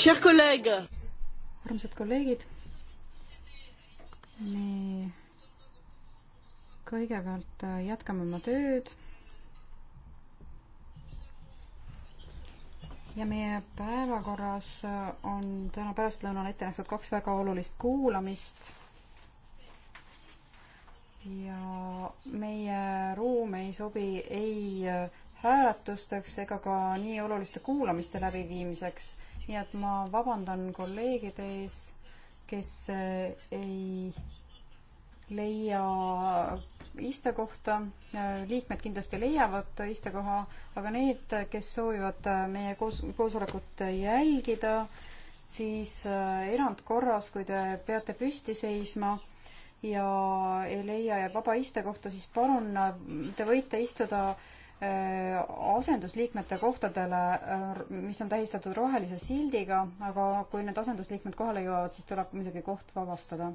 armsad kolleegid, me kõigepealt äh, jätkame oma tööd. ja meie päevakorras äh, on täna pärastlõunal ette nähtud kaks väga olulist kuulamist ja meie ruum ei sobi ei äh, hääletusteks ega ka nii oluliste kuulamiste läbiviimiseks nii et ma vabandan kolleegide ees, kes eh, ei leia istekohta, eh, liikmed kindlasti leiavad istekoha, aga need, kes soovivad eh, meie koos, koosolekut jälgida, siis erandkorras, kui te peate püsti seisma ja ei leia jääb vaba istekohta, siis palun, te võite istuda äh, Äh, asendusliikmete kohtadele, äh, mis on tähistatud rohelise sildiga, aga kui need asendusliikmed kohale jõuavad, siis tuleb muidugi koht vabastada.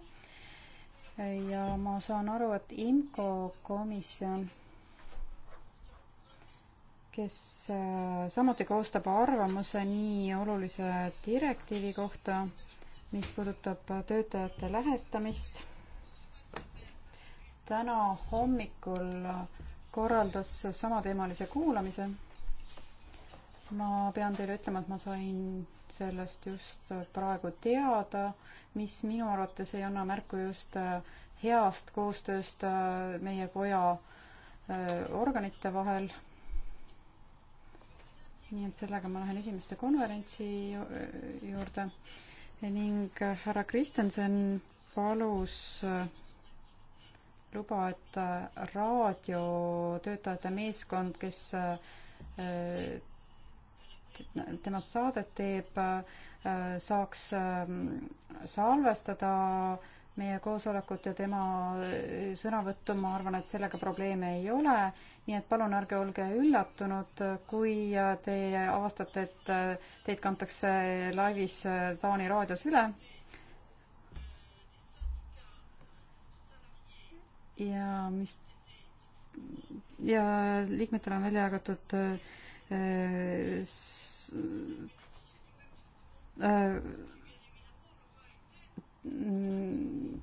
ja ma saan aru, et IMCO komisjon, kes äh, samuti koostab arvamuse nii olulise direktiivi kohta, mis puudutab töötajate lähestamist, täna hommikul korraldas samateemalise kuulamise. ma pean teile ütlema, et ma sain sellest just praegu teada, mis minu arvates ei anna märku just heast koostööst meie koja äh, organite vahel. nii et sellega ma lähen esimeste konverentsi äh, juurde ning härra Kristensen palus äh, luba, et äh, raadiotöötajate meeskond, kes äh, äh, temast saadet teeb, saaks salvestada meie koosolekut ja tema sõnavõttu, ma arvan, et sellega probleeme ei ole, nii et palun ärge olge üllatunud, kui te avastate, et teid kantakse laivis Taani raadios üle ja mis ja liikmetele on välja jagatud äh, s, äh, mm,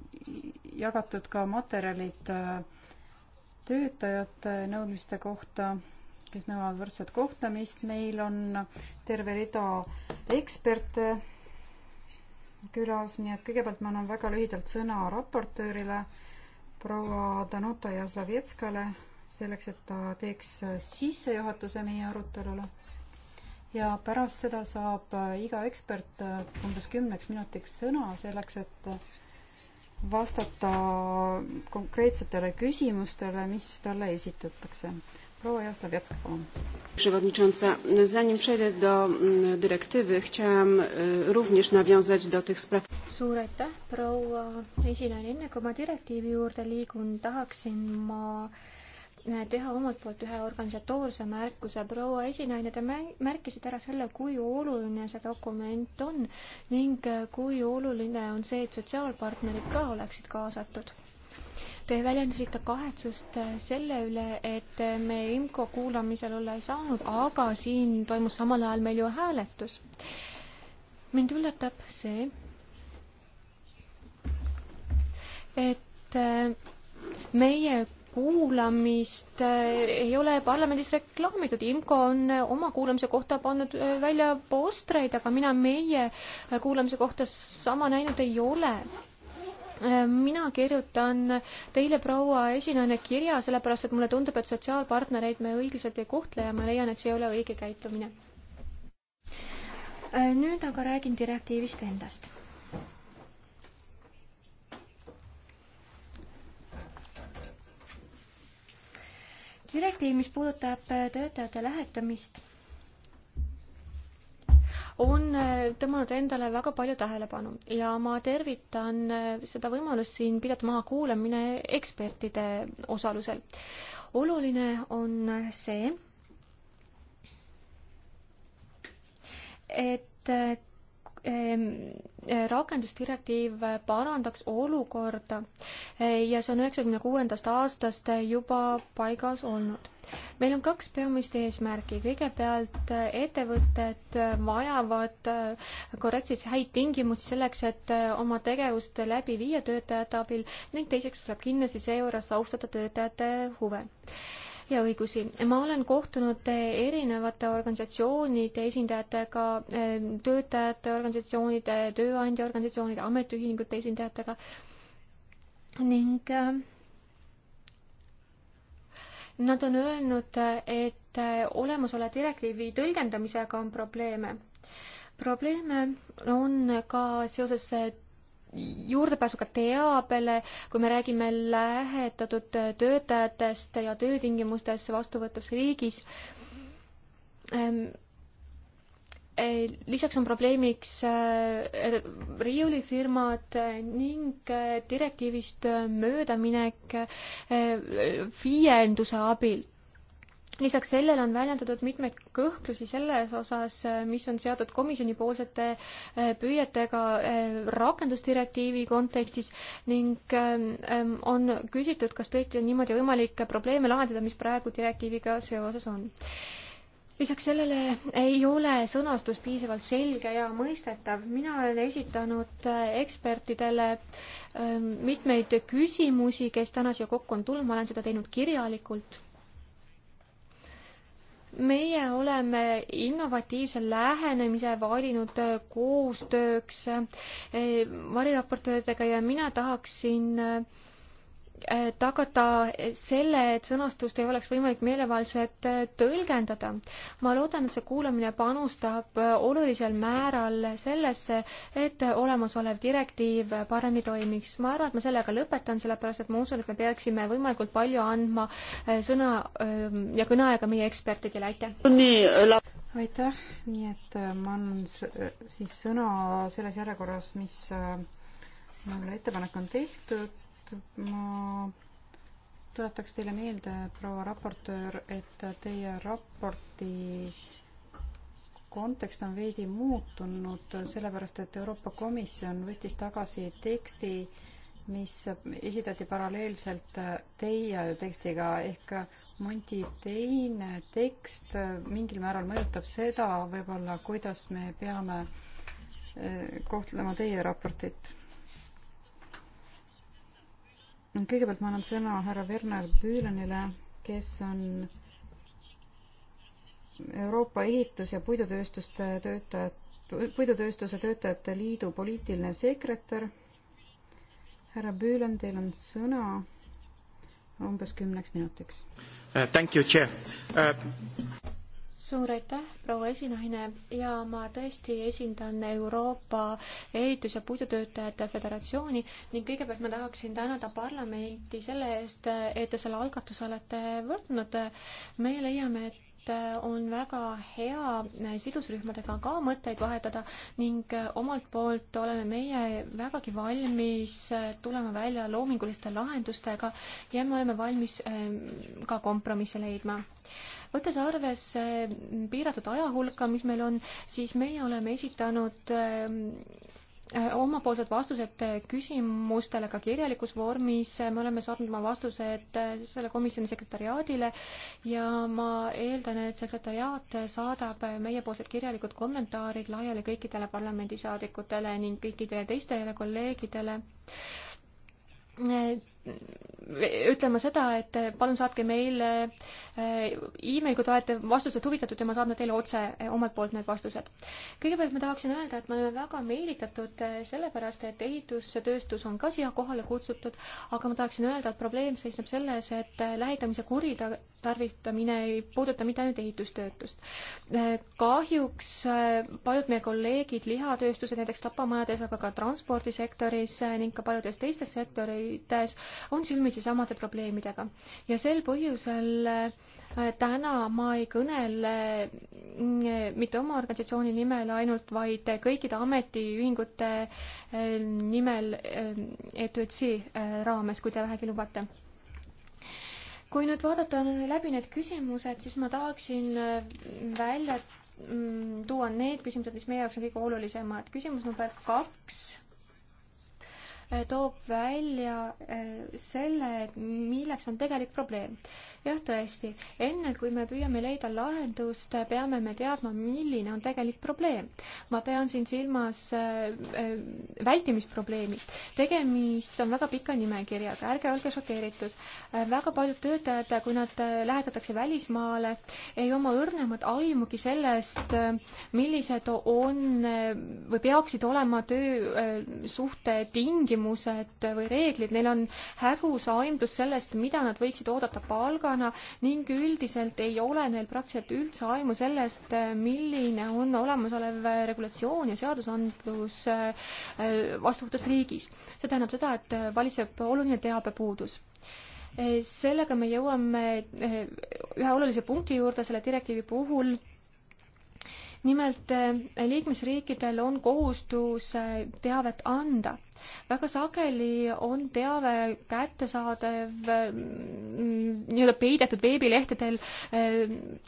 jagatud ka materjalid äh, töötajate nõudmiste kohta, kes nõuavad võrdset kohtlemist, meil on terve rida eksperte külas, nii et kõigepealt ma annan väga lühidalt sõna raportöörile äh, proua Danuta Jaslovetskale selleks, et ta teeks sissejuhatuse meie arutelule. ja pärast seda saab iga ekspert umbes kümneks minutiks sõna selleks, et vastata konkreetsetele küsimustele, mis talle esitatakse proua Jaslovetsk, palun. Przewodnicząca, zanim przejdę do mm, dyrektywy, chciałam również nawiązać do tych spraw. Suur aitäh, proua esinaine. Enne kui ma direktiivi juurde liigun, tahaksin ma e, teha omalt poolt ühe organisatoorse märkuse. proua esinaine, te märkisite ära selle, kui oluline see dokument on ning e, kui oluline on see, et sotsiaalpartnerid ka oleksid kaasatud Te väljendasite kahetsust äh, selle üle, et äh, me IMCO kuulamisel olla ei saanud, aga siin toimus samal ajal meil ju hääletus. mind üllatab see, et äh, meie kuulamist ei ole parlamendis reklaamitud, IMCO on oma kuulamise kohta pannud välja postreid, aga mina meie kuulamise kohta sama näinud ei ole mina kirjutan teile, proua esinaine, kirja, sellepärast et mulle tundub, et sotsiaalpartnereid me õiglaselt ei kohtle ja ma leian, et see ei ole õige käitumine. Äh, nüüd aga räägin direktiivist endast. direktiiv, mis puudutab töötajate lähetamist on äh, tõmmanud endale väga palju tähelepanu ja ma tervitan äh, seda võimalust siin pidada maha kuulamine ekspertide osalusel. oluline on see, et äh, Ehm, eh, rakendusdirektiiv parandaks olukorda eh, ja see on üheksakümne kuuendast aastast juba paigas olnud. meil on kaks peamist eesmärki, kõigepealt eh, ettevõtted vajavad korrektseid häid tingimusi selleks, et oma tegevust läbi viia töötajate abil ning teiseks tuleb kindlasti seejuures austada töötajate huve ja õigusi. ma olen kohtunud erinevate organisatsioonide esindajatega, eh, töötajate organisatsioonide, tööandja organisatsioonide, ametiühingute esindajatega ning eh, nad on öelnud, et eh, olemasoleva direktiivi tõlgendamisega on probleeme. probleeme on ka seoses juurdepääsuga teabele, kui me räägime lähetatud töötajatest ja töötingimustest vastuvõtvas riigis. Ehm, e, lisaks on probleemiks e, riiulifirmad ning e, direktiivist möödaminek viienduse abil lisaks sellele on väljendatud mitmeid kõhklusi selles osas, mis on seotud komisjonipoolsete äh, püüetega äh, rakendusdirektiivi kontekstis ning ähm, ähm, on küsitud, kas tõesti on niimoodi võimalik probleeme lahendada, mis praegu direktiiviga seoses on lisaks sellele ei ole sõnastus piisavalt selge ja mõistetav. mina olen esitanud äh, ekspertidele ähm, mitmeid küsimusi, kes täna siia kokku on tulnud, ma olen seda teinud kirjalikult meie oleme innovatiivse lähenemise valinud äh, koostööks äh, variraportööridega ja mina tahaksin äh, Äh, tagada selle, et sõnastust ei oleks võimalik meelevaldselt äh, tõlgendada. ma loodan, et see kuulamine panustab äh, olulisel määral sellesse, et olemasolev direktiiv paremini toimiks. ma arvan, et ma sellega lõpetan, sellepärast et ma usun, et me peaksime võimalikult palju andma sõna ähm, ja kõneaega meie ekspertidele, aitäh! aitäh, nii et ma annan siis sõna selles järjekorras, mis mulle ettepanek on tehtud eest. ma tuletaks teile meelde, proua raportöör, et teie raporti kontekst on veidi muutunud, sellepärast et Euroopa Komisjon võttis tagasi teksti, mis esitati paralleelselt teie tekstiga ehk Monti teine tekst mingil määral mõjutab seda võib-olla, kuidas me peame eh, kohtlema teie raportit kõigepealt ma annan sõna härra Werner Bühlenile, kes on Euroopa Ehitus- ja Puidutööstuste töötajad, Puidutööstuse Töötajate Liidu poliitiline sekretär. härra Büülen, teil on sõna umbes kümneks minutiks uh,. Thank you, chair uh suur aitäh, proua esinaine ja ma tõesti esindan Euroopa Ehitus- ja Puidutöötajate Föderatsiooni ning kõigepealt ma tahaksin tänada parlamenti selle eest, et te selle algatuse olete võtnud. me leiame, et on väga hea sidusrühmadega ka mõtteid vahetada ning omalt poolt oleme meie vägagi valmis tulema välja loominguliste lahendustega ja me oleme valmis ehm, ka kompromisse leidma võttes arvesse mm, piiratud ajahulka, mis meil on, siis meie oleme esitanud ähm, äh, omapoolsed vastused äh, küsimustele ka kirjalikus vormis, me oleme saatnud oma vastused äh, selle komisjoni sekretariaadile ja ma eeldan, et sekretariaat saadab meiepoolsed kirjalikud kommentaarid laiali kõikidele parlamendisaadikutele ning kõikidele teistele kolleegidele ütlema seda, et palun saatke meile eh, email, kui te olete vastused huvitatud ja me saadame teile otse eh, omalt poolt need vastused. kõigepealt ma tahaksin öelda, et me oleme väga meelitatud eh, sellepärast, et ehitustööstus on ka siia kohale kutsutud, aga ma tahaksin öelda, et probleem seisneb selles, et lähitamise kuritarvitamine ei puuduta mitte ainult ehitustöötust. kahjuks paljud meie kolleegid lihatööstused, näiteks tapamajades, aga ka transpordisektoris ning ka paljudes teistes sektorites on silmitsi samade probleemidega. ja sel põhjusel äh, täna ma ei kõnele mm, mitte oma organisatsiooni nimel ainult, vaid kõikide ametiühingute äh, nimel äh, ETÜ-tsi raames, kui te vähegi lubate kui nüüd vaadata läbi need küsimused, siis ma tahaksin välja mm, tuua need küsimused, mis meie jaoks on kõige olulisemad. küsimus number kaks toob välja äh, selle, milleks on tegelik probleem jah, tõesti, enne kui me püüame leida lahendust, peame me teadma, milline on tegelik probleem. ma pean siin silmas äh, äh, vältimisprobleemi. tegemist on väga pika nimekirjaga, ärge olge šokeeritud. Äh, väga paljud töötajad, kui nad lähetatakse välismaale, ei oma õrnemat aimugi sellest, millised on või peaksid olema töösuhte tingimused või reeglid, neil on hägus aimdus sellest, mida nad võiksid oodata palga pagana ning üldiselt ei ole neil praktiliselt üldse aimu sellest, eh, milline on olemasolev eh, regulatsioon ja seadusandlus eh, vastuvõttes riigis. see tähendab seda, et valitseb oluline teabepuudus sellega me jõuame ühe olulise punkti juurde selle direktiivi puhul nimelt eh, liikmesriikidel on kohustus eh, teavet anda. väga sageli on teave kättesaadav eh, mm, nii-öelda peidetud veebilehtedel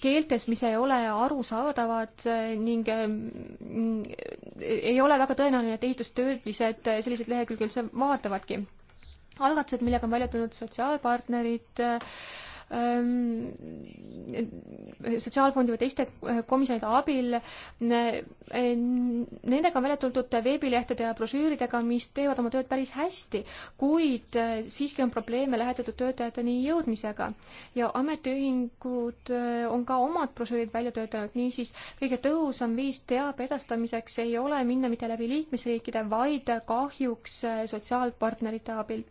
keeltes, mis ei ole arusaadavad ning mm, ei ole väga tõenäoline, et ehitustöötlised selliseid lehekülgi üldse vaatavadki algatused, millega on välja tulnud sotsiaalpartnerid äh,, Ehm, sotsiaalfondi või teiste eh, komisjonide abil. Nendega on välja tuldud veebilehtede ja brošüüridega, mis teevad oma tööd päris hästi, kuid eh, siiski on probleeme lähetatud töötajateni jõudmisega ja ametiühingud eh, on ka omad brošüürid välja töötanud, niisiis kõige tõhusam viis teabe edastamiseks ei ole minna mitte läbi liikmesriikide, vaid kahjuks sotsiaalpartnerite abil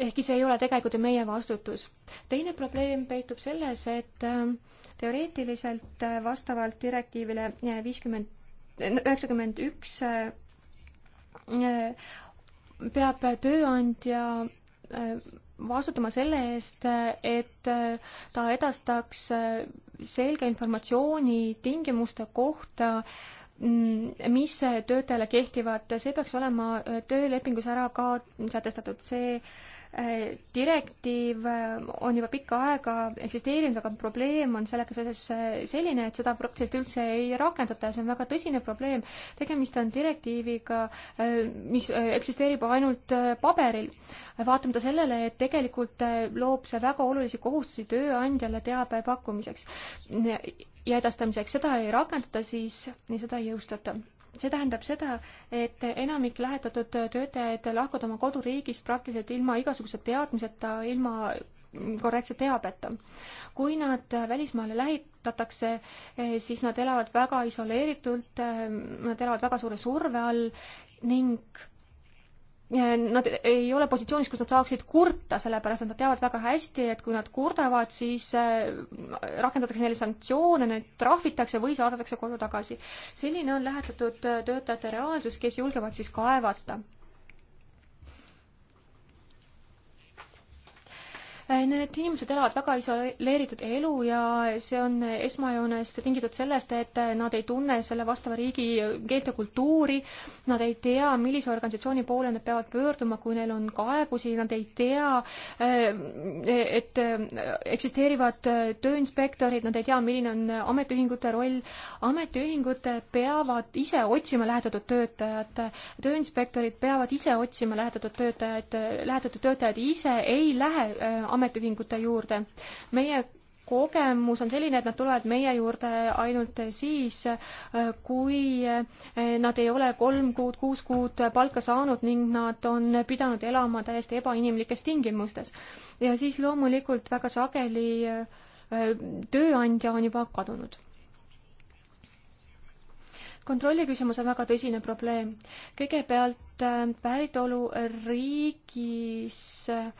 ehkki see ei ole tegelikult ju meie vastutus. teine probleem peitub selles, et ähm, teoreetiliselt äh, vastavalt direktiivile äh, viiskümmend, äh, üheksakümmend üks peab tööandja vastutama selle eest, et ta edastaks selge informatsiooni tingimuste kohta, mm, mis töötajale kehtivad, see peaks olema töölepingus ära ka sätestatud, see direktiiv äh, on juba pikka aega eksisteerinud, aga probleem on sellega seoses äh, selline, et seda praktiliselt üldse ei rakendata ja see on väga tõsine probleem. tegemist on direktiiviga, äh, mis eksisteerib ainult paberil. vaatamata sellele, et tegelikult loob see väga olulisi kohustusi tööandjale teabe pakkumiseks ja edastamiseks, seda ei rakendata, siis seda ei jõustata see tähendab seda, et enamik lähetatud töötajaid lahkuvad oma koduriigist praktiliselt ilma igasuguse teadmiseta, ilma korrektse teabeta. kui nad välismaale lähitatakse, eh, siis nad elavad väga isoleeritult, eh, nad elavad väga suure surve all ning nad ei ole positsioonis, kus nad saaksid kurta, sellepärast et nad teavad väga hästi, et kui nad kurdavad, siis äh, rakendatakse neile sanktsioone, neid trahvitakse või saadetakse koju tagasi. selline on lähetatud äh, töötajate reaalsus, kes julgevad siis kaevata Äh, need inimesed elavad väga isoleeritud elu ja see on esmajoones tingitud sellest, et äh, nad ei tunne selle vastava riigi keelt ja kultuuri, nad ei tea, millise organisatsiooni poole nad peavad pöörduma, kui neil on kaebusi, nad ei tea, äh, et eksisteerivad tööinspektorid, nad ei tea, milline on ametiühingute roll. ametiühingud peavad ise otsima lähetatud töötajat, tööinspektorid peavad ise otsima lähetatud töötajat, lähetatud töötajad ise ei lähe ametiühingutele ametiühingute juurde. meie kogemus on selline, et nad tulevad meie juurde ainult siis, kui nad ei ole kolm kuud, kuus kuud palka saanud ning nad on pidanud elama täiesti ebainimlikes tingimustes. ja siis loomulikult väga sageli äh, tööandja on juba kadunud kontrolli küsimus on väga tõsine probleem. kõigepealt äh, päritoluriigis äh,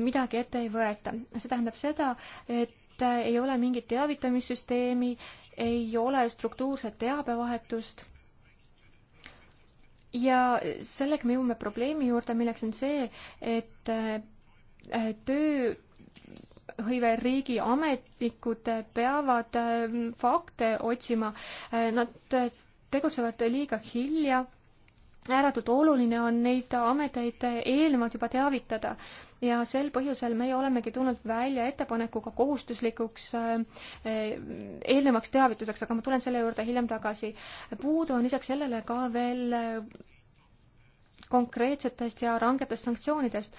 midagi ette ei võeta, see tähendab seda, et äh, ei ole mingit teavitamissüsteemi, ei ole struktuurset teabevahetust ja sellega me jõuame probleemi juurde, milleks on see, et tööhõive riigi ametnikud peavad fakte otsima, nad tegutsevad liiga hilja. ääretult oluline on neid ameteid eelnevalt juba teavitada ja sel põhjusel meie olemegi tulnud välja ettepanekuga kohustuslikuks äh, eelnevaks teavituseks, aga ma tulen selle juurde hiljem tagasi. puudu on lisaks sellele ka veel äh, konkreetsetest ja rangetest sanktsioonidest.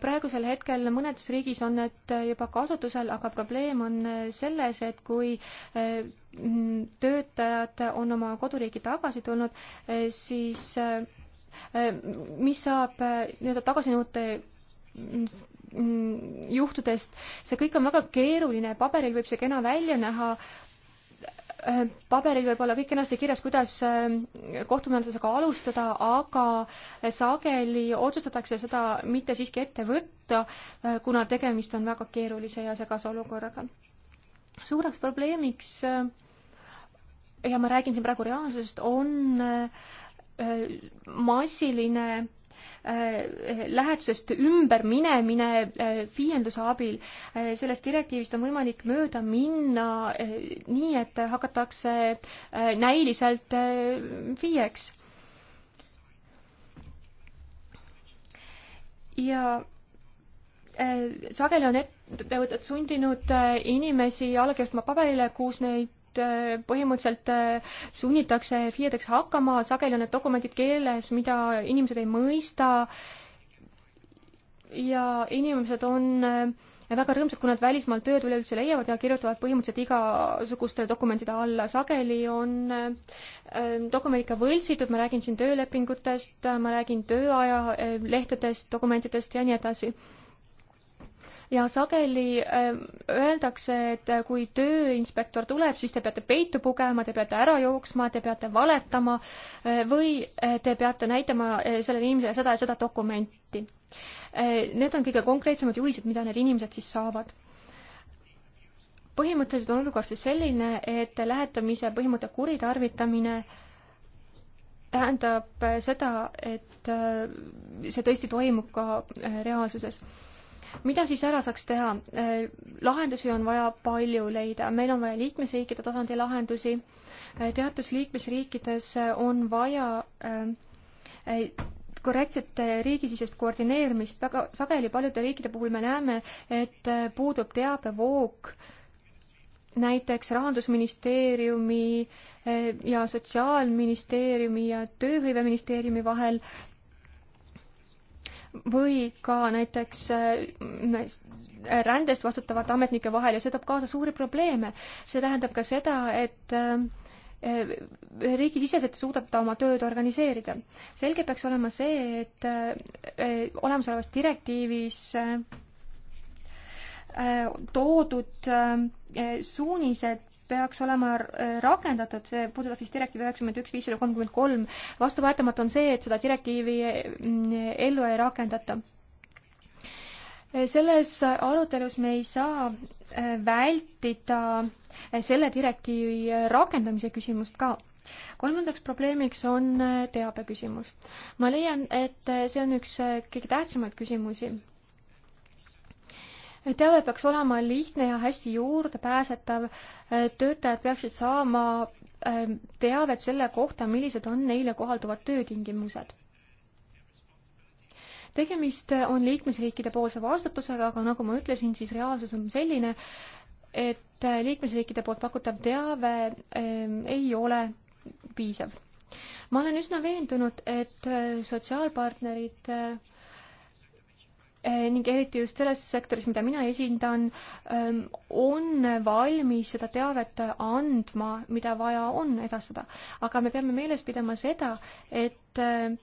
praegusel hetkel mõnedes riigis on need juba kasutusel, aga probleem on selles, et kui eh, töötajad on oma koduriiki tagasi tulnud, eh, siis eh, mis saab nii-öelda tagasinõude mm, juhtudest, see kõik on väga keeruline, paberil võib see kena välja näha, Äh, paberil võib olla kõik kenasti kirjas, kuidas äh, kohtumenetlusega alustada, aga sageli otsustatakse seda mitte siiski ette võtta, äh, kuna tegemist on väga keerulise ja segase olukorraga. suureks probleemiks ja ma räägin siin praegu reaalsusest, on massiline Äh, lähetusest ümberminemine äh, viienduse abil. Äh, sellest direktiivist on võimalik mööda minna nii, et hakatakse näiliselt FIE-ks. ja sageli on ettevõtted sundinud inimesi alla kirjutama paberile, kus neid Äh, põhimõtteliselt äh, sunnitakse FIE-deks hakkama, sageli on need dokumendid keeles, mida inimesed ei mõista ja inimesed on äh, väga rõõmsad, kui nad välismaal tööd üleüldse leiavad ja kirjutavad põhimõtteliselt igasugustele dokumentide alla. sageli on dokumendid ka võltsitud, ma räägin siin töölepingutest, ma räägin tööaja lehtedest, dokumentidest ja nii edasi ja sageli ähm, öeldakse, et äh, kui tööinspektor tuleb, siis te peate peitu pugema, te peate ära jooksma, te peate valetama äh, või äh, te peate näitama sellele inimesele seda ja seda dokumenti. Need on kõige konkreetsemad juhised, mida need inimesed siis saavad põhimõtteliselt on olukord siis selline, et lähetamise põhimõtte kuritarvitamine tähendab seda, et see tõesti toimub ka reaalsuses mida siis ära saaks teha? Äh, lahendusi on vaja palju leida, meil on vaja liikmesriikide tasandi lahendusi, äh, teatud liikmesriikides äh, on vaja korrektset riigisisest koordineerimist, väga sageli paljude riikide puhul me näeme, et puudub teabevoog näiteks Rahandusministeeriumi ja Sotsiaalministeeriumi ja Tööhõiveministeeriumi vahel või ka näiteks äh, rändest vastutavate ametnike vahel ja see toob kaasa suuri probleeme. see tähendab ka seda, et äh, äh, riigisiseselt ei suudeta oma tööd organiseerida. selge peaks olema see, et olemasolevas direktiivis toodud suunised peaks olema äh, rakendatud, see puudutab siis direktiivi üheksakümmend üks, viissada kolmkümmend kolm. vastuvõetamatu on see, et seda direktiivi mm, ellu ei rakendata. Äh, selles arutelus me ei saa äh, vältida selle direktiivi rakendamise küsimust ka kolmandaks probleemiks on teabe küsimus. ma leian, et see on üks kõige tähtsamaid küsimusi teave peaks olema lihtne ja hästi juurdepääsetav. töötajad peaksid saama ähm, teavet selle kohta, millised on neile kohalduvad töötingimused. tegemist on liikmesriikide poolse vastutusega, aga nagu ma ütlesin, siis reaalsus on selline, et liikmesriikide poolt pakutav teave ähm, ei ole piisav. ma olen üsna veendunud, et äh, sotsiaalpartnerid äh, Eh, ning eriti just selles sektoris, mida mina esindan, ehm, on valmis seda teavet andma, mida vaja on edastada. aga me peame meeles pidama seda, et eh,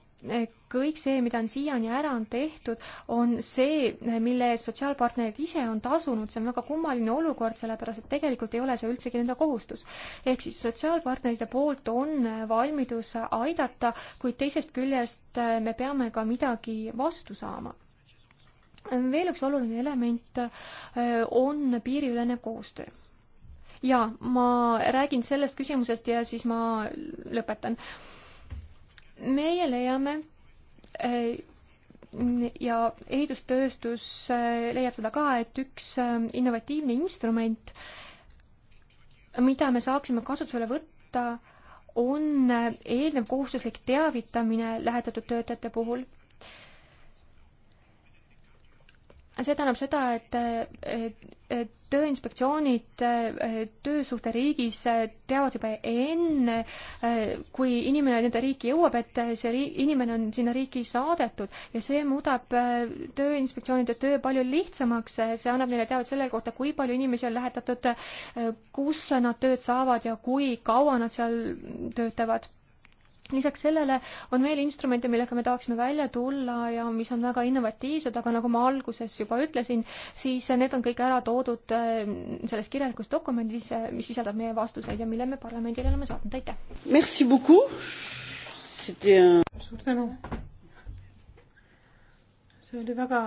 kõik see, mida on siiani ära on tehtud, on see, mille eest sotsiaalpartnerid ise on tasunud, see on väga kummaline olukord, sellepärast et tegelikult ei ole see üldsegi nende kohustus. ehk siis sotsiaalpartnerite poolt on valmidus aidata, kuid teisest küljest eh, me peame ka midagi vastu saama veel üks oluline element äh, on piiriülene koostöö. ja ma räägin sellest küsimusest ja siis ma lõpetan. meie leiame äh, ja ehitustööstus äh, leiab seda ka, et üks innovatiivne instrument, mida me saaksime kasutusele võtta, on eelnev kohustuslik teavitamine lähetatud töötajate puhul see tähendab seda, et tööinspektsioonid äh, töösuhte riigis äh, teavad juba enne, äh, kui inimene nende riiki jõuab, et see ri-, inimene on sinna riiki saadetud ja see muudab tööinspektsioonide töö palju lihtsamaks, see annab neile teavet selle kohta, kui palju inimesi on lähetatud, kus nad tööd saavad ja kui kaua nad seal töötavad lisaks sellele on veel instrumente, millega me tahaksime välja tulla ja mis on väga innovatiivsed, aga nagu ma alguses juba ütlesin, siis need on kõik ära toodud äh, selles kirjalikus dokumendis, äh, mis sisaldab meie vastuseid ja mille me parlamendile oleme saatnud, aitäh! Merci beaucoup! suur tänu! see oli väga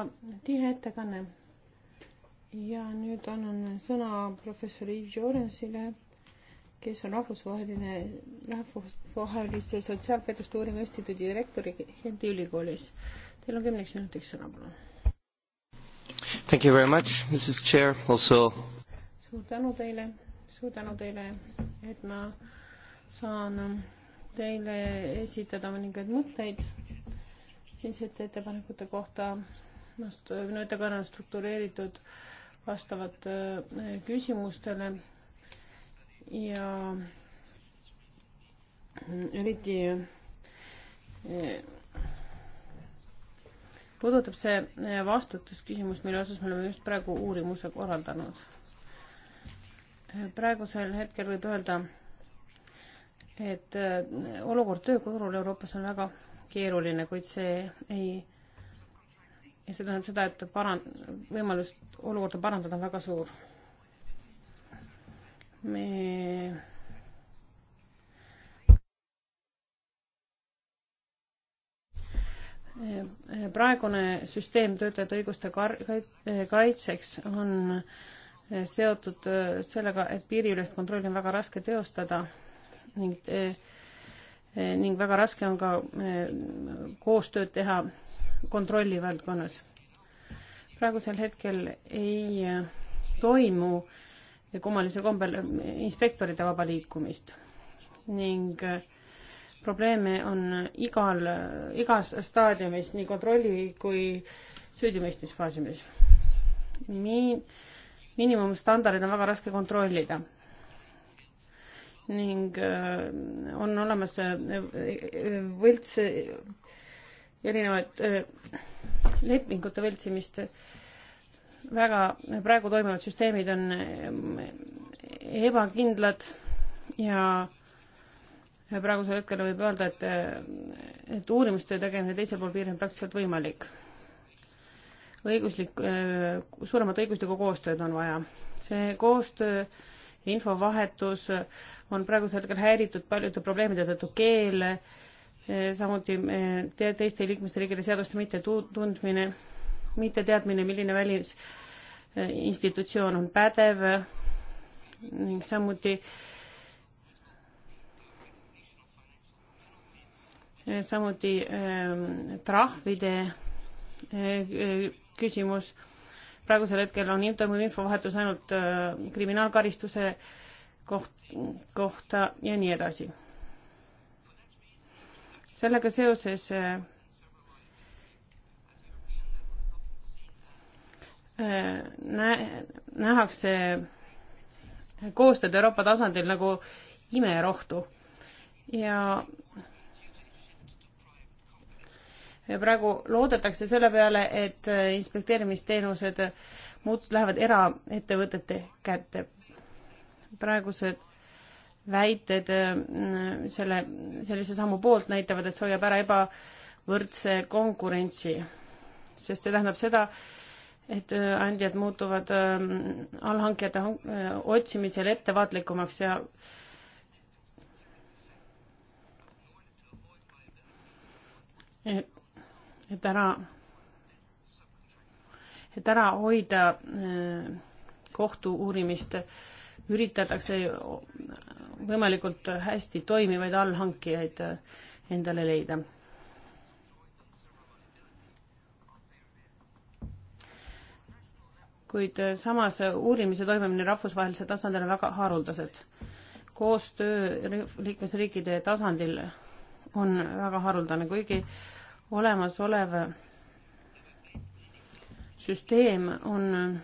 tihe ettekanne. ja nüüd annan sõna professor Yves Jorensile kes on rahvusvaheline, rahvusvaheliste sotsiaalpettuste uuringu instituudi direktor Hendi ülikoolis. Teil on kümneks minutiks sõna, palun. Thank you very much, Mrs Chair, also. suur tänu teile, suur tänu teile, et ma saan teile esitada mõningaid mõtteid siinsete ettepanekute kohta. minu ettekanne on struktureeritud vastavalt äh, küsimustele ja eriti eh, puudutab see eh, vastutusküsimust, mille osas me oleme just praegu uurimuse korraldanud. Eh, praegusel hetkel võib öelda, et olukord tööturul Euroopas on väga keeruline, kuid see ei, see tähendab seda, et paran-, võimalust olukorda parandada on väga suur me praegune süsteem töötajate õiguste kaitseks on seotud sellega, et piiriülest kontrolli on väga raske teostada ning ning väga raske on ka koostööd teha kontrolli valdkonnas. praegusel hetkel ei toimu äh, kummalisel kombel ähm, inspektorite vaba liikumist ning äh, probleeme on igal, äh, igas staadiumis, nii kontrolli kui süüdimõistmisfaasimis. nii miinimumstandardid on väga raske kontrollida. ning äh, on olemas võlts, erinevaid lepingute võltsimist väga, praegu toimivad süsteemid on ebakindlad ja praegusel hetkel võib öelda, et, et uurimistöö tegemine teisel pool piiri on praktiliselt võimalik. õiguslik, suuremat õiguslikku koostööd on vaja. see koostöö ja infovahetus on praegusel hetkel häiritud paljude probleemide tõttu keel, samuti eh, teiste liikmesriikide seaduste mittetundmine mitte teadmine, milline välisinstitutsioon on pädev ning samuti samuti ähm, trahvide äh, küsimus. praegusel hetkel on toimub infovahetus ainult äh, kriminaalkaristuse koht, kohta ja nii edasi. sellega seoses äh, nä-, nähakse koostööd Euroopa tasandil nagu imerohtu ja ja praegu loodetakse selle peale, et inspekteerimisteenused muut-, lähevad eraettevõtete kätte. praegused väited mm, selle, sellise sammu poolt näitavad, et see hoiab ära ebavõrdse konkurentsi. sest see tähendab seda, et tööandjad muutuvad ähm, allhankijate äh, otsimisel ettevaatlikumaks ja et, et ära, et ära hoida äh, kohtu uurimist, üritatakse võimalikult hästi toimivaid allhankijaid äh, endale leida kuid äh, samas äh, uurimise toimumine rahvusvahelisel tasandil on väga haruldased. koostöö liikmesriikide tasandil on väga haruldane, kuigi olemasolev süsteem on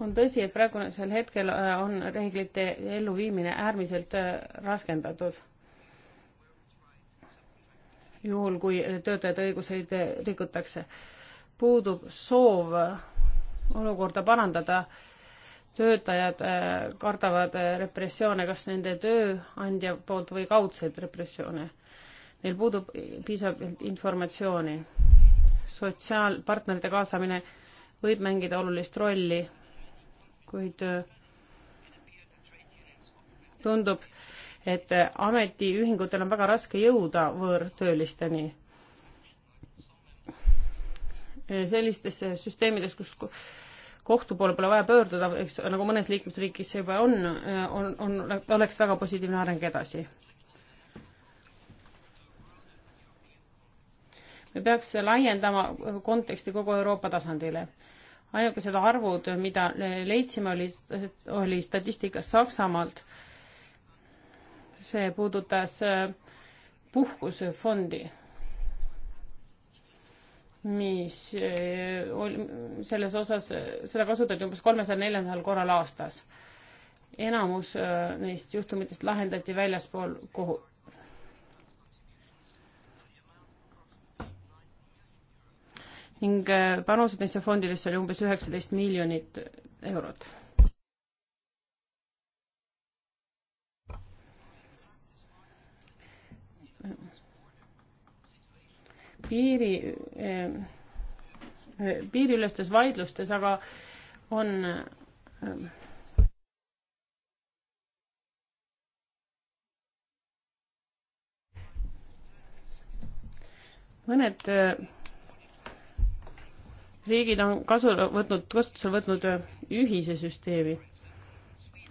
on tõsi, et praegusel hetkel äh, on reeglite elluviimine äärmiselt raskendatud juhul, kui töötajate õiguseid rikutakse. puudub soov olukorda parandada, töötajad äh, kardavad äh, repressioone, kas nende tööandja poolt või kaudseid repressioone. Neil puudub piisavalt informatsiooni. sotsiaalpartnerite kaasamine võib mängida olulist rolli, kuid äh, tundub, et ametiühingutel on väga raske jõuda võõrtöölisteni. sellistes süsteemides, kus kohtu poole pole vaja pöörduda, eks nagu mõnes liikmesriigis see juba on, on, on, oleks väga positiivne areng edasi. me peaks laiendama konteksti kogu Euroopa tasandile ainukesed arvud, mida leidsime, oli, oli statistika Saksamaalt see puudutas äh, puhkusefondi, mis äh, oli selles osas, seda kasutati umbes kolmesaja neljandal korral aastas. enamus äh, neist juhtumitest lahendati väljaspool kohut. ning panused neisse fondidesse oli umbes üheksateist miljonit eurot piiri, eh, eh, piiriülestes vaidlustes, aga on eh, mõned riigid on kasu võtnud, kasutusele võtnud ühise süsteemi,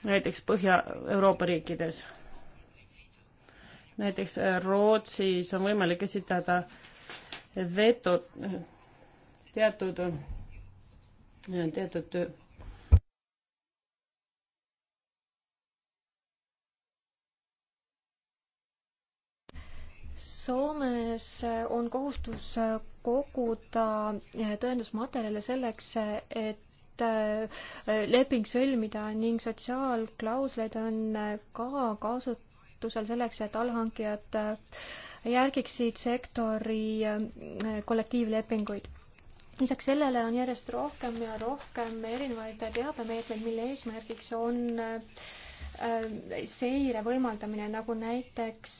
näiteks Põhja-Euroopa riikides. näiteks Rootsis on võimalik esitada äh, vetot teatud, teatud Soomes on kohustus koguda tõendusmaterjale selleks, et leping sõlmida ning sotsiaalklausleid on ka kasut-, kasutusel selleks, et allhankijad äh, järgiksid sektori äh, kollektiivlepinguid lisaks sellele on järjest rohkem ja rohkem erinevaid teabemeetmeid, mille eesmärgiks on äh, seire võimaldamine, nagu näiteks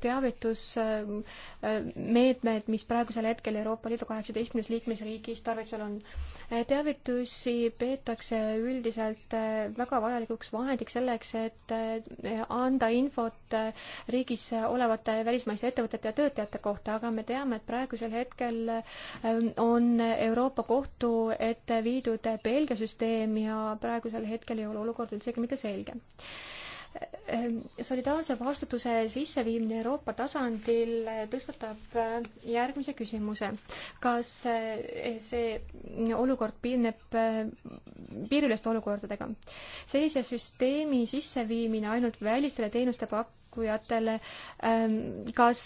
teavitusmeetmed, mis praegusel hetkel Euroopa Liidu kaheksateistkümnes liikmesriigis tarvitusel on teavitusi peetakse üldiselt eh, väga vajalikuks vahendiks selleks, et eh, anda infot eh, riigis olevate välismaiste ettevõtete ja töötajate kohta, aga me teame, et praegusel hetkel on Euroopa Kohtu ette viidud Belgia süsteem ja praegusel hetkel ei ole olukord üldsegi mitte selge solidaarse vastutuse sisseviimine Euroopa tasandil tõstatab järgmise küsimuse. kas see olukord piirneb piiriüleste olukordadega? sellise süsteemi sisseviimine ainult välistele teenuste pakkujatele, ähm, kas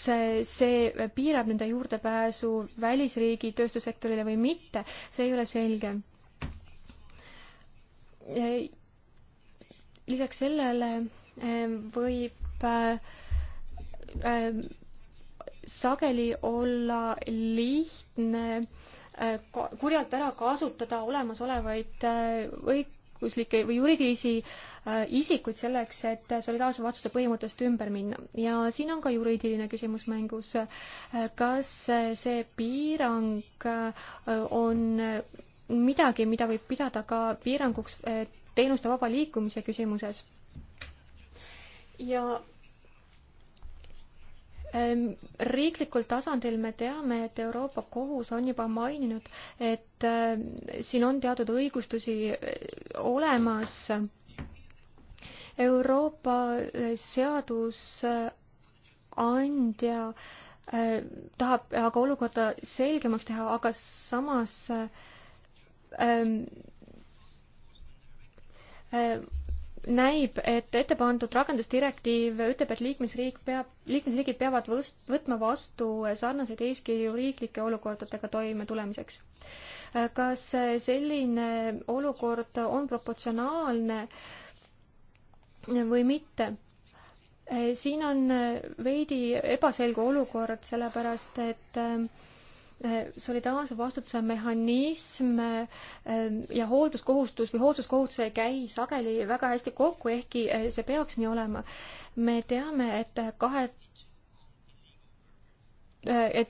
see piirab nende juurdepääsu välisriigi tööstussektorile või mitte, see ei ole selge lisaks sellele Ehm, võib ehm, sageli olla lihtne eh, kurjalt ära kasutada olemasolevaid eh, õiguslikke või juriidilisi eh, isikuid selleks, et solidaarse vastutuse põhimõttest ümber minna. ja siin on ka juriidiline küsimus mängus. kas see piirang on midagi, mida võib pidada ka piiranguks teenuste vaba liikumise küsimuses? ja ähm, riiklikul tasandil me teame, et Euroopa Kohus on juba maininud, et ähm, siin on teatud õigustusi äh, olemas. Euroopa äh, seadusandja äh, tahab aga olukorda selgemaks teha, aga samas ähm, ähm, näib, et ette pandud rakendusdirektiiv ütleb, et liikmesriik peab, liikmesriigid peavad võst, võtma vastu sarnaseid eeskirju riiklike olukordadega toimetulemiseks. kas selline olukord on proportsionaalne või mitte? siin on veidi ebaselge olukord, sellepärast et äh, Äh, solidaarse vastutuse mehhanism äh, ja hoolduskohustus või hoolsuskohustus ei käi sageli väga hästi kokku, ehkki äh, see peaks nii olema. me teame, et kahe, et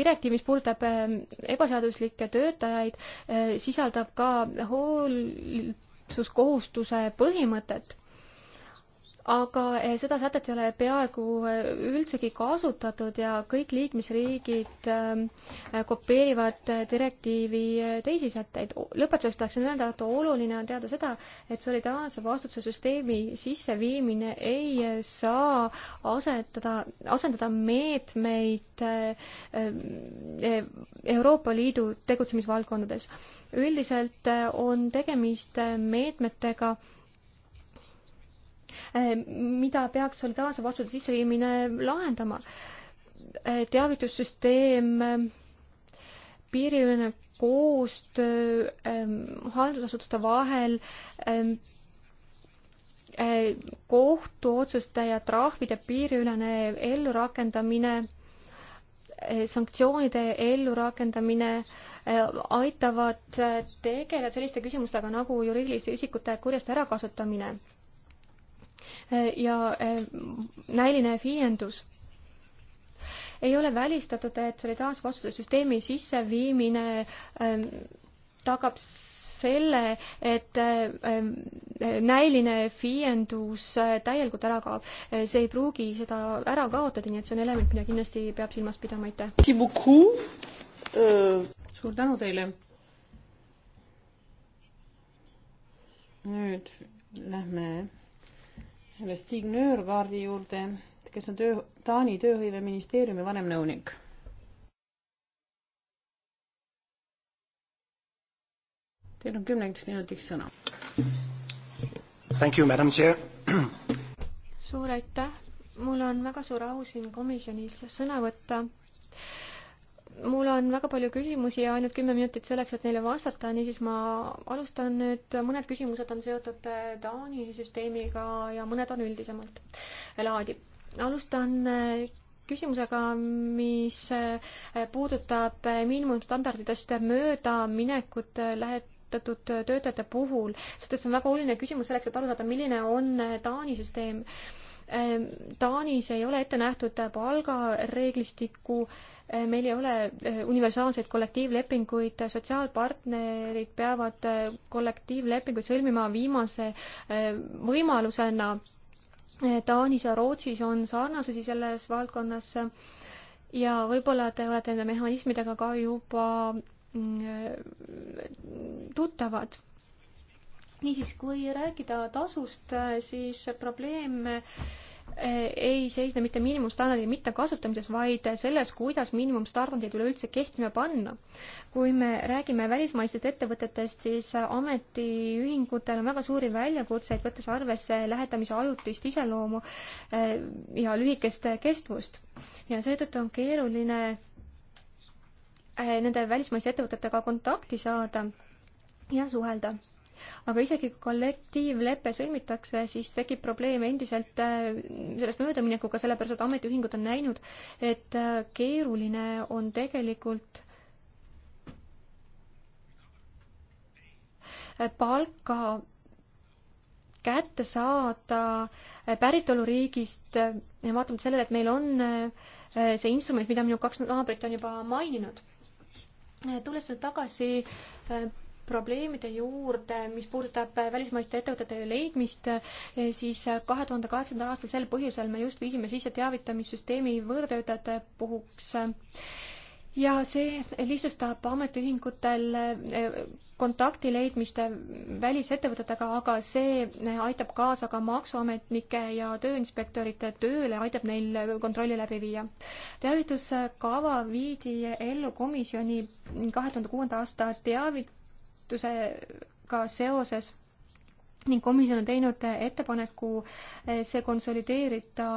direktiiv, mis puudutab ebaseaduslikke töötajaid, sisaldab ka hoolsuskohustuse põhimõtet aga eh, seda sätet ei ole peaaegu eh, üldsegi kasutatud ja kõik liikmesriigid eh, kopeerivad direktiivi teisi sätteid. lõpetuseks tahaksin öelda, et oluline on teada seda, et solidaarse vastutuse süsteemi sisseviimine ei saa asetada, asendada meetmeid Euroopa Liidu tegutsemisvaldkondades. üldiselt on tegemist meetmetega, Äh, mida peaks solidaarse vastutuse sisseviimine lahendama. Äh, teavitussüsteem, äh, piiriline koostöö ähm, haldusasutuste vahel, ähm, kohtuotsuste ja trahvide piiriülene ellurakendamine sanktsioonide ellurakendamine aitavad tegeleda selliste küsimustega nagu juriidiliste isikute kurjast ärakasutamine. Eh, ja eh, näiline viiendus ei ole välistatud, et solidaarse vastutuse süsteemi sisseviimine ähm, tagab selle, et ähm, näiline viiendus äh, täielikult ära kaob. see ei pruugi seda ära kaotada, nii et see on element, mida kindlasti peab silmas pidama, aitäh. Euh, suur tänu teile. nüüd lähme selle Stig Nöörgaardi juurde, kes on töö, Taani tööhõiveministeeriumi vanemnõunik. Teil on kümneks minutiks sõna. Thank you, madam chair. suur aitäh, mul on väga suur au siin komisjonis sõna võtta mul on väga palju küsimusi ja ainult kümme minutit selleks, et neile vastata, niisiis ma alustan nüüd, mõned küsimused on seotud Taani süsteemiga ja mõned on üldisemalt laadi. alustan eh, küsimusega, mis eh, puudutab eh, miinimumstandarditest möödaminekut lähet-, lähetatud töötajate puhul, sest et see on väga oluline küsimus selleks, et aru saada, milline on Taani süsteem. Taanis ei ole ette nähtud palgareeglistikku äh, Eh, meil ei ole eh, universaalseid kollektiivlepinguid, sotsiaalpartnerid peavad eh, kollektiivlepinguid sõlmima viimase võimalusena. Taanis ja Rootsis on sarnasusi selles valdkonnas ja võib-olla te olete nende mehhanismidega ka juba mm, tuttavad niisiis, kui rääkida tasust, siis probleem Äh, ei seisne mitte miinimumstandardi mittekasutamises, vaid selles, kuidas miinimumstandardid üleüldse kehtima panna. kui me räägime välismaistest ettevõtetest, siis ametiühingutel on väga suuri väljakutseid, võttes arvesse lähetamise ajutist iseloomu äh, ja lühikest kestvust. ja seetõttu on keeruline äh, nende välismaiste ettevõtetega kontakti saada ja suhelda aga isegi kui kollektiivlepe sõlmitakse, siis tekib probleeme endiselt äh, sellest möödaminekuga, sellepärast et ametiühingud on näinud, et äh, keeruline on tegelikult äh, palka kätte saada päritoluriigist, vaatamata sellele, et meil on see instrument, mida minu kaks naabrit on juba maininud. tulles nüüd tagasi probleemide juurde, mis puudutab äh, välismaiste ettevõtete leidmist, äh, siis äh, kahe tuhande kaheksandal aastal sel põhjusel me just viisime sisse teavitamissüsteemi võõrtöötajate puhuks ja see lihtsustab ametiühingutel kontakti leidmist välisettevõtetega, aga see aitab kaasa ka maksuametnike ja tööinspektorite tööle, aitab neil kontrolli läbi viia. teavituskava viidi ellu komisjoni kahe tuhande kuuenda aasta teavit-, rahastusega seoses ning komisjon on teinud ettepaneku eh, see konsolideerida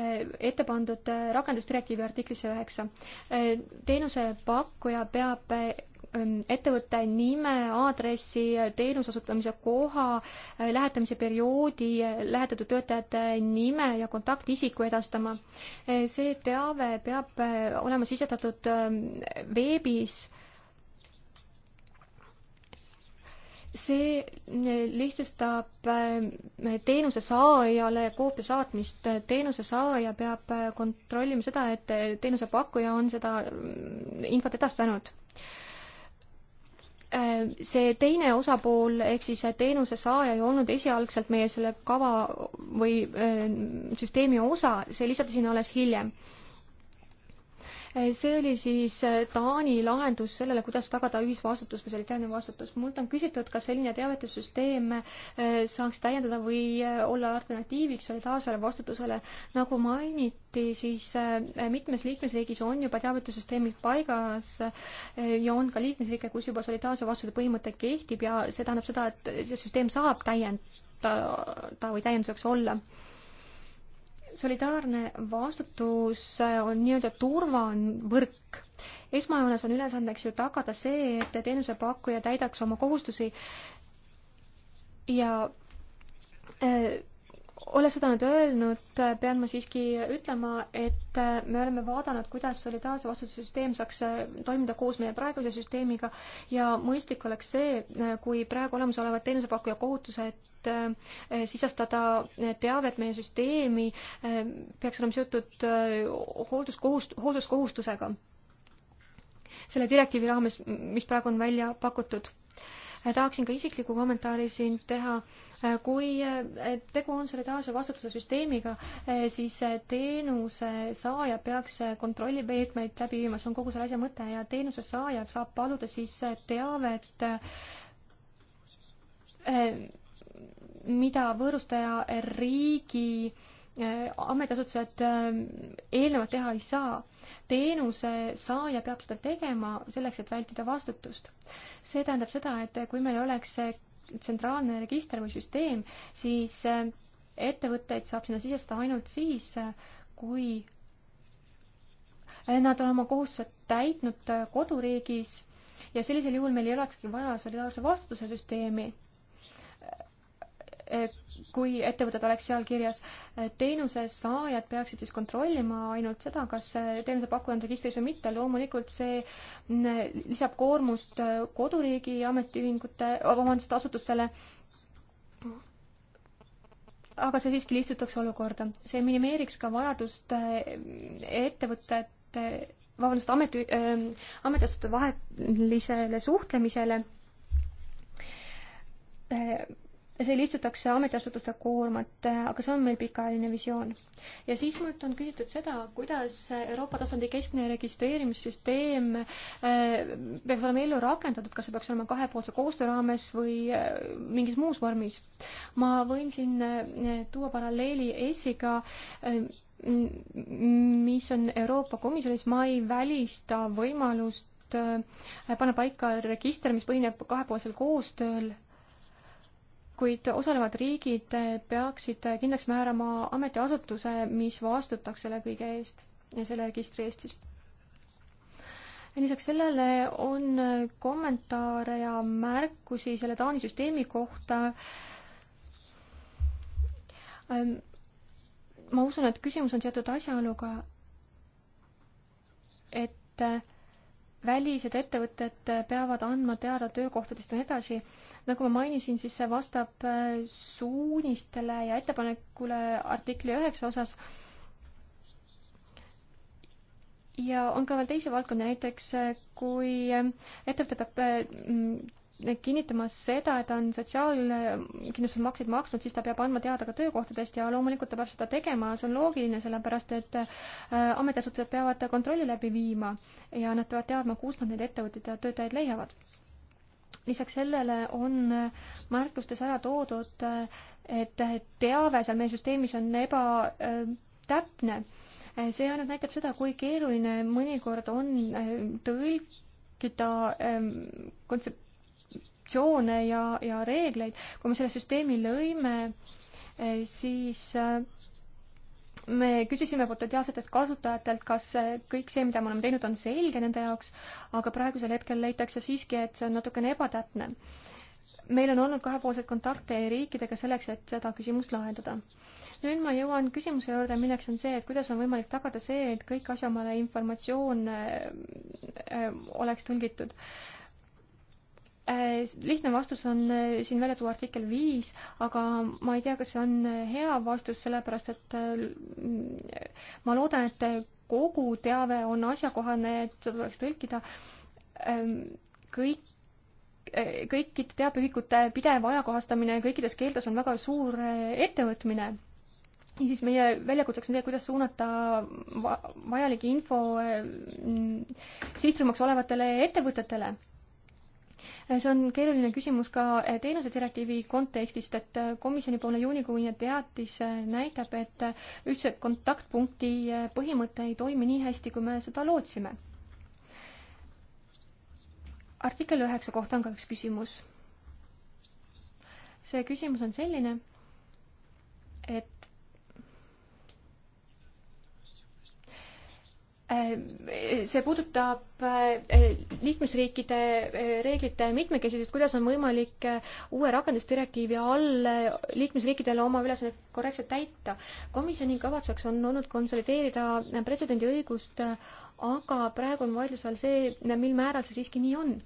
eh, ette pandud eh, rakendusdirektiivi artiklisse üheksa. teenusepakkuja peab mm, ettevõtte nime, aadressi, teenuse osutamise koha, lähetamise perioodi, lähetatud töötajate nime ja kontaktisiku edastama. see teave peab olema sisestatud mm, veebis see eh, lihtsustab eh, teenuse saajale koopia saatmist. teenuse saaja peab eh, kontrollima seda, et teenusepakkuja on seda mm, infot edastanud. see teine osapool ehk siis teenuse saaja ei olnud esialgselt meie selle kava või süsteemi osa, see lisati sinna alles hiljem see oli siis äh, Taani lahendus sellele, kuidas tagada ühisvastutus või solidaarne vastutus. mult on küsitud, kas selline teavitussüsteem äh, saaks täiendada või äh, olla alternatiiviks solidaarsele vastutusele. nagu mainiti, siis mitmes liikmesriigis on juba teavitussüsteemid paigas ja on ka liikmesriike, kus juba solidaarse vastutuse põhimõte kehtib ja see tähendab seda, et see süsteem saab täiendada või täienduseks olla solidaarne vastutus on nii-öelda turvavõrk. esmajoones on ülesandeks ju tagada see, et teenusepakkuja täidaks oma kohustusi ja äh, olles seda nüüd öelnud, pean ma siiski ütlema, et me oleme vaadanud, kuidas solidaarse vastutuse süsteem saaks äh, toimida koos meie praeguse süsteemiga ja mõistlik oleks see, äh, kui praegu olemasolevad teenusepakkuja kohutused äh, sisestada teavet meie süsteemi, peaks olema seotud hoolduskohust-, hoolduskohustusega. selle direktiivi raames, mis praegu on välja pakutud tahaksin ka isikliku kommentaari siin teha. Äh, kui äh, tegu on solidaarse vastutuse süsteemiga, äh, siis teenuse saaja peaks kontrollimeetmeid läbi viima, see on kogu selle asja mõte ja teenuse saaja saab paluda siis teavet mida võõrustaja riigi äh, Äh, ametiasutused äh, eelnevalt teha ei saa. teenuse saaja peab seda tegema selleks, et vältida vastutust. see tähendab seda, et kui meil oleks tsentraalne register või süsteem, siis äh, ettevõtteid saab sinna sisestada ainult siis, kui nad on oma kohustused täitnud koduriigis ja sellisel juhul meil ei olekski vaja solidaarse vastutuse süsteemi kui ettevõtted oleks seal kirjas. teenuse saajad peaksid siis kontrollima ainult seda, kas teenusepakkuja on registris või mitte. loomulikult see lisab koormust äh, koduriigi ametiühingute, vabandust, asutustele. aga see siiski lihtsustaks olukorda. see minimeeriks ka vajadust äh, ettevõtete, vabandust, ameti äh,, ametiasutuste vahelisele suhtlemisele äh, see lihtsustaks ametiasutuste koormat, aga see on meil pikaajaline visioon. ja siis mult on küsitud seda, kuidas Euroopa tasandi keskne registreerimissüsteem äh, peaks olema ellu rakendatud, kas see peaks olema kahepoolse koostöö raames või äh, mingis muus vormis. ma võin siin äh, tuua paralleeli ESI-ga, mis on Euroopa Komisjonis, ma ei välista võimalust panna paika register, mis põhineb kahepoolsel koostööl kuid osalevad riigid peaksid kindlaks määrama ametiasutuse, mis vastutaks selle kõige eest ja selle registri eest siis. lisaks sellele on kommentaare ja märkusi selle Taani süsteemi kohta ähm, ma usun, et küsimus on seotud asjaoluga, et äh, välised ettevõtted peavad andma teada töökohtadest ja nii edasi. nagu ma mainisin, siis see vastab äh, suunistele ja ettepanekule artikli üheksa osas. ja on ka veel teisi valdkondi, näiteks äh, kui äh, ettevõte peab Eh, kinnitamas seda, et ta on sotsiaalkindlustusmakseid maksnud, siis ta peab andma teada ka töökohtadest ja loomulikult ta peab seda tegema, see on loogiline, sellepärast et eh, ametiasutused peavad kontrolli läbi viima ja nad peavad teadma, kust nad neid ettevõtteid ja töötajaid leiavad. lisaks sellele on eh, märkustes ära toodud, et teave seal meie süsteemis on ebatäpne. see ainult näitab seda, kui keeruline mõnikord on tõlkida kontsept-, institutsioone ja, ja reegleid. kui me selle süsteemi lõime, eh, siis eh, me küsisime potentsiaalsetelt kasutajatelt, kas eh, kõik see, mida me oleme teinud, on selge nende jaoks, aga praegusel hetkel leitakse siiski, et see on natukene ebatäpne. meil on olnud kahepoolseid kontakte riikidega selleks, et seda küsimust lahendada. nüüd ma jõuan küsimuse juurde, milleks on see, et kuidas on võimalik tagada see, et kõik asjaomane informatsioon oleks tõlgitud Äh, lihtne vastus on äh, siin välja tuua artikkel viis, aga ma ei tea, kas see on äh, hea vastus, sellepärast et ma loodan, et kogu teave on asjakohane, et seda tuleks tõlkida. Ähm, kõik, kõikide teabeühikute pidev ajakohastamine kõikides keeltes on väga suur ettevõtmine niisiis meie väljakutseks on see, kuidas suunata va vajalik info sihtrühmaks olevatele ettevõtetele see on keeruline küsimus ka eh, teenuse direktiivi kontekstist, et eh, komisjonipoolne juunikuine teatis eh, näitab, et üldse kontaktpunkti põhimõte ei toimi nii hästi, kui me seda lootsime. artikkel üheksa kohta on ka üks küsimus. see küsimus on selline, et Äh, see puudutab äh, liikmesriikide äh, reeglite mitmekesisust, kuidas on võimalik uue rakendusdirektiivi all liikmesriikidele oma ülesannet korrektselt täita. komisjoni kavatseks on olnud konsolideerida presidendi õigust, aga praegu on vaidluse all see, mil määral see siiski nii on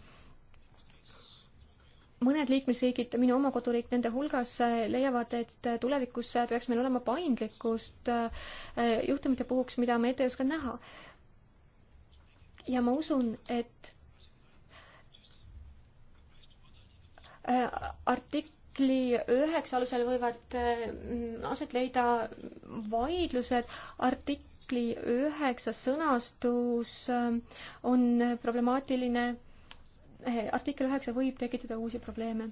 mõned liikmesriigid, minu oma koduriik nende hulgas, leiavad, et tulevikus peaks meil olema paindlikkust juhtumite puhuks, mida me ette ei oska näha ja ma usun, et äh, artikli üheksa alusel võivad äh, aset leida vaidlused, artikli üheksa sõnastus äh, on problemaatiline, artikkel üheksa võib tekitada uusi probleeme.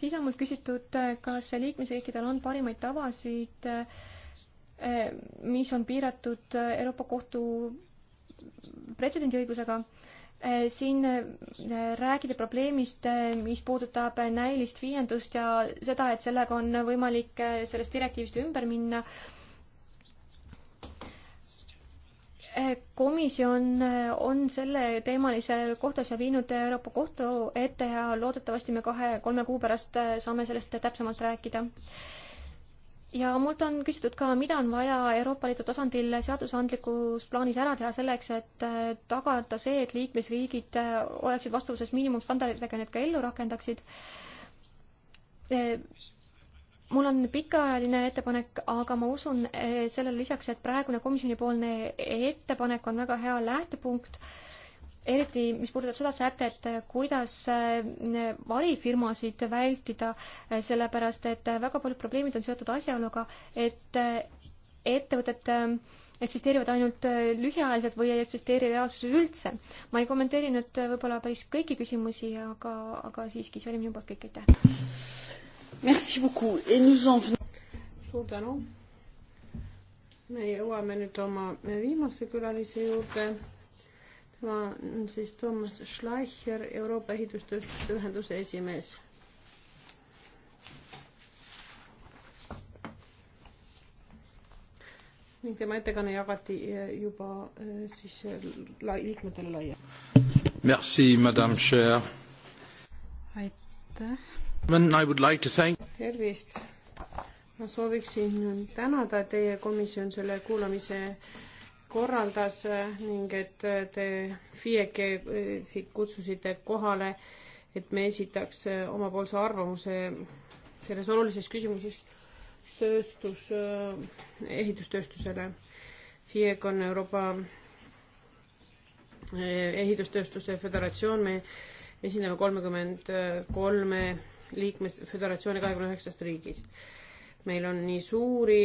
siis on mul küsitud, kas liikmesriikidel on parimaid tavasid, mis on piiratud Euroopa Kohtu pretsedendiõigusega. Eh, siin eh, räägiti probleemist, eh, mis puudutab näilist viiendust ja seda, et sellega on võimalik sellest direktiivist ümber minna komisjon on selleteemalise kohtuasja viinud Euroopa Kohtu ette ja loodetavasti me kahe-kolme kuu pärast saame sellest täpsemalt rääkida ja mult on küsitud ka, mida on vaja Euroopa Liidu tasandil seadusandlikus plaanis ära teha selleks, et äh, tagada see, et liikmesriigid äh, oleksid vastavuses miinimumstandarditega ja need ka ellu rakendaksid. Äh, mul on pikaajaline ettepanek, aga ma usun sellele lisaks, et praegune komisjonipoolne ettepanek on väga hea lähtepunkt eriti mis puudutab seda sätet, kuidas äh, varifirmasid vältida, äh, sellepärast et äh, väga paljud probleemid on seotud asjaoluga, et ettevõtted eksisteerivad ainult lühiajaliselt või ei eksisteeri reaalsuses üldse. ma ei kommenteeri nüüd võib-olla päris kõiki küsimusi, aga, aga siiski, see oli minu poolt kõik, aitäh. suur tänu. me jõuame nüüd oma viimase külalise juurde on siis Toomas Schleicher, Euroopa Ehitustööstuse Ühenduse esimees. ning tema ettekanne jagati eh, juba eh, siis eh, liikmetele laia. Merci, madam chair. aitäh. I would like to thank. tervist. ma sooviksin tänada teie komisjon selle kuulamise korraldas eh, ning et eh, te FIE-ki eh, kutsusite kohale, et me esitaks omapoolse arvamuse selles olulises küsimuses tööstus, ehitustööstusele. FIEG on Euroopa ehitustööstuse föderatsioon, me esineme kolmekümmend kolme liikmes-, föderatsiooni kahekümne üheksast riigist. meil on nii suuri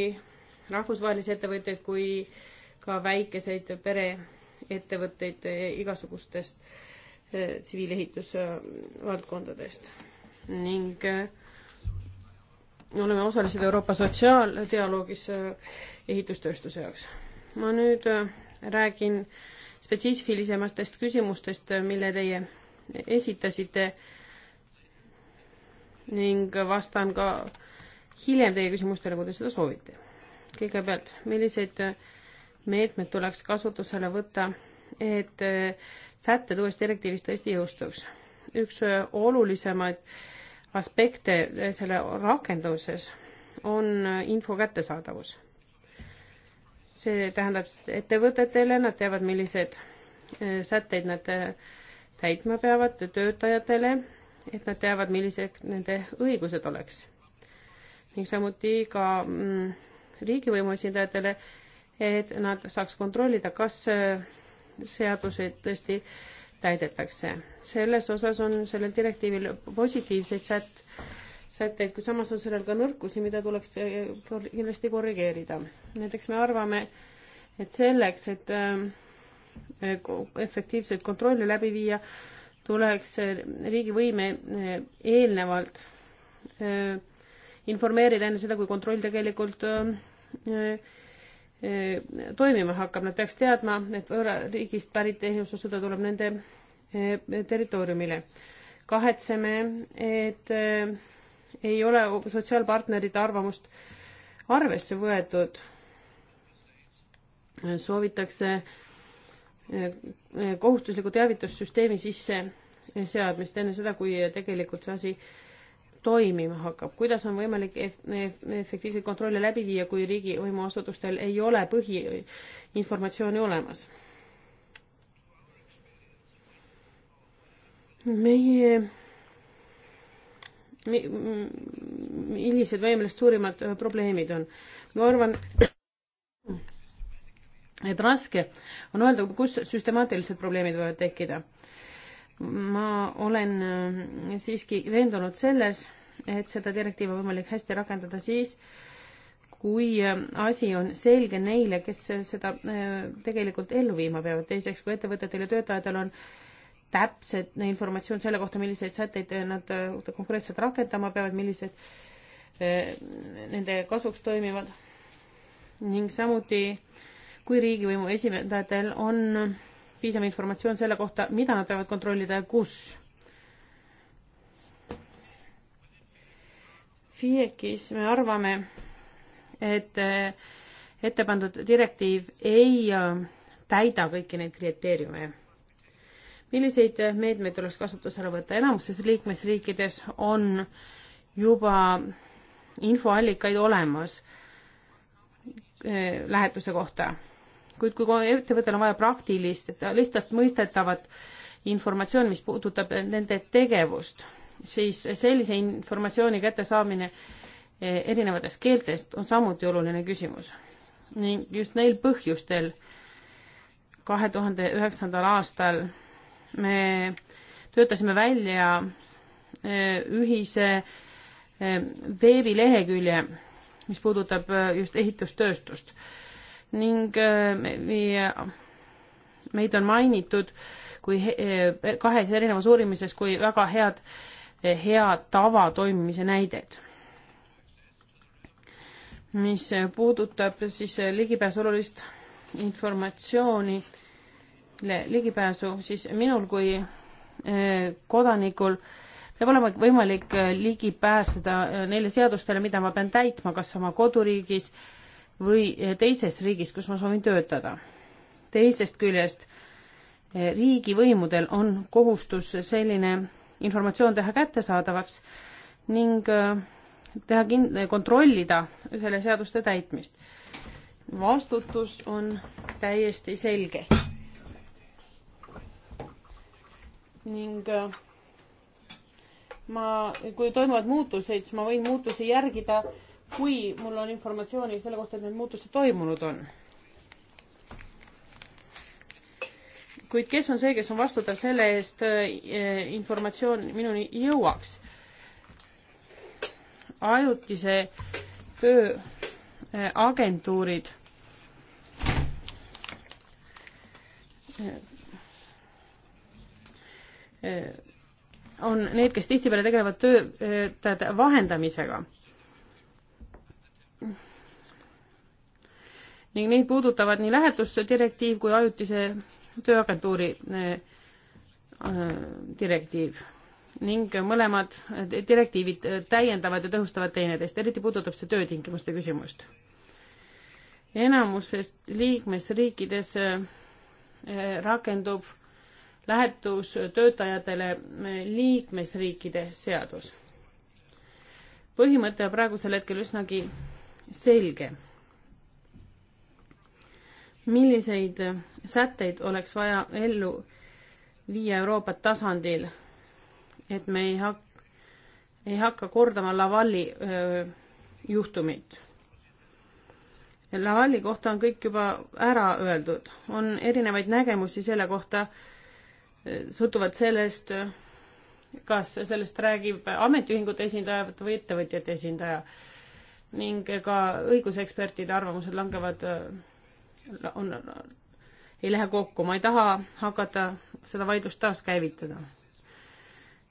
rahvusvahelisi ettevõtteid kui äh, ka väikeseid pereettevõtteid eh, igasugustest eh, tsiviilehitusvaldkondadest ning eh, oleme osalised Euroopa sotsiaaldialoogis ehitustööstuse jaoks. ma nüüd räägin spetsiifilisematest küsimustest, mille teie esitasite ning vastan ka hiljem teie küsimustele, kui te seda soovite. kõigepealt, milliseid meetmed tuleks kasutusele võtta, et äh, sätted uues direktiivis tõesti jõustuks. üks äh, olulisemaid aspekte äh, selle rakenduses on info kättesaadavus. see tähendab ettevõtetele, nad teavad, millised sätteid nad täitma peavad, töötajatele, et nad teavad, millised nende õigused oleks. ning samuti ka mm, riigivõimu esindajatele, et nad saaks kontrollida, kas äh, seaduseid tõesti täidetakse. selles osas on sellel direktiivil positiivseid sätt, sätteid, kui samas on sellel ka nõrkusi, mida tuleks äh, kindlasti korrigeerida. näiteks me arvame, et selleks, et äh, efektiivset kontrolli läbi viia, tuleks riigivõime eelnevalt informeerida enne seda, kui kontroll tegelikult Eh, toimima hakkab, nad peaks teadma, et võõra riigist pärit ehitusasuda tuleb nende eh, territooriumile. kahetseme, et eh, ei ole sotsiaalpartnerite arvamust arvesse võetud. soovitakse kohustusliku teavitussüsteemi sisse seadmist enne seda, kui tegelikult see asi toimima hakkab, kuidas on võimalik efektiivseid kontrolle läbi viia, kui riigivõimu asutustel ei ole põhiinformatsiooni olemas? meie mi,, millised meie meelest suurimad äh, probleemid on? ma arvan, et raske on öelda, kus süstemaatilised probleemid võivad tekkida ma olen äh, siiski veendunud selles, et seda direktiivi on võimalik hästi rakendada siis, kui äh, asi on selge neile, kes seda äh, tegelikult ellu viima peavad. teiseks, kui ettevõtetel ja töötajatel on täpset informatsioon selle kohta, milliseid sätteid nad konkreetselt rakendama peavad, millised nende kasuks toimivad ning samuti, kui riigivõimu esindajatel on piisav informatsioon selle kohta, mida nad peavad kontrollida ja kus. FIEKis me arvame, et eh, ette pandud direktiiv ei eh, täida kõiki neid kriteeriume. milliseid meetmeid tuleks kasutusele võtta? enamuses liikmesriikides on juba infoallikaid olemas eh, lähetuse kohta kuid kui ettevõttel on vaja praktilist, lihtsast mõistetavat informatsiooni, mis puudutab nende tegevust, siis sellise informatsiooni kättesaamine eh, erinevatest keeltest on samuti oluline küsimus. ning just neil põhjustel kahe tuhande üheksandal aastal me töötasime välja eh, ühise eh, veebilehekülje, mis puudutab just ehitustööstust ning äh, meie, meid on mainitud kui äh, kahes erinevas uurimises kui väga head, hea tava toimimise näided. mis puudutab siis ligipääsu olulist informatsiooni, ligipääsu, siis minul kui äh, kodanikul peab olema võimalik ligi pääseda neile seadustele, mida ma pean täitma, kas oma koduriigis äh, või eh, teises riigis, kus ma soovin töötada. teisest küljest eh, riigivõimudel on kohustus selline informatsioon teha kättesaadavaks ning eh, teha kind-, kontrollida selle seaduste täitmist. vastutus on täiesti selge. ning ma, kui toimuvad muutuseid, siis ma võin muutusi järgida äh, kui mul on informatsiooni selle kohta, et need muutused toimunud on. kuid kes on see, kes on vastutav selle eest äh, informatsioon minuni jõuaks? ajutise töö äh, agentuurid äh, on need, kes tihtipeale tegelevad töötajate vahendamisega ning neid puudutavad nii lähetusse direktiiv kui ajutise tööagentuuri äh, äh, direktiiv ning mõlemad direktiivid täiendavad ja tõhustavad teineteist, eriti puudutab see töötingimuste küsimust. enamuses liikmesriikides äh, rakendub lähetustöötajatele liikmesriikide seadus. põhimõte on praegusel hetkel üsnagi selge. milliseid sätteid oleks vaja ellu viia Euroopa tasandil, et me ei hak-, ei hakka kordama Lavalli öö, juhtumit? Lavalli kohta on kõik juba ära öeldud, on erinevaid nägemusi selle kohta, sõltuvalt sellest, kas sellest räägib ametiühingute esindaja või ettevõtjate esindaja ning ka õigusekspertide arvamused langevad, äh, on, ei lähe kokku, ma ei taha hakata seda vaidlust taaskäivitada.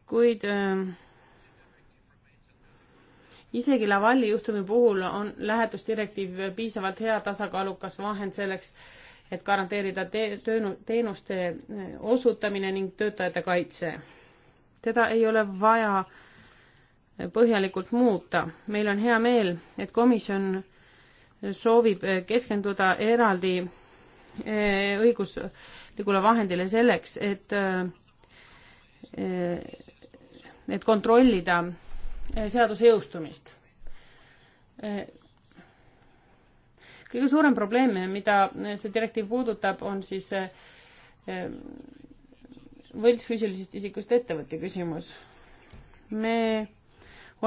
kuid äh, isegi Lavalli juhtumi puhul on lähetusdirektiiv piisavalt hea tasakaalukas vahend selleks, et garanteerida te-, töönu-, teenuste äh, osutamine ning töötajate kaitse. teda ei ole vaja äh, põhjalikult muuta. meil on hea meel, et komisjon soovib keskenduda eraldi eh, õiguslikule vahendile selleks, et, eh, et kontrollida eh, seaduse jõustumist. kõige suurem probleem, mida see direktiiv puudutab, on siis võltsfüüsilisest isikust ettevõtja küsimus. me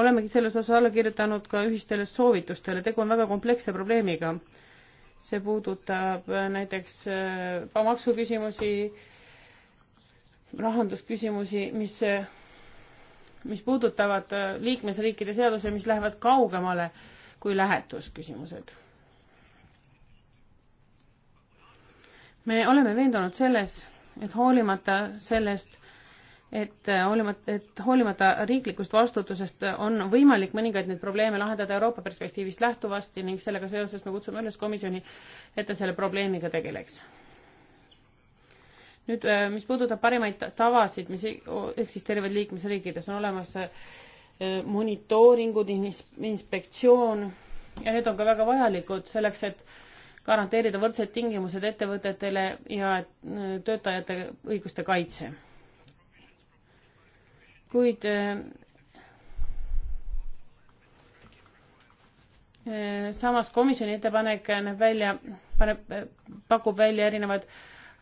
olemegi selles osas alla kirjutanud ka ühistele soovitustele, tegu on väga kompleksse probleemiga. see puudutab äh, näiteks äh, maksuküsimusi, rahandusküsimusi, mis, äh, mis puudutavad liikmesriikide seadusi, mis lähevad kaugemale kui lähetusküsimused. me oleme veendunud selles, et hoolimata sellest, et äh, hoolimata, et hoolimata riiklikust vastutusest on võimalik mõningaid neid probleeme lahendada Euroopa perspektiivist lähtuvasti ning sellega seoses me kutsume üles komisjoni, et ta selle probleemiga tegeleks. nüüd, äh, mis puudutab parimaid tavasid, mis eksisteerivad liikmesriikides, on olemas äh, monitooringud, inspektsioon ja need on ka väga vajalikud selleks, et garanteerida võrdsed tingimused ettevõtetele ja töötajate õiguste kaitse kuid äh, äh, samas komisjoni ettepanek näeb välja, paneb, äh, pakub välja erinevad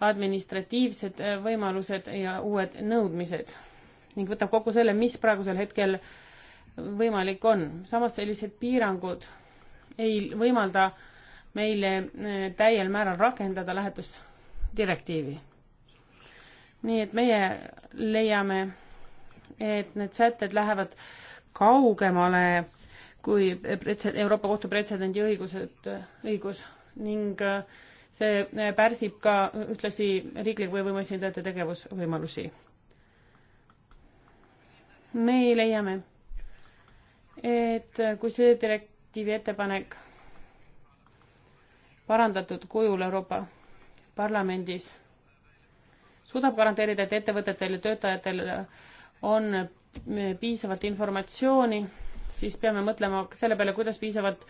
administratiivsed võimalused ja uued nõudmised ning võtab kokku selle, mis praegusel hetkel võimalik on. samas sellised piirangud ei võimalda meile täiel määral rakendada lähetusdirektiivi. nii et meie leiame et need sätted lähevad kaugemale kui Euroopa Kohtu pretsedendi õigused, õigus ning äh, see äh, pärsib ka ühtlasi riikliku võimu esindajate tegevusvõimalusi. me leiame, et äh, kui see direktiivi ettepanek parandatud kujul Euroopa Parlamendis suudab garanteerida, et ettevõtetel ja töötajatel on piisavalt informatsiooni, siis peame mõtlema selle peale, kuidas piisavalt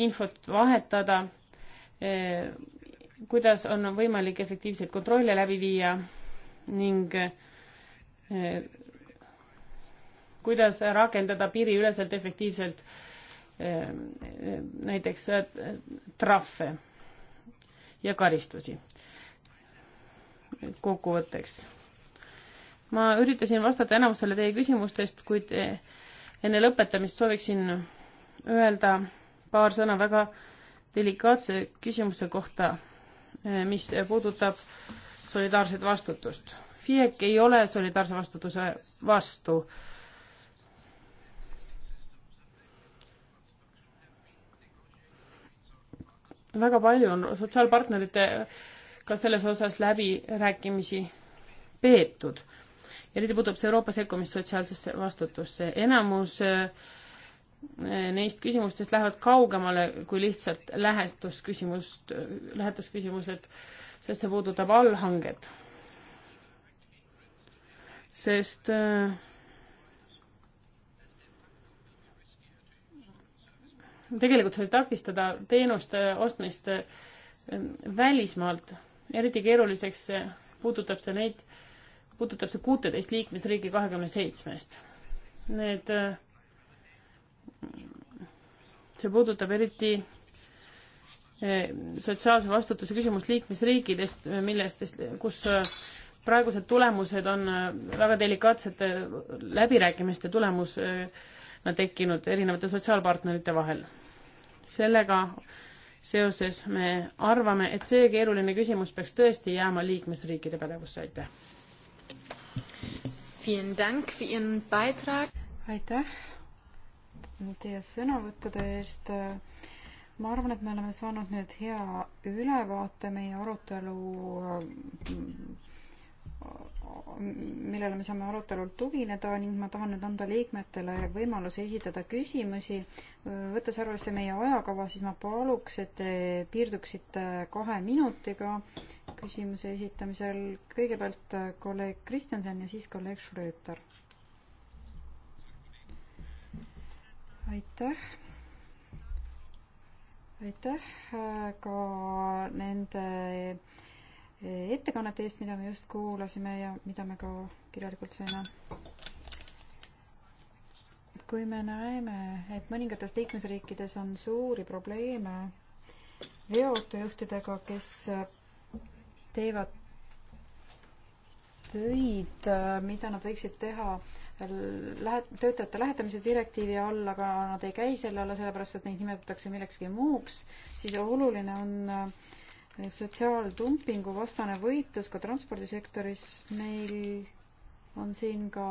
infot vahetada, eh, kuidas on võimalik efektiivseid kontrolle läbi viia ning eh, kuidas rakendada piiriüleselt efektiivselt eh, näiteks trahve ja karistusi. kokkuvõtteks ma üritasin vastata enamusele teie küsimustest, kuid eh, enne lõpetamist sooviksin öelda paar sõna väga delikaatse küsimuse kohta, eh, mis puudutab solidaarset vastutust. FIEC ei ole solidaarse vastutuse vastu väga palju on sotsiaalpartneritega selles osas läbirääkimisi peetud eriti puudutab see Euroopa sekkumist sotsiaalsesse vastutusse. enamus eh, neist küsimustest lähevad kaugemale kui lihtsalt lähestusküsimust, lähetusküsimused, sest see puudutab allhanged. sest eh, tegelikult see võib takistada teenuste ostmist eh, välismaalt, eriti keeruliseks puudutab see neid äh, puudutab see kuuteist liikmesriigi kahekümne seitsmest. Need, äh, see puudutab eriti äh, sotsiaalse vastutuse küsimust liikmesriikidest, äh, millest, kus praegused tulemused on väga delikaatsete läbirääkimiste tulemusena tekkinud erinevate sotsiaalpartnerite vahel. sellega seoses me arvame, et see keeruline küsimus peaks tõesti jääma liikmesriikide pädevusse, aitäh aitäh teie sõnavõttude eest. ma arvan, et me oleme saanud nüüd hea ülevaate meie arutelu, millele me saame arutelul tugineda ning ma tahan nüüd anda liikmetele võimaluse esitada küsimusi. võttes arvesse meie ajakava, siis ma paluks, et te piirduksite kahe minutiga küsimuse esitamisel. kõigepealt äh, kolleeg Kristjanson ja siis kolleeg Schröter. aitäh. aitäh äh, ka nende äh, ettekannete eest, mida me just kuulasime ja mida me ka kirjalikult saime. kui me näeme, et mõningates liikmesriikides on suuri probleeme veoautojuhtidega, kes teevad töid, mida nad võiksid teha lähet-, töötajate lähetamise direktiivi all, aga nad ei käi selle alla, sellepärast et neid nimetatakse millekski muuks, siis oluline on äh, sotsiaaldumpingu vastane võitlus ka transpordisektoris. meil on siin ka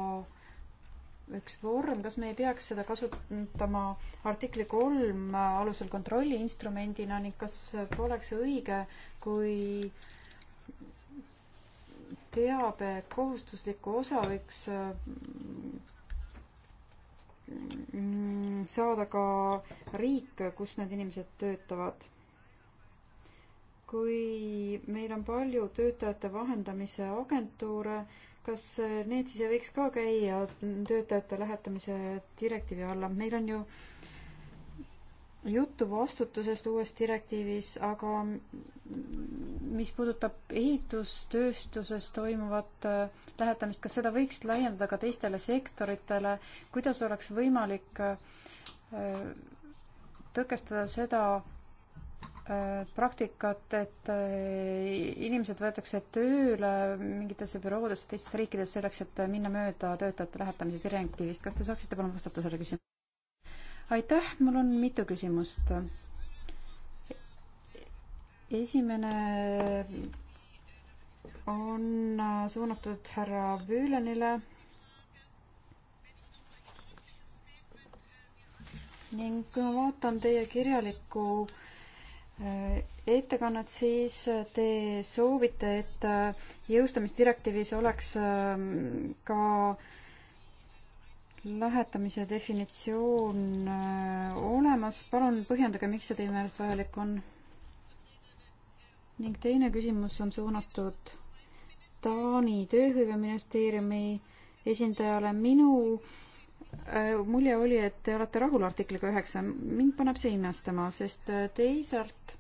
üks vorm, kas me ei peaks seda kasutama artikli kolm alusel kontrolli instrumendina ning kas poleks õige, kui äh, teabe kohustusliku osa võiks mm, saada ka riik, kus need inimesed töötavad. kui meil on palju töötajate vahendamise agentuure, kas need siis ei võiks ka käia töötajate lähetamise direktiivi alla? meil on ju äh, juttu vastutusest uues direktiivis, aga mis puudutab ehitustööstuses toimuvat äh, lähetamist, kas seda võiks laiendada ka teistele sektoritele, kuidas oleks võimalik äh, tõkestada seda äh, praktikat, et inimesed võetakse tööle mingitesse büroodesse teistes riikides selleks, et minna mööda töötajate lähetamise direktiivist. kas te saaksite palun vastata selle küsimusele? aitäh, mul on mitu küsimust. esimene on suunatud härra Vüülenile ning kui ma vaatan teie kirjalikku äh, ettekannet, siis te soovite, et jõustamisdirektiivis oleks äh, ka äh, lähetamise definitsioon äh, olemas, palun põhjendage, miks see teie meelest vajalik on? ning teine küsimus on suunatud Taani tööhõiveministeeriumi esindajale. minu äh, mulje oli, et te olete rahul artikliga üheksa. mind paneb see imestama, sest äh, teisalt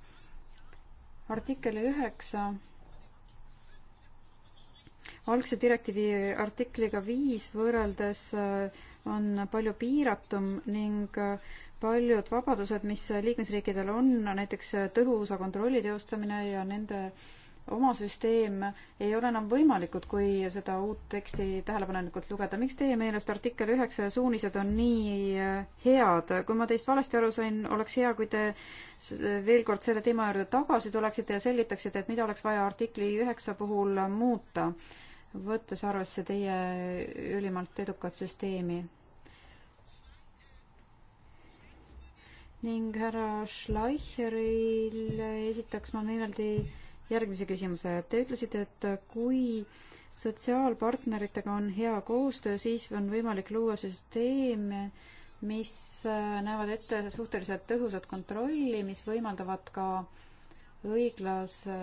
artikkel üheksa algse direktiivi artikliga viis võrreldes äh, on palju piiratum ning paljud vabadused, mis liikmesriikidel on, näiteks tõhusa kontrolli teostamine ja nende oma süsteem ei ole enam võimalikud, kui seda uut teksti tähelepanelikult lugeda. miks teie meelest artikkel üheksa ja suunised on nii eh, head? kui ma teist valesti aru sain, oleks hea, kui te veel kord selle teema juurde tagasi tuleksite ja selgitaksite, et mida oleks vaja artikli üheksa puhul muuta võttes arvesse teie ülimalt edukat süsteemi. ning härra Schleicherile esitaks ma meeleldi järgmise küsimuse. Te ütlesite, et kui sotsiaalpartneritega on hea koostöö, siis on võimalik luua süsteeme, mis näevad ette suhteliselt tõhusat kontrolli, mis võimaldavad ka äh, õiglase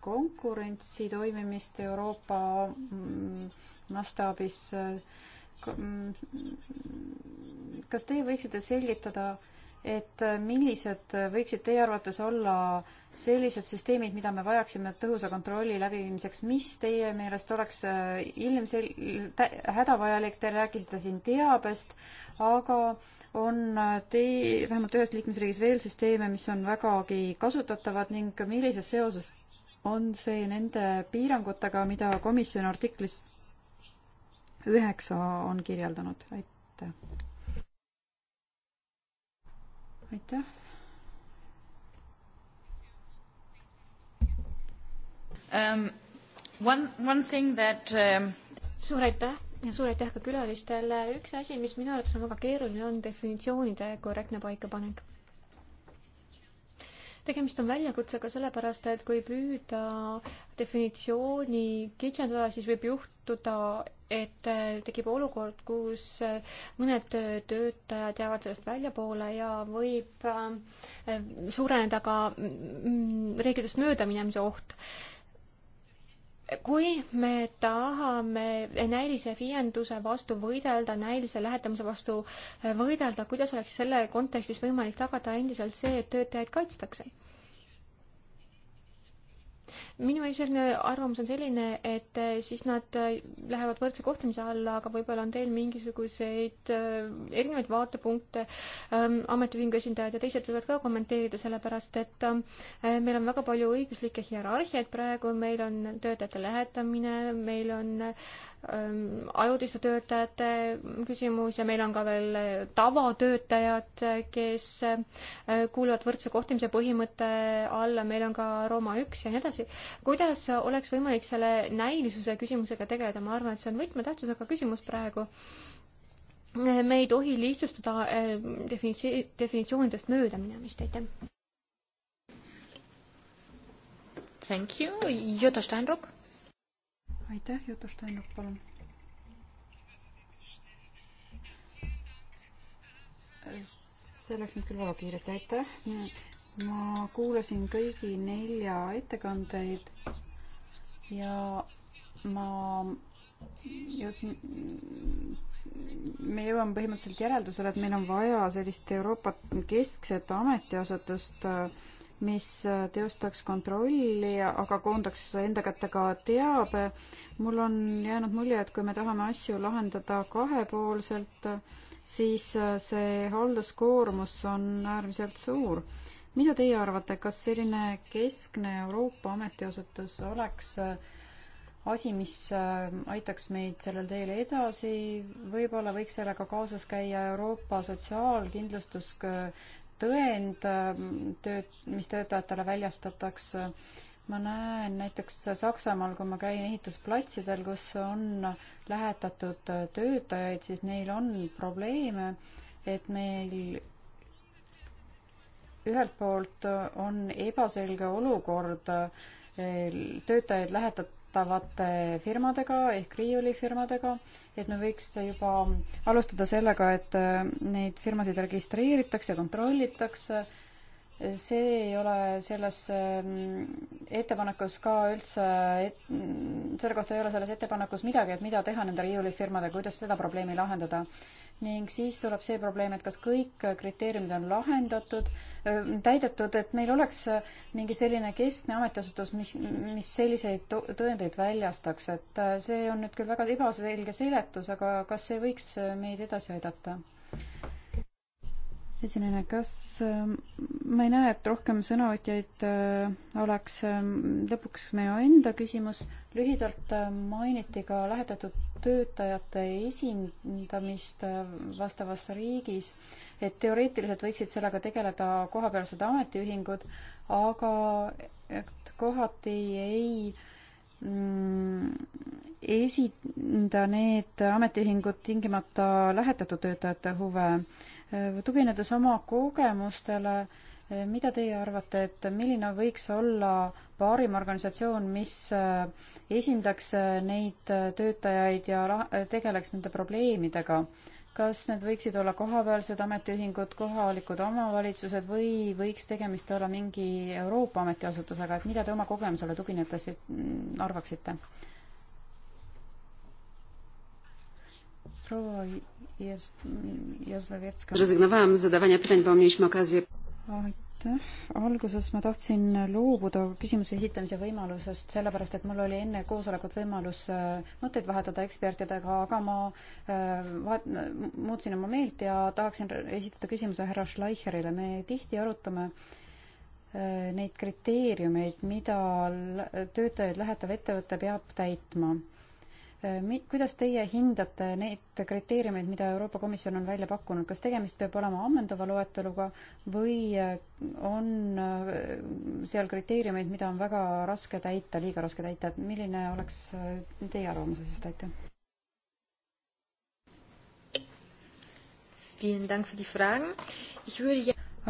konkurentsi toimimist Euroopa mm, mastaabis. kas teie võiksite selgitada, et millised võiksid teie arvates olla sellised süsteemid, mida me vajaksime tõhusa kontrolli läbiviimiseks, mis teie meelest oleks ilmsel-, hädavajalik, te rääkisite siin teabest, aga äh, on tee, vähemalt ühes liikmesriigis veel süsteeme, mis on vägagi kasutatavad ning millises seoses on see nende piirangutega, mida komisjon artiklis üheksa on kirjeldanud, aitäh. aitäh. Um, one, one thing that um... suur aitäh ja suur aitäh ka külalistele. üks asi, mis minu arvates on väga keeruline, on definitsioonide korrektne paikapanek. tegemist on väljakutsega sellepärast, et kui püüda definitsiooni kitsendada, siis võib juhtuda, et tekib olukord, kus mõned töötajad jäävad sellest väljapoole ja võib äh, suureneda ka mm, reeglitest möödaminemise oht kui me tahame näilise viienduse vastu võidelda, näilise lähetamise vastu äh, võidelda, kuidas oleks selle kontekstis võimalik tagada endiselt see, et töötajaid kaitstakse? minu esialgne arvamus on selline, et äh, siis nad äh, lähevad võrdse kohtlemise alla, aga võib-olla on teil mingisuguseid äh, erinevaid vaatepunkte, ähm, ametiühingu esindajad ja teised võivad ka kommenteerida, sellepärast et ähm, meil on väga palju õiguslikke hierarhiaid praegu, meil on töötajate lähetamine, meil on ajutiste töötajate küsimus ja meil on ka veel tavatöötajad, kes äh, kuuluvad võrdse kohtlemise põhimõtte alla, meil on ka Rooma üks ja nii edasi. kuidas oleks võimalik selle näilisuse küsimusega tegeleda, ma arvan, et see on võtmetähtsusega küsimus praegu me ei tohi lihtsustada äh, definitsi-, definitsioonidest möödaminemist, aitäh. Thank you, Jutta Steinruck aitäh, Juto Steinruck, palun. see läks nüüd küll väga kiiresti, aitäh. ma kuulasin kõigi nelja ettekandeid ja ma jõudsin, me jõuame põhimõtteliselt järeldusele, et meil on vaja sellist Euroopa keskset ametiasutust äh, mis äh, teostaks kontrolli, aga koondaks enda kätte ka teabe. mul on jäänud mulje, et kui me tahame asju lahendada kahepoolselt, siis äh, see halduskoormus on äärmiselt suur. mida teie arvate, kas selline keskne Euroopa ametiasutus oleks äh, asi, mis aitaks meid sellel teel edasi, võib-olla võiks sellega kaasas käia Euroopa Sotsiaalkindlustus tõend, ähm, tööd, mis töötajatele väljastatakse. ma näen näiteks Saksamaal, kui ma käin ehitusplatsidel, kus on lähetatud äh, töötajaid, siis neil on probleeme, et meil ühelt poolt on ebaselge olukord, äh, töötajaid lähetat-, vastavate firmadega ehk riiulifirmadega, et me võiks juba alustada sellega, et äh, neid firmasid registreeritakse, kontrollitakse. see ei ole selles ähm, ettepanekus ka üldse et,, selle kohta ei ole selles ettepanekus midagi, et mida teha nende riiulifirmadega, kuidas seda probleemi lahendada ning siis tuleb see probleem, et kas kõik kriteeriumid on lahendatud, täidetud, et meil oleks äh, mingi selline keskne ametiasutus, mis, mis selliseid tõendeid väljastaks, et äh, see on nüüd küll väga ebaselge seletus, aga kas see võiks äh, meid edasi aidata? esineja, kas ma ei näe, et rohkem sõnavõtjaid oleks, lõpuks minu enda küsimus, lühidalt mainiti ka lähetatud töötajate esindamist vastavas riigis, et teoreetiliselt võiksid sellega tegeleda kohapealsed ametiühingud, aga et kohati ei mm, esinda need ametiühingud tingimata lähetatud töötajate huve. tuginedes oma kogemustele äh, mida teie arvate, et milline võiks olla parim organisatsioon, mis äh, esindaks äh, neid äh, töötajaid ja tegeleks nende probleemidega? kas need võiksid olla kohapealsed ametiühingud, kohalikud omavalitsused või võiks tegemist olla mingi Euroopa ametiasutusega, et mida te oma kogemusele tuginedes mm, arvaksite? proua Jaslovetska aitäh, alguses ma tahtsin loobuda küsimuse esitamise võimalusest, sellepärast et mul oli enne koosolekut võimalus äh, mõtteid vahetada ekspertidega, aga ma äh, vahet-, muutsin oma meelt ja tahaksin esitada küsimuse härra Schleicherile, me tihti arutame äh, neid kriteeriumeid, mida töötajaid lähetav ettevõte peab täitma Äh, mi-, kuidas teie hindate neid kriteeriumeid, mida Euroopa Komisjon on välja pakkunud, kas tegemist peab olema ammendava loeteluga või äh, on äh, seal kriteeriumeid, mida on väga raske täita, liiga raske täita, et milline oleks teie arvamus asjast, aitäh!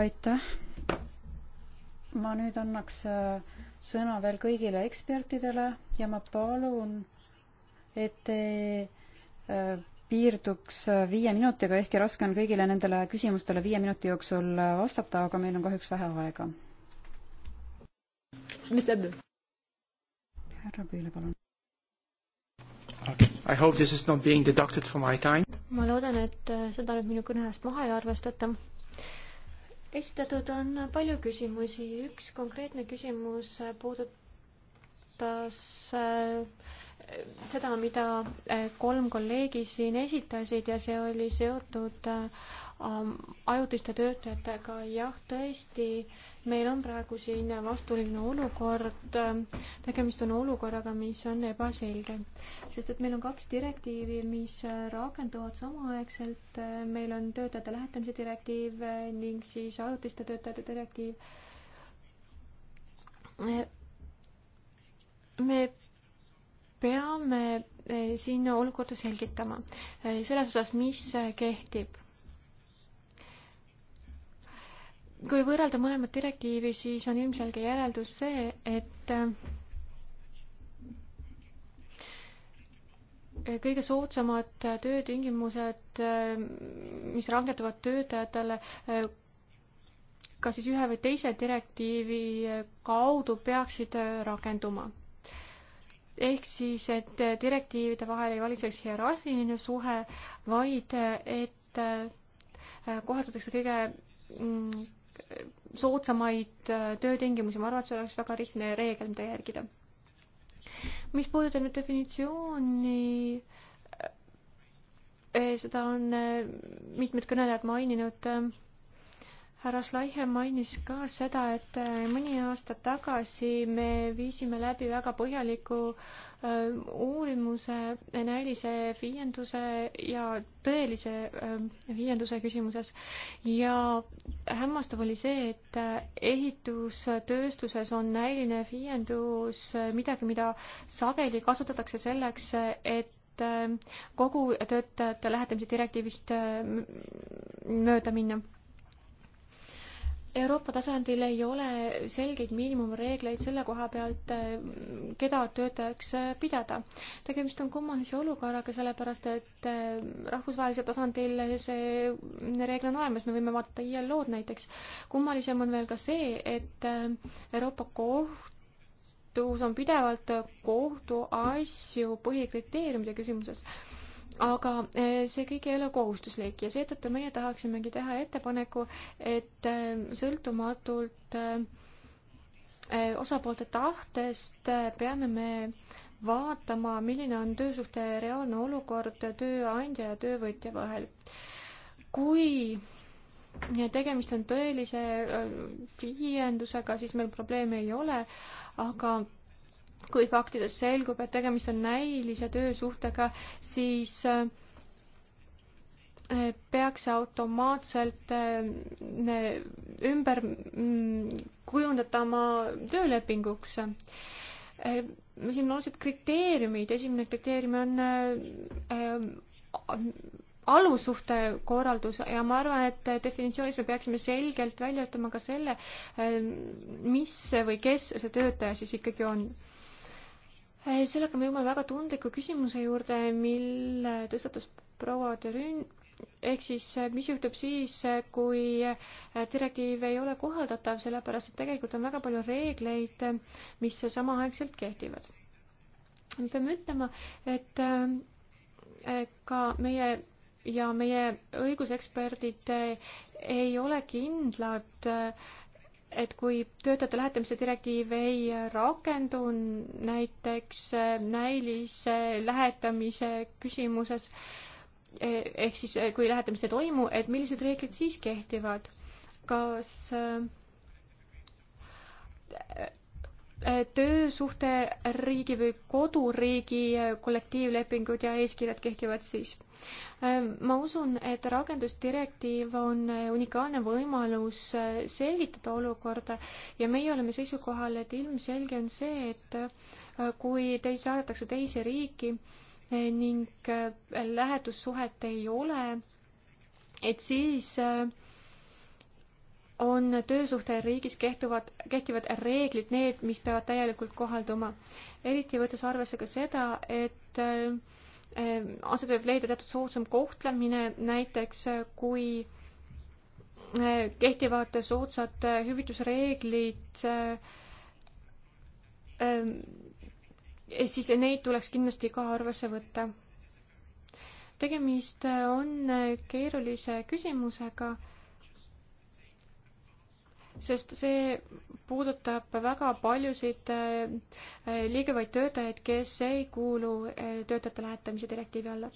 aitäh! ma nüüd annaks sõna veel kõigile ekspertidele ja ma palun et te äh, piirduks äh, viie minutiga, ehkki raske on kõigile nendele küsimustele viie minuti jooksul äh, vastata, aga meil on kahjuks vähe aega. mis saab? härra Püüle, palun. Okay. I hope this is not being deducted for my time. ma loodan, et seda nüüd minu kõne eest maha ei arvestata. esitatud on palju küsimusi, üks konkreetne küsimus puudutas äh, seda, mida äh, kolm kolleegi siin esitasid ja see oli seotud äh, ajutiste töötajatega, jah, tõesti, meil on praegu siin vastuoluline olukord, äh, tegemist on olukorraga, mis on ebaselge. sest et meil on kaks direktiivi, mis rakenduvad samaaegselt, meil on töötajate lähetamise direktiiv ning siis ajutiste töötajate direktiiv. me peame eh, siin olukorda selgitama eh, selles osas, mis eh, kehtib. kui võrrelda mõlemat direktiivi, siis on ilmselge järeldus see, et kõige soodsamad töötingimused, mis rangetuvad töötajatele, kas siis ühe või teise direktiivi kaudu peaksid rakenduma ehk siis, et direktiivide vahel ei valitseks hierarhiline suhe, vaid et äh, kohaldatakse kõige mm, soodsamaid äh, töötingimusi, ma arvan, et see oleks väga lihtne reegel, mida järgida. mis puudutab nüüd definitsiooni, äh, seda on mitmed kõnelejad maininud ma härra Slaihe mainis ka seda, et äh, mõni aasta tagasi me viisime läbi väga põhjaliku äh, uurimuse näilise viienduse ja tõelise äh, viienduse küsimuses ja hämmastav oli see, et ehitustööstuses on näiline viiendus midagi, mida sageli kasutatakse selleks, et kogu töötajate lähetamise direktiivist mööda minna Euroopa tasandil ei ole selgeid miinimumreegleid selle koha pealt, keda töötajaks pidada. tegemist on kummalise olukorraga, sellepärast et eh, rahvusvahelisel tasandil see reegel on olemas, me võime vaadata ILO-d näiteks. kummalisem on veel ka see, et eh, Euroopa Kohtus on pidevalt kohtuasju põhikriteeriumide küsimuses aga e, see kõik ei ole kohustuslik ja seetõttu meie tahaksimegi teha ettepaneku, et e, sõltumatult e, osapoolte tahtest peame me vaatama, milline on töösuhte reaalne olukord tööandja ja töövõtja vahel. kui tegemist on tõelise viiendusega, siis meil probleeme ei ole, aga kui faktidest selgub, et tegemist on näilise töösuhtega, siis äh, peaks see automaatselt äh, ümber mm, kujundatama töölepinguks. Äh, siin on olulised kriteeriumid, esimene kriteerium on alussuhtekorraldus ja ma arvan, et definitsioonis me peaksime selgelt välja ütlema ka selle, mis või kes see töötaja siis ikkagi on sellega me jõuame väga tundliku küsimuse juurde, mille tõstatas proua Terün, ehk siis mis juhtub siis, kui direktiiv ei ole kohaldatav, sellepärast et tegelikult on väga palju reegleid, mis samaaegselt kehtivad. me peame ütlema, et eh, ka meie ja meie õiguseksperdid eh, ei ole kindlad äh, et kui töötajate lähetamise direktiiv ei rakendu näiteks äh, näilise lähetamise küsimuses, e, ehk siis äh, kui lähetamist ei toimu, et millised reeglid siis kehtivad? kas äh, töösuhte riigi või koduriigi kollektiivlepingud ja eeskirjad kehtivad siis. ma usun, et rakendusdirektiiv on unikaalne võimalus selgitada olukorda ja meie oleme seisukohal, et ilmselge on see, et kui teid saadetakse teise riiki ning lähetussuhet ei ole, et siis äh, on töösuhte riigis kehtuvad, kehtivad reeglid need, mis peavad täielikult kohalduma. eriti võttes arvesse ka seda, et äh, aset võib leida teatud soodsam kohtlemine, näiteks äh, kui äh, kehtivad soodsad äh, hüvitusreeglid äh, ähm, siis neid tuleks kindlasti ka arvesse võtta. tegemist äh, on keerulise küsimusega sest see puudutab väga paljusid äh, liigevaid töötajaid, kes ei kuulu äh, töötajate lähetamise direktiivi alla.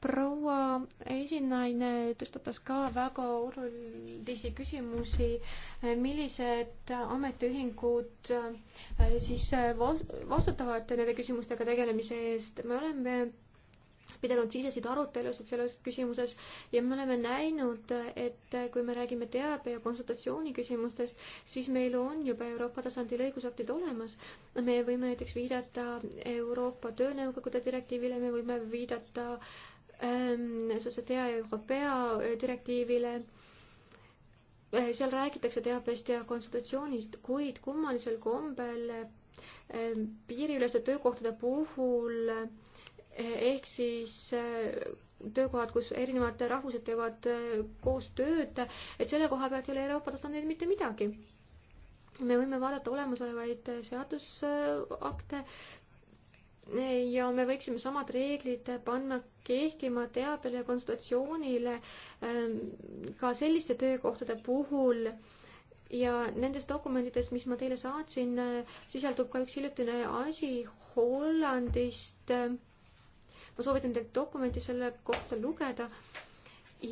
proua esinaine tõstatas ka väga olulisi küsimusi, äh, millised ametiühingud siis vastutavad nende küsimustega tegelemise eest. me oleme pidanud sisesid arutelusid selles küsimuses ja me oleme näinud, et kui me räägime teabe ja konsultatsiooni küsimustest, siis meil on juba Euroopa tasandil õigusaktid olemas. me võime näiteks viidata Euroopa Töönõukogude direktiivile, me võime viidata ähm, Societea Europea direktiivile äh, seal räägitakse teabest ja konsultatsioonist, kuid kummalisel kombel ähm, piiriüleste töökohtade puhul äh, ehk siis äh, töökohad, kus erinevad rahvused teevad äh, koos tööd, et selle koha pealt ei ole Euroopa tasandil mitte midagi. me võime vaadata olemasolevaid äh, seadusakte ja me võiksime samad reeglid panna kehtima teabele ja konsultatsioonile ähm, ka selliste töökohtade puhul ja nendes dokumentides, mis ma teile saatsin, sisaldub ka üks hiljutine asi Hollandist ma soovitan teil dokumenti selle kohta lugeda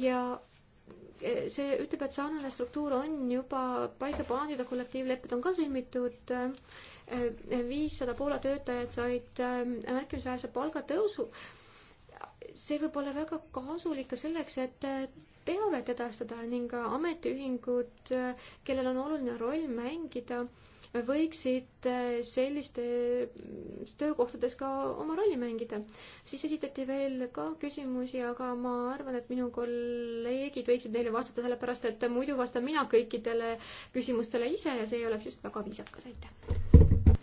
ja e, see ütleb, et sarnane struktuur on juba paika pandud ja kollektiivlepped on ka sõlmitud. E, e, viissada Poola töötajat said märkimisväärse palgatõusu. see võib olla väga kasulik ka selleks, et teavet edastada ning ametiühingud, kellel on oluline roll mängida võiksid äh, selliste mm, töökohtades ka oma rolli mängida. siis esitati veel ka küsimusi, aga ma arvan, et minu kolleegid võiksid neile vastata, sellepärast et muidu vastan mina kõikidele küsimustele ise ja see ei oleks just väga viisakas, aitäh.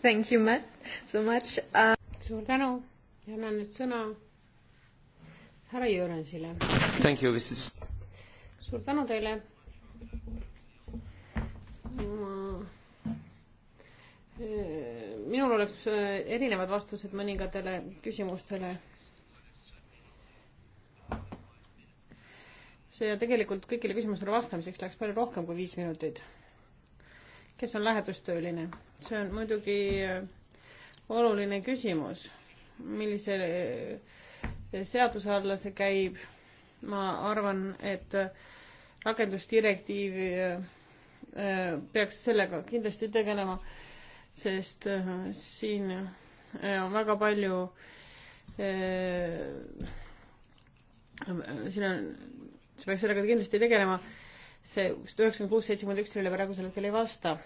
Thank you, Matt, so much uh.... suur tänu ja annan nüüd sõna härra Jürensile. Thank you, this is. suur tänu teile ma minul oleks äh, erinevad vastused mõningatele küsimustele. see tegelikult kõigile küsimustele vastamiseks läks palju rohkem kui viis minutit. kes on lähedustööline? see on muidugi äh, oluline küsimus, millise äh, seaduse alla see käib. ma arvan, et rakendusdirektiiv peaks sellega kindlasti tegelema sest äh, siin äh, on väga palju äh, siin on, sa peaks sellega kindlasti tegelema, see üheksakümmend kuus, seitsekümmend üks sellele praegusel hetkel ei vasta.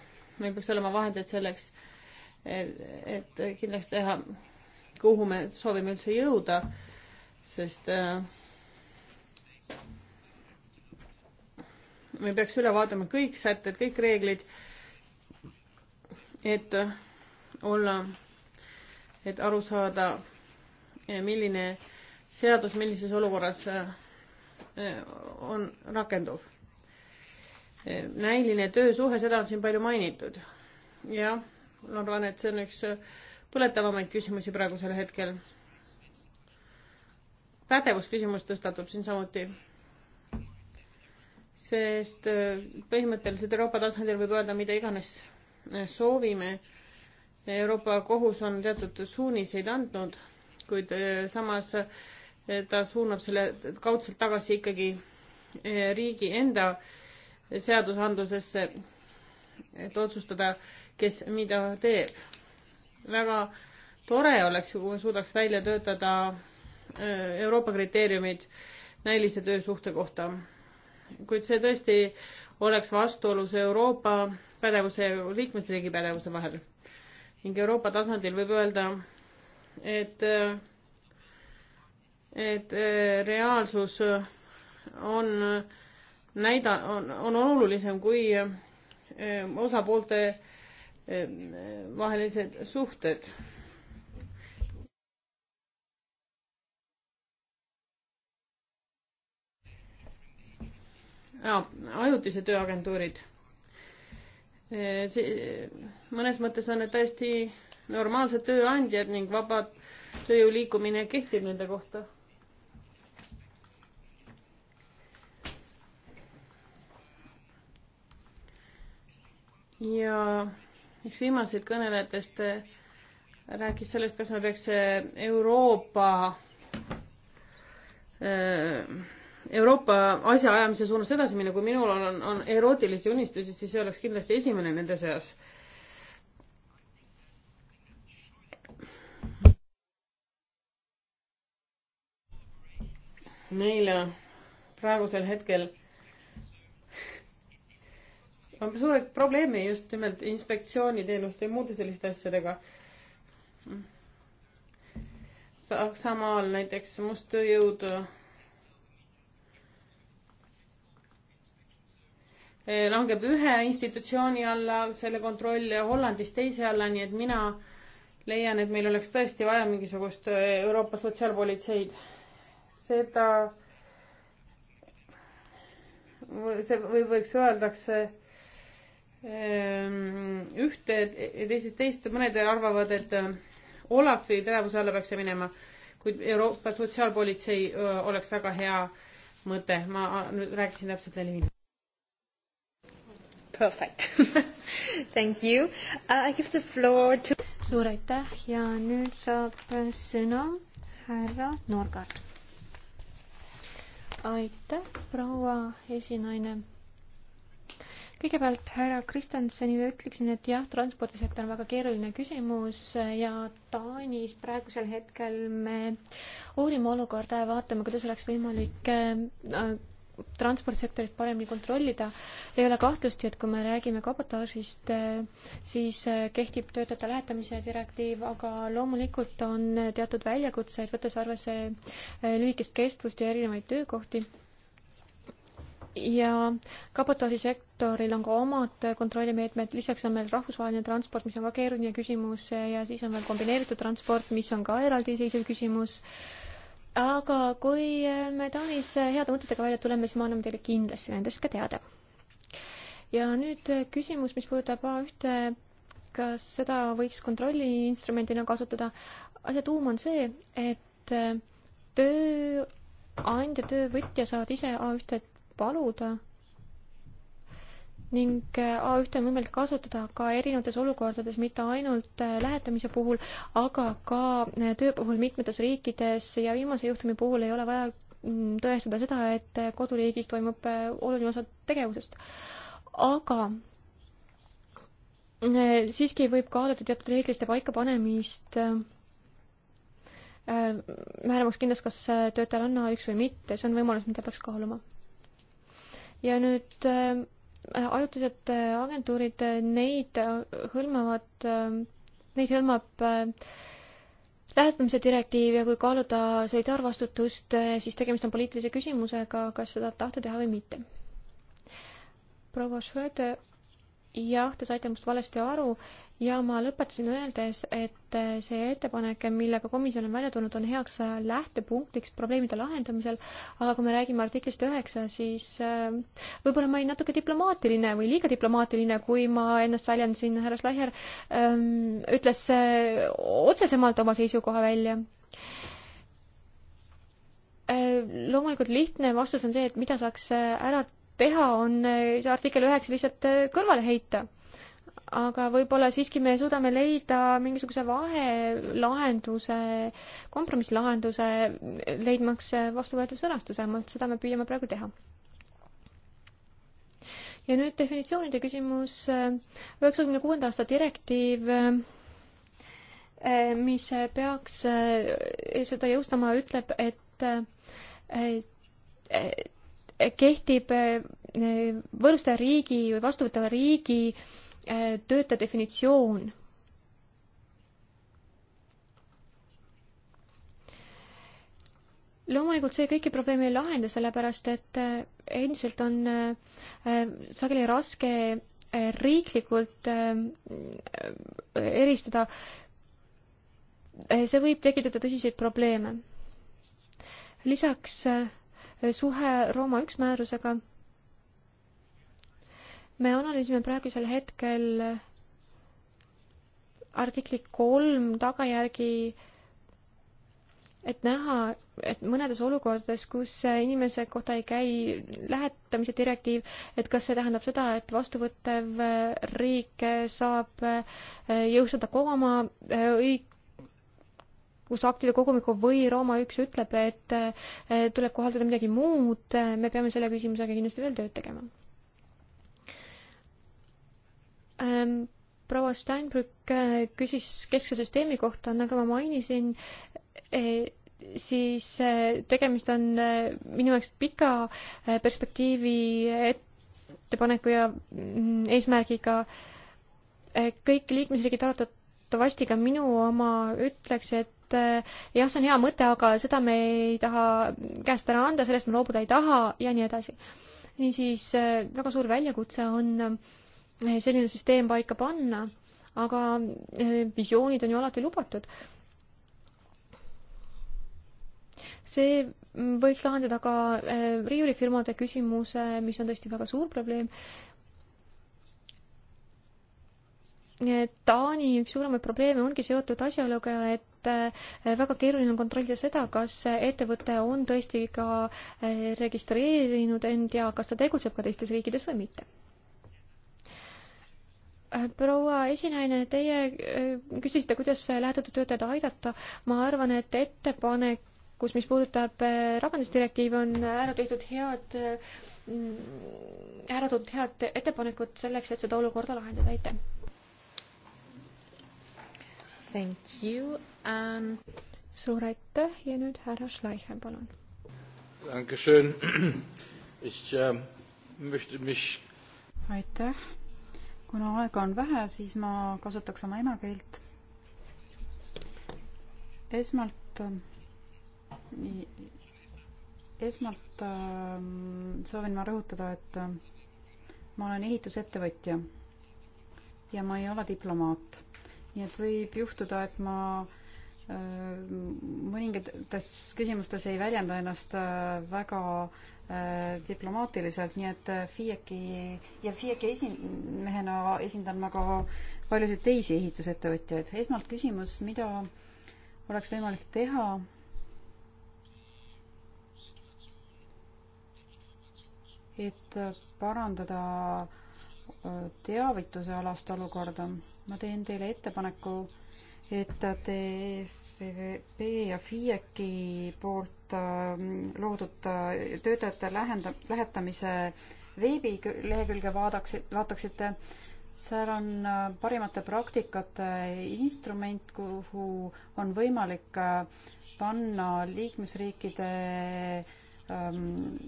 meil peaks olema vahendeid selleks, et, et kindlaks teha, kuhu me soovime üldse jõuda, sest äh, me peaks üle vaatama kõik sätted, kõik reeglid äh,, et olla, et aru saada, milline seadus millises olukorras eh, on rakenduv. Eh, näiline töösuhe, seda on siin palju mainitud. jah, ma arvan, et see on üks põletavamaid küsimusi praegusel hetkel. pädevusküsimus tõstatub siin samuti. sest eh, põhimõtteliselt Euroopa tasandil võib öelda mida iganes soovime. Euroopa Kohus on teatud suuniseid andnud, kuid eh, samas eh, ta suunab selle kaudselt tagasi ikkagi eh, riigi enda seadusandlusesse, et otsustada, kes mida teeb. väga tore oleks, kui suudaks välja töötada Euroopa kriteeriumid näilise töösuhte kohta. kuid see tõesti oleks vastuolus Euroopa pädevuse ja liikmesriigi pädevuse vahel. ning Euroopa tasandil võib öelda, et, et äh, reaalsus on näida-, on, on olulisem kui äh, osapoolte äh, vahelised suhted ajutise tööagentuurid. see mõnes mõttes on need täiesti normaalsed tööandjad ning vaba tööjõu liikumine kehtib nende kohta. ja üks viimaseid kõnelejatest äh, rääkis sellest, kas me peaks äh, Euroopa öö, äh, Euroopa asjaajamise suunas edasi minna, kui minul on, on erootilisi unistusi, siis see oleks kindlasti esimene nende seas. meil praegusel hetkel on suured probleemid just nimelt inspektsiooniteenuste ja muude selliste asjadega. Saksamaal näiteks must tööjõud Eh, langeb ühe institutsiooni alla, selle kontroll Hollandis teise alla, nii et mina leian, et meil oleks tõesti vaja mingisugust eh, Euroopa sotsiaalpolitseid. seda, see või võiks öeldakse ehm, ühte, teisest teist, mõned arvavad, et eh, Olafi pädevuse alla peaks see minema, kuid Euroopa sotsiaalpolitsei oleks väga hea mõte, ma nüüd rääkisin täpselt neli minutit. Perfect Thank you uh,. I give the floor to. suur aitäh ja nüüd saab äh, sõna härra Norgard. aitäh, proua esinaine. kõigepealt härra Kristjansonile ütleksin, et jah, transpordisektor on väga keeruline küsimus ja Taanis praegusel hetkel me uurime olukorda ja vaatame, kuidas oleks võimalik äh, transpordisektorit paremini kontrollida. ei ole kahtlustki, et kui me räägime kabotaažist, siis kehtib töötajate lähetamise direktiiv, aga loomulikult on teatud väljakutseid, võttes arvesse lühikest kestvust ja erinevaid töökohti ja kabotaažisektoril on ka omad kontrollimeetmed, lisaks on meil rahvusvaheline transport, mis on ka keeruline küsimus ja siis on veel kombineeritud transport, mis on ka eraldiseisev küsimus äh, aga kui me Taanis heade mõtetega välja tuleme, siis me anname teile kindlasti nendest ka teada. ja nüüd küsimus, mis puudutab A1-te, kas seda võiks kontrolliinstrumendina kasutada. asja tuum on see, et tööandja, töövõtja saavad ise A1-t paluda ning äh, A1-e on võimalik kasutada ka erinevates olukordades, mitte ainult äh, lähetamise puhul, aga ka äh, töö puhul mitmetes riikides ja viimase juhtumi puhul ei ole vaja mm, tõestada seda, et koduriigis toimub oluline osa tegevusest. aga siiski võib kaaluda teatud reegliste paikapanemist määramaks kindlaks, kas töötajal on A1 või mitte, see on võimalus, mida peaks kaaluma. ja nüüd ajutised agentuurid, neid hõlmavad, neid hõlmab äh, lähetamise direktiiv ja kui kaaluda solidaarvastutust, äh, siis tegemist on poliitilise küsimusega, kas seda tahta teha või mitte. proua Schröder, jah, te saite minust valesti aru, ja ma lõpetasin öeldes, et äh, see ettepanek, millega komisjon on välja tulnud, on heaks äh, lähtepunktiks probleemide lahendamisel, aga kui me räägime artiklist üheksa, siis äh, võib-olla ma olin natuke diplomaatiline või liiga diplomaatiline, kui ma ennast väljendasin, härra Schleicher ähm, ütles otsesemalt oma seisukoha välja loomulikult lihtne vastus on see, et mida saaks ära teha, on see artikkel üheksa lihtsalt kõrvale heita aga võib-olla siiski me suudame leida mingisuguse vahelahenduse, kompromisslahenduse, leidmaks vastuvõetav sõnastus, vähemalt seda me püüame praegu teha. ja nüüd definitsioonide küsimus, üheksakümne kuuenda aasta direktiiv, eh, mis peaks eh, seda jõustama, ütleb, et eh, kehtib võõrustaja riigi või vastuvõtava riigi äh, Äh, töötaja definitsioon. loomulikult see kõiki probleeme ei lahenda, sellepärast et äh, endiselt on äh, sageli raske riiklikult eristada. see võib tekitada tõsiseid probleeme. lisaks suhe Rooma üks määrusega me analüüsime praegusel hetkel artikli kolm tagajärgi, et näha, et mõnedes olukordades, kus inimese kohta ei käi lähetamise direktiiv, et kas see tähendab seda, et vastuvõttev riik saab jõustada ka oma õigusaktide kogumikku või Rooma üks ütleb, et tuleb kohaldada midagi muud, me peame selle küsimusega kindlasti veel tööd tegema Ähm, proua Steinbrück äh, küsis keskse süsteemi kohta, nagu ma mainisin, äh, siis äh, tegemist on minu jaoks pika perspektiivi ettepaneku ja mm, eesmärgiga. kõik liikmesriigid arvatavasti ka minu oma ütleks, et jah, see on hea mõte, aga seda me ei taha käest ära anda, sellest me loobuda ei taha ja nii edasi. niisiis väga suur väljakutse on äh, Eh, selline süsteem paika panna, aga eh, visioonid on ju alati lubatud. see võiks lahendada ka eh, riiulifirmade küsimuse, mis on tõesti väga suur probleem. Taani üks suuremaid probleeme ongi seotud asjaoluga, et väga keeruline on kontrollida seda, kas ettevõte on tõesti ka registreerinud end ja kas ta tegutseb ka teistes riikides või mitte Äh, proua esinaine, teie äh, küsisite, kuidas lähetatud töötajaid aidata. ma arvan, et ettepanekus, mis puudutab äh, rakendusdirektiivi, on ära tehtud head, ära toodud head ettepanekud selleks, et seda olukorda lahendada. aitäh! Thank you and um, suur aitäh ja nüüd härra Schleicher, palun. Dankeschön. Ich äh, möchte mich aitäh kuna aega on vähe, siis ma kasutaks oma emakeelt. esmalt, ähm, esmalt ähm, soovin ma rõhutada, et ähm, ma olen ehitusettevõtja ja ma ei ole diplomaat. nii et võib juhtuda, et ma Äh, mõningates küsimustes ei väljenda ennast äh, väga äh, diplomaatiliselt, nii et FIEC-i ja FIEC-i esimehena esindan ma ka paljusid teisi ehitusettevõtjaid. esmalt küsimus, mida oleks võimalik teha et parandada teavituse alast olukorda. ma teen teile ettepaneku äh, et TFVP ja FIEC-i e poolt ähm, loodud äh, töötajate lähenda-, lähetamise veebilehekülge vaadaks, vaataksite, seal on äh, parimate praktikate instrument, kuhu on võimalik äh, panna liikmesriikide ähm,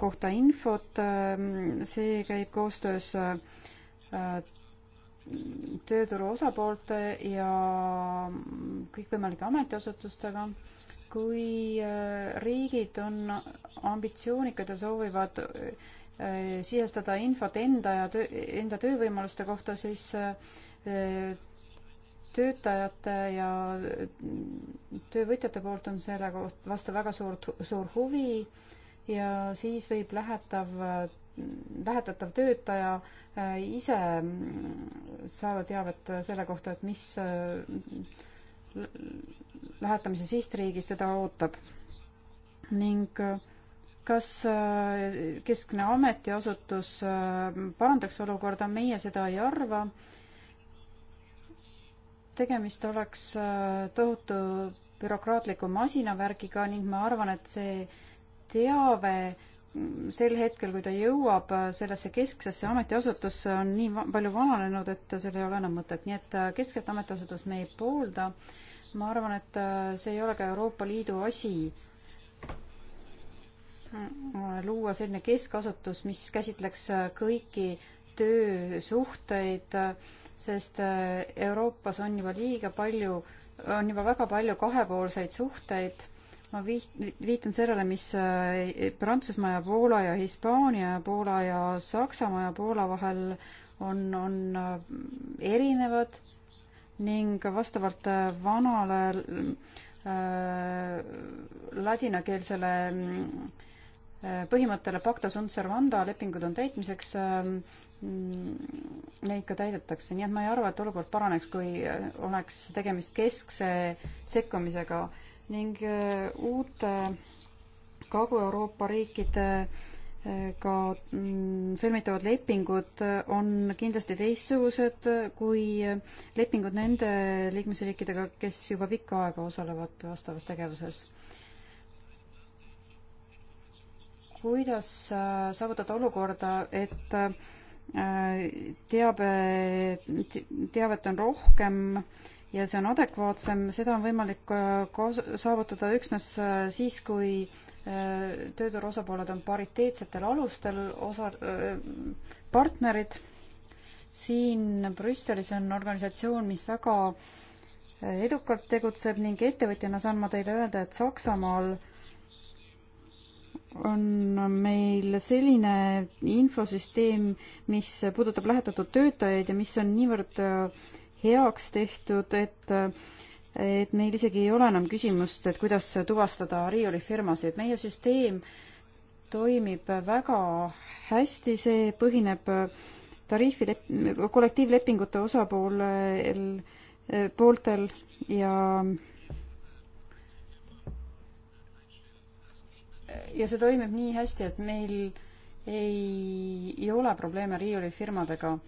kohta infot, ähm, see käib koostöös tööturu osapoolte ja kõikvõimalike ametiasutustega. kui äh, riigid on ambitsioonikad ja soovivad äh, sisestada infot enda ja töö, enda töövõimaluste kohta, siis äh, töötajate ja töövõtjate poolt on selle vastu väga suur, suur huvi ja siis võib lähetav, lähetatav töötaja Äh, ise mm, saada teavet selle kohta, et mis äh, lähetamise sihtriigis teda ootab ning äh, kas keskne ametiasutus parandaks olukorda, meie seda ei arva. tegemist oleks tohutu bürokraatliku masinavärgiga ning ma arvan, et see teave sel hetkel, kui ta jõuab äh, sellesse kesksesse ametiasutusse, on nii palju vananenud, et seal ei ole enam mõtet, nii et äh, keskset ametiasutust me ei poolda. ma arvan, et äh, see ei ole ka Euroopa Liidu asi luua selline keskasutus, mis käsitleks kõiki töösuhteid, sest Euroopas on juba liiga palju, on juba väga palju kahepoolseid suhteid ma viht-, viitan sellele, mis äh, Prantsusmaa ja Poola ja Hispaania ja Poola ja Saksamaa ja Poola vahel on, on äh, erinevad ning vastavalt äh, vanale äh, ladinakeelsele äh, põhimõttele pacta sunt servanda lepingud on täitmiseks äh, mm, neid ka täidetakse, nii et ma ei arva, et olukord paraneks, kui oleks tegemist keskse sekkumisega äh, ning äh, uute Kagu-Euroopa riikide äh, ka mm, sõlmitavad lepingud äh, on kindlasti teistsugused kui lepingud nende liikmesriikidega, kes juba pikka aega osalevad vastavas tegevuses. kuidas saavutada olukorda, et teabe, teavet on rohkem äh, ja see on adekvaatsem, seda on võimalik äh, kaas-, saavutada üksnes äh, siis, kui äh, tööturu osapooled on pariteetsetel alustel osa, partnerid. siin Brüsselis on organisatsioon, mis väga edukalt tegutseb ning ettevõtjana saan ma teile öelda, et Saksamaal on meil selline infosüsteem, mis puudutab lähetatud töötajaid ja mis on niivõrd äh, heaks tehtud, et et meil isegi ei ole enam küsimust, et kuidas tuvastada riiulifirmasid. meie süsteem toimib väga hästi, see põhineb tariifilep-, kollektiivlepingute osapoolel, pooltel ja ja see toimib nii hästi, et meil ei, ei ole probleeme riiulifirmadega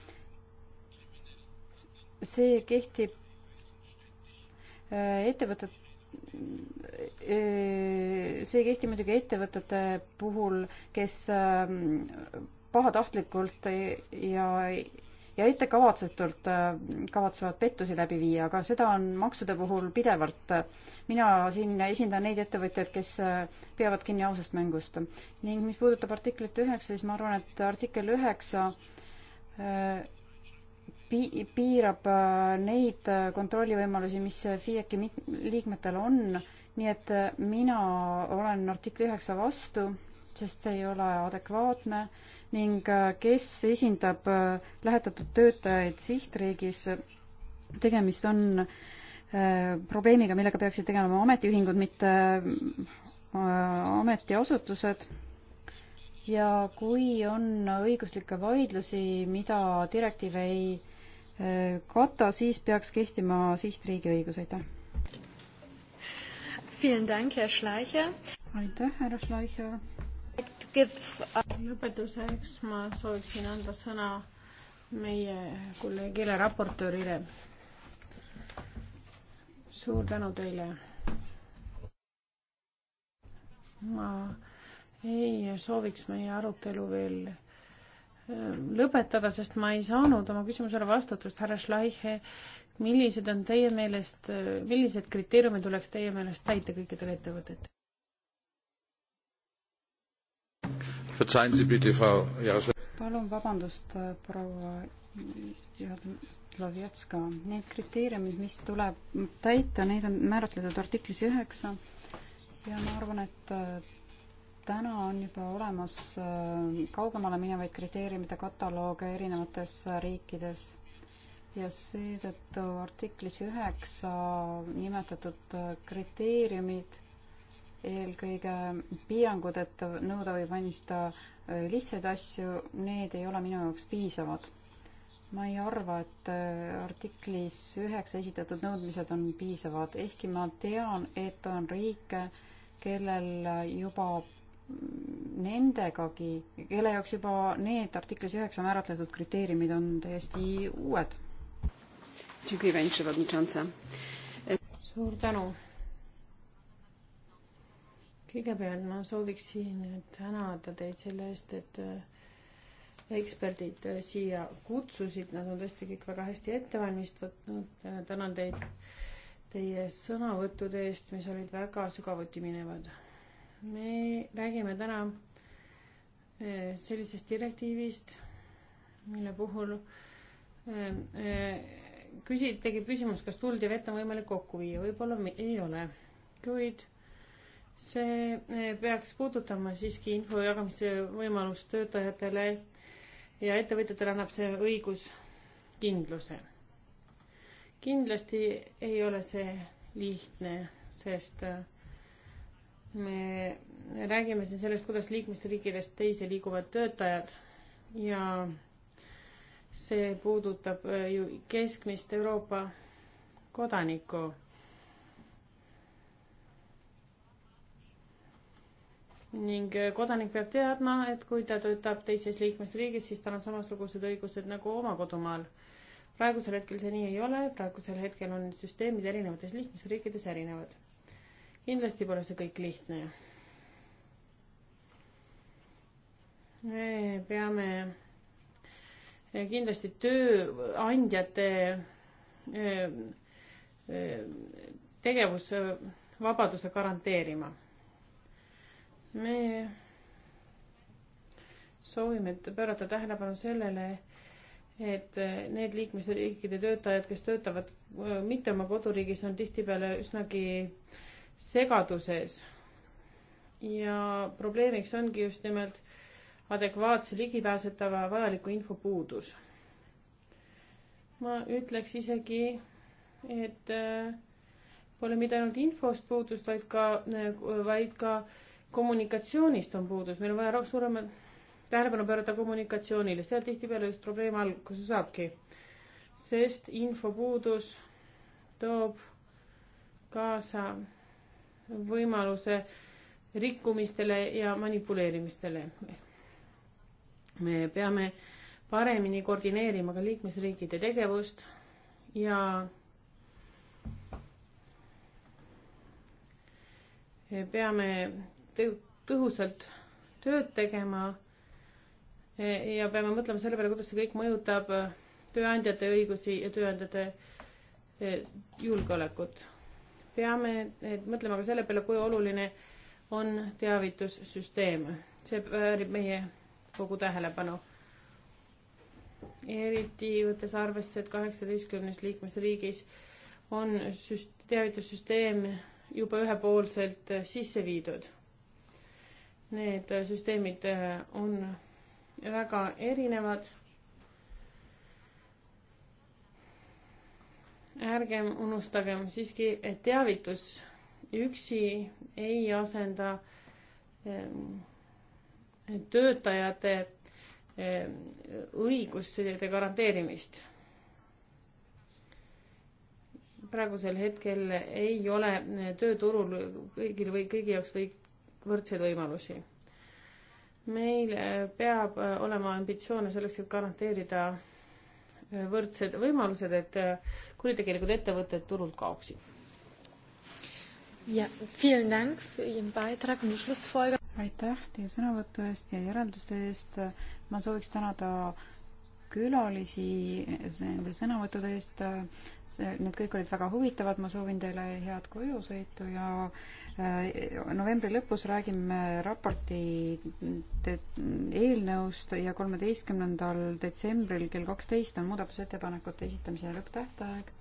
see kehtib äh, ettevõtet, äh, see kehtib muidugi ettevõtete puhul, kes ähm, pahatahtlikult ja ja ettekavatsetult äh, kavatsevad pettusi läbi viia, aga seda on maksude puhul pidevalt. mina siin esindan neid ettevõtjaid, kes peavad kinni ausast mängust. ning mis puudutab artiklit üheksa, siis ma arvan, et artikkel üheksa 9 pi-, piirab äh, neid äh, kontrollivõimalusi, mis äh, FIEC-i liikmetel on, nii et mina olen artikli üheksa vastu, sest see ei ole adekvaatne ning kes esindab lähetatud töötajaid sihtriigis, tegemist on probleemiga, millega peaksid tegelema ametiühingud, mitte ametiasutused ja kui on õiguslikke vaidlusi, mida direktiiv ei kata, siis peaks kehtima sihtriigi õigus, aitäh. aitäh, härra Schleicher. lõpetuseks ma sooviksin anda sõna meie kolleegile, raportöörile. suur tänu teile. ma ei sooviks meie arutelu veel lõpetada, sest ma ei saanud oma küsimusele vastutust, härra Schleiche, millised on teie meelest, millised kriteeriumid tuleks teie meelest täita kõikidel ettevõtetel? palun vabandust, äh, proua Jadlovjatska, need kriteeriumid, mis tuleb täita, neid on määratletud artiklis üheksa ja ma arvan, et äh, täna on juba olemas äh, kaugemale minevaid kriteeriumide katalooge erinevates riikides ja seetõttu artiklis üheksa nimetatud äh, kriteeriumid, eelkõige piirangud, et nõuda võib ainult äh, lihtsaid asju, need ei ole minu jaoks piisavad. ma ei arva, et artiklis üheksa esitatud nõudmised on piisavad, ehkki ma tean, et on riike, kellel juba nendegagi, kelle jaoks juba need artiklis üheksa määratletud kriteeriumid on täiesti uued. suur tänu. kõigepealt ma sooviksin tänada teid selle eest, et äh, eksperdid äh, siia kutsusid, nad on tõesti kõik väga hästi ette valmistatud, tänan teid teie sõnavõttude eest, mis olid väga sügavuti minevad me räägime täna eh, sellisest direktiivist, mille puhul eh, eh, küsi-, tekib küsimus, kas tuld ja vett on võimalik kokku viia, võib-olla ei ole, kuid see peaks puudutama siiski info jagamise võimalust töötajatele ja ettevõtjatele annab see õiguskindluse. kindlasti ei ole see lihtne, sest äh, me räägime siin sellest, kuidas liikmesriikidest teise liiguvad töötajad ja see puudutab äh, ju keskmist Euroopa kodanikku. ning äh, kodanik peab teadma, et kui ta töötab teises liikmesriigis, siis tal on samasugused õigused nagu oma kodumaal. praegusel hetkel see nii ei ole, praegusel hetkel on süsteemid erinevates liikmesriikides erinevad kindlasti pole see kõik lihtne. me peame kindlasti tööandjate eh, eh, tegevusvabaduse garanteerima. me soovime pöörata tähelepanu sellele, et need liikmesriikide töötajad, kes töötavad eh, mitte oma koduriigis, on tihtipeale üsnagi äh, segaduses. ja probleemiks ongi just nimelt adekvaatse ligipääsetava vajaliku info puudus. ma ütleks isegi, et äh, pole mitte ainult infost puudust, vaid ka, äh, vaid ka kommunikatsioonist on puudus, meil on vaja suuremat tähelepanu pöörata kommunikatsioonile, seal tihtipeale just probleem alguse saabki. sest infopuudus toob kaasa võimaluse rikkumistele ja manipuleerimistele. me peame paremini koordineerima ka liikmesriikide tegevust ja peame tõhusalt tööd tegema ja peame mõtlema selle peale, kuidas see kõik mõjutab tööandjate õigusi ja tööandjate eh, julgeolekut peame mõtlema ka selle peale, kui oluline on teavitussüsteem. see väärib meie kogu tähelepanu. eriti võttes arvesse, et kaheksateistkümnes liikmesriigis on süst-, teavitussüsteem juba ühepoolselt sisse viidud. Need süsteemid on väga erinevad ärgem unustagem siiski, et teavitus üksi ei asenda ähm, töötajate ähm, õiguste garanteerimist. praegusel hetkel ei ole äh, tööturul kõigil või kõigi jaoks kõik võrdseid võimalusi. meil äh, peab äh, olema ambitsioone selleks, et garanteerida võrdsed võimalused, et äh, kuritegelikud ettevõtted turult kaoksid. aitäh teie sõnavõtu eest ja järelduste eest. ma sooviks tänada külalisi nende sõnavõttude eest. Need kõik olid väga huvitavad, ma soovin teile head kojusõitu ja äh, novembri lõpus räägime raporti eelnõust ja kolmeteistkümnendal detsembril kell kaksteist on muudatusettepanekute esitamise lõpptähtaeg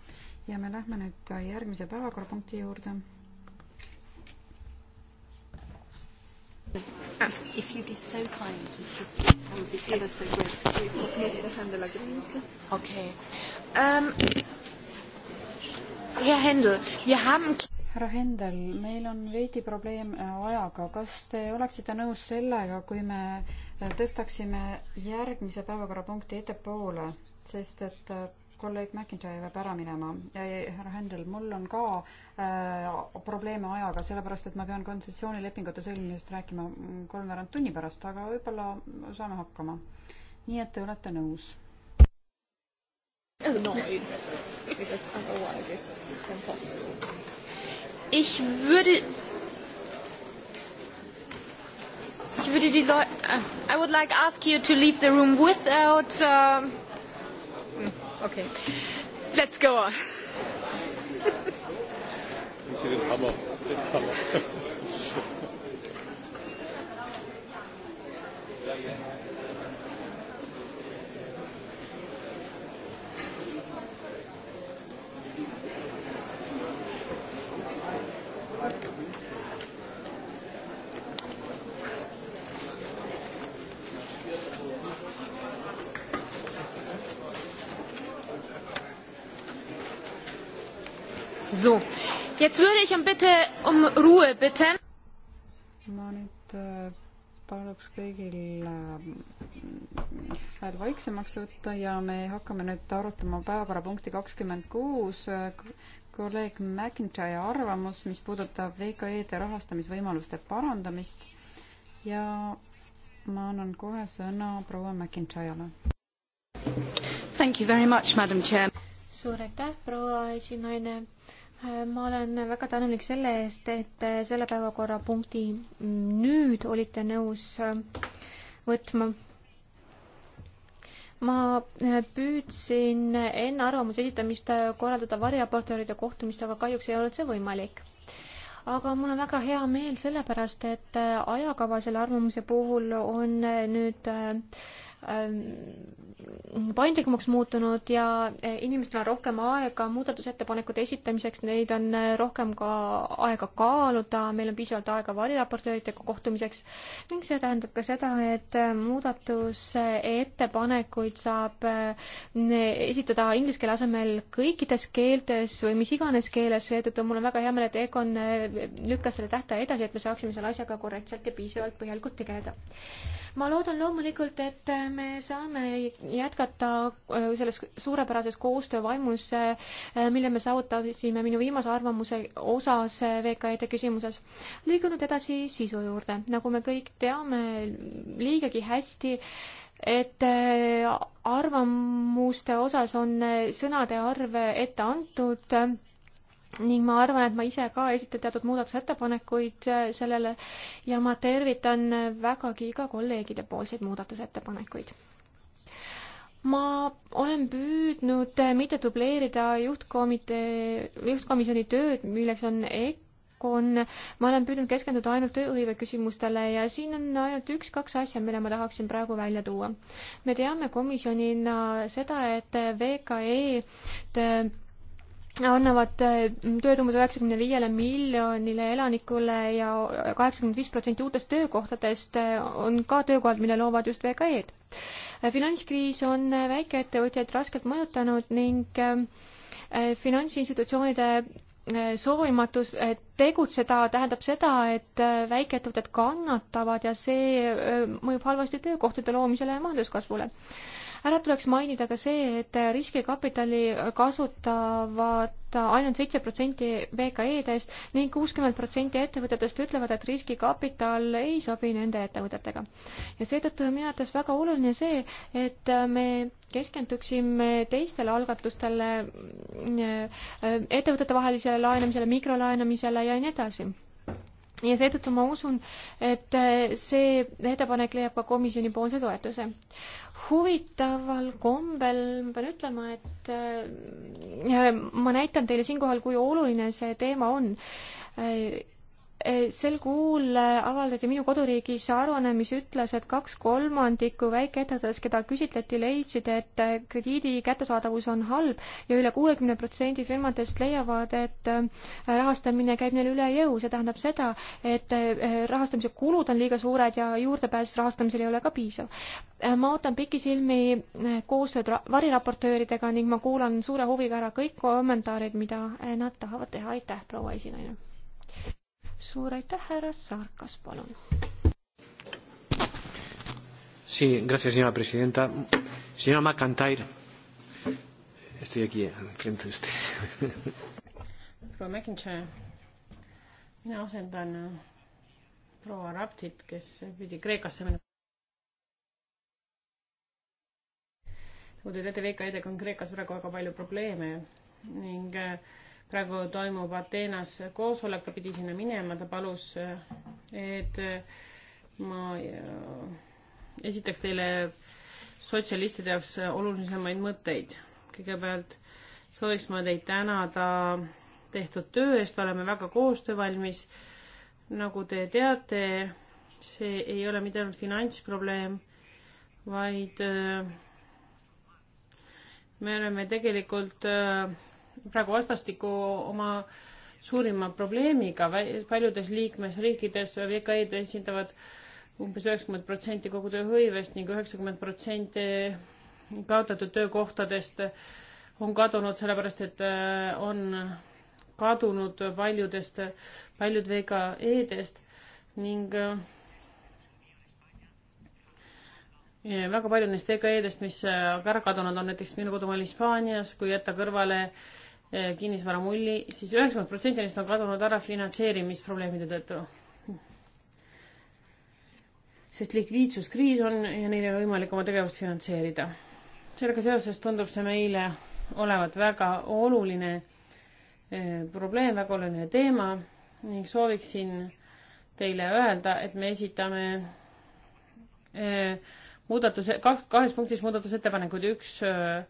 ja me lähme nüüd järgmise päevakorrapunkti juurde If you'd be so kind as to speak, that would be ever so great. Mr. Handel, please. Okay. Um, Herr Händel, wir haben... härra Händel, meil on veidi probleem äh, ajaga. kas te oleksite nõus sellega, kui me äh, tõstaksime järgmise päevakorrapunkti ettepoole, sest et äh, kolleeg McIntyre peab ära minema. härra Händel, mul on ka äh, probleeme ajaga, sellepärast et ma pean kontsessioonilepingute sõlmimisest rääkima kolmveerand tunni pärast, aga võib-olla saame hakkama. nii et te olete nõus? No, it's, because otherwise it's impossible. Ich würde Ich würde die Leute äh, I would like ask you to leave the room without uh, Okay. Let's go on. Willst du den Hammer? Den Hammer. ja, ja. Jetzt würde ich um bitte um Ruhe bitten. ma nüüd äh, paluks kõigil äh, hääl vaiksemaks võtta ja me hakkame nüüd arutama päevakorrapunkti kakskümmend kuus, äh, kolleeg McIntyre arvamus, mis puudutab VKE-de rahastamisvõimaluste parandamist ja ma annan kohe sõna proua McIntyre'le. Thank you very much, madam chair. suur aitäh, proua esinaine ma olen väga tänulik selle eest, et selle päevakorrapunkti nüüd olite nõus äh, võtma. ma äh, püüdsin enne arvamuse esitamist äh, korraldada varjaportööride kohtumist, aga kahjuks ei olnud see võimalik. aga mul on väga hea meel sellepärast, et ajakava selle arvamuse puhul on nüüd äh, Ähm, paindlikumaks muutunud ja äh, inimestel on rohkem aega muudatusettepanekute esitamiseks, neid on äh, rohkem ka aega kaaluda, meil on piisavalt aega variraportööritega kohtumiseks ning see tähendab ka seda, et äh, muudatusettepanekuid saab esitada inglise keele asemel kõikides keeltes või mis iganes keeles, seetõttu mul on väga hea meel, et Egon lükkas selle tähtaja edasi, et me saaksime selle asjaga korrektselt ja piisavalt põhjalikult tegeleda ma loodan loomulikult, et me saame jätkata äh, selles suurepärases koostöövaimus, äh, mille me saavutasime minu viimase arvamuse osas äh, VKE-de küsimuses. liikunud edasi sisu juurde, nagu me kõik teame liigegi hästi, et arvamuste osas on sõnade arv ette antud ning ma arvan, et ma ise ka esitan teatud muudatusettepanekuid äh, sellele ja ma tervitan äh, vägagi ka kolleegide poolseid muudatusettepanekuid. ma olen püüdnud äh, mitte dubleerida juhtkomitee, juhtkomisjoni tööd, milleks on EKOn, ma olen püüdnud keskenduda ainult tööhõive küsimustele ja siin on ainult üks-kaks asja, mille ma tahaksin praegu välja tuua. me teame komisjonina seda, et VKE-d annavad äh, tööd umbes üheksakümne viiele miljonile elanikule ja kaheksakümmend viis protsenti uutest töökohtadest äh, on ka töökohad, mille loovad just VKE-d. Äh, finantskriis on väikeettevõtjaid raskelt mõjutanud ning finantsinstitutsioonide soovimatus tegutseda tähendab seda, et väikeettevõtted kannatavad ja see mõjub halvasti töökohtade loomisele ja majanduskasvule ära tuleks mainida ka see, et riskikapitali kasutavad ainult seitse protsenti VKE-dest ning kuuskümmend protsenti ettevõtetest ütlevad, et riskikapital ei sobi nende ettevõtetega. ja seetõttu on minu arvates väga oluline see, et me keskenduksime teistele algatustele, äh, ettevõtetevahelisele laenamisele, mikrolaenamisele ja nii edasi ja seetõttu ma usun, et eh, see ettepanek leiab ka komisjonipoolse toetuse. huvitaval kombel ma pean ütlema, et eh, ma näitan teile siinkohal, kui oluline see teema on. Eh, Eh, sel kuul eh, avaldati minu koduriigis aruanne, mis ütles, et kaks kolmandikku väikeettevõtetest, keda küsitleti, leidsid, et eh, krediidi kättesaadavus on halb ja üle kuuekümne protsendi firmadest leiavad, et rahastamine käib neile üle jõu, see tähendab seda, et rahastamise kulud on liiga suured ja juurdepääs rahastamisele ei ole ka piisav. ma ootan pikisilmi koostööd variraportööridega ning ma kuulan suure huviga ära kõik kommentaarid, mida nad tahavad teha, aitäh, proua esinaine! suur aitäh, härra Sarkas, palun. Sí, gracias, señora presidenta. Señora McIntyre, estoy aquí enfrente de usted. proua McIntyre, mina asendan äh, proua Raptit, kes pidi Kreekasse minema. nagu te teate, VKE-dega on Kreekas praegu väga palju probleeme ning äh, praegu toimub Ateenas koosolek, ta pidi sinna minema, ta palus, et ma esitaks teile sotsialistide jaoks olulisemaid mõtteid. kõigepealt sooviks ma teid tänada tehtud töö eest, oleme väga koostöövalmis. nagu te teate, see ei ole mitte ainult finantsprobleem, vaid äh, me oleme tegelikult äh, praegu vastastikku oma suurima probleemiga paljudes liikmesriikides VKE-d esindavad umbes üheksakümmend protsenti kogu tööhõivest ning üheksakümmend protsenti kaotatud töökohtadest on kadunud sellepärast, et äh, on kadunud paljudest, paljud VKE-dest ning äh, väga paljud neist VKE-dest, mis äh, ära kadunud on näiteks minu kodumaal Hispaanias, kui jätta kõrvale äh, Eh, kinnisvaramulli, siis üheksakümmend protsenti neist on kadunud ära finantseerimisprobleemide tõttu. sest likviidsuskriis on ja neil ei ole võimalik oma tegevust finantseerida. sellega seoses tundub see meile olevat väga oluline eh, probleem, väga oluline teema ning sooviksin teile öelda, et me esitame eh, muudatuse, kahes punktis muudatusettepanekuid, üks öö,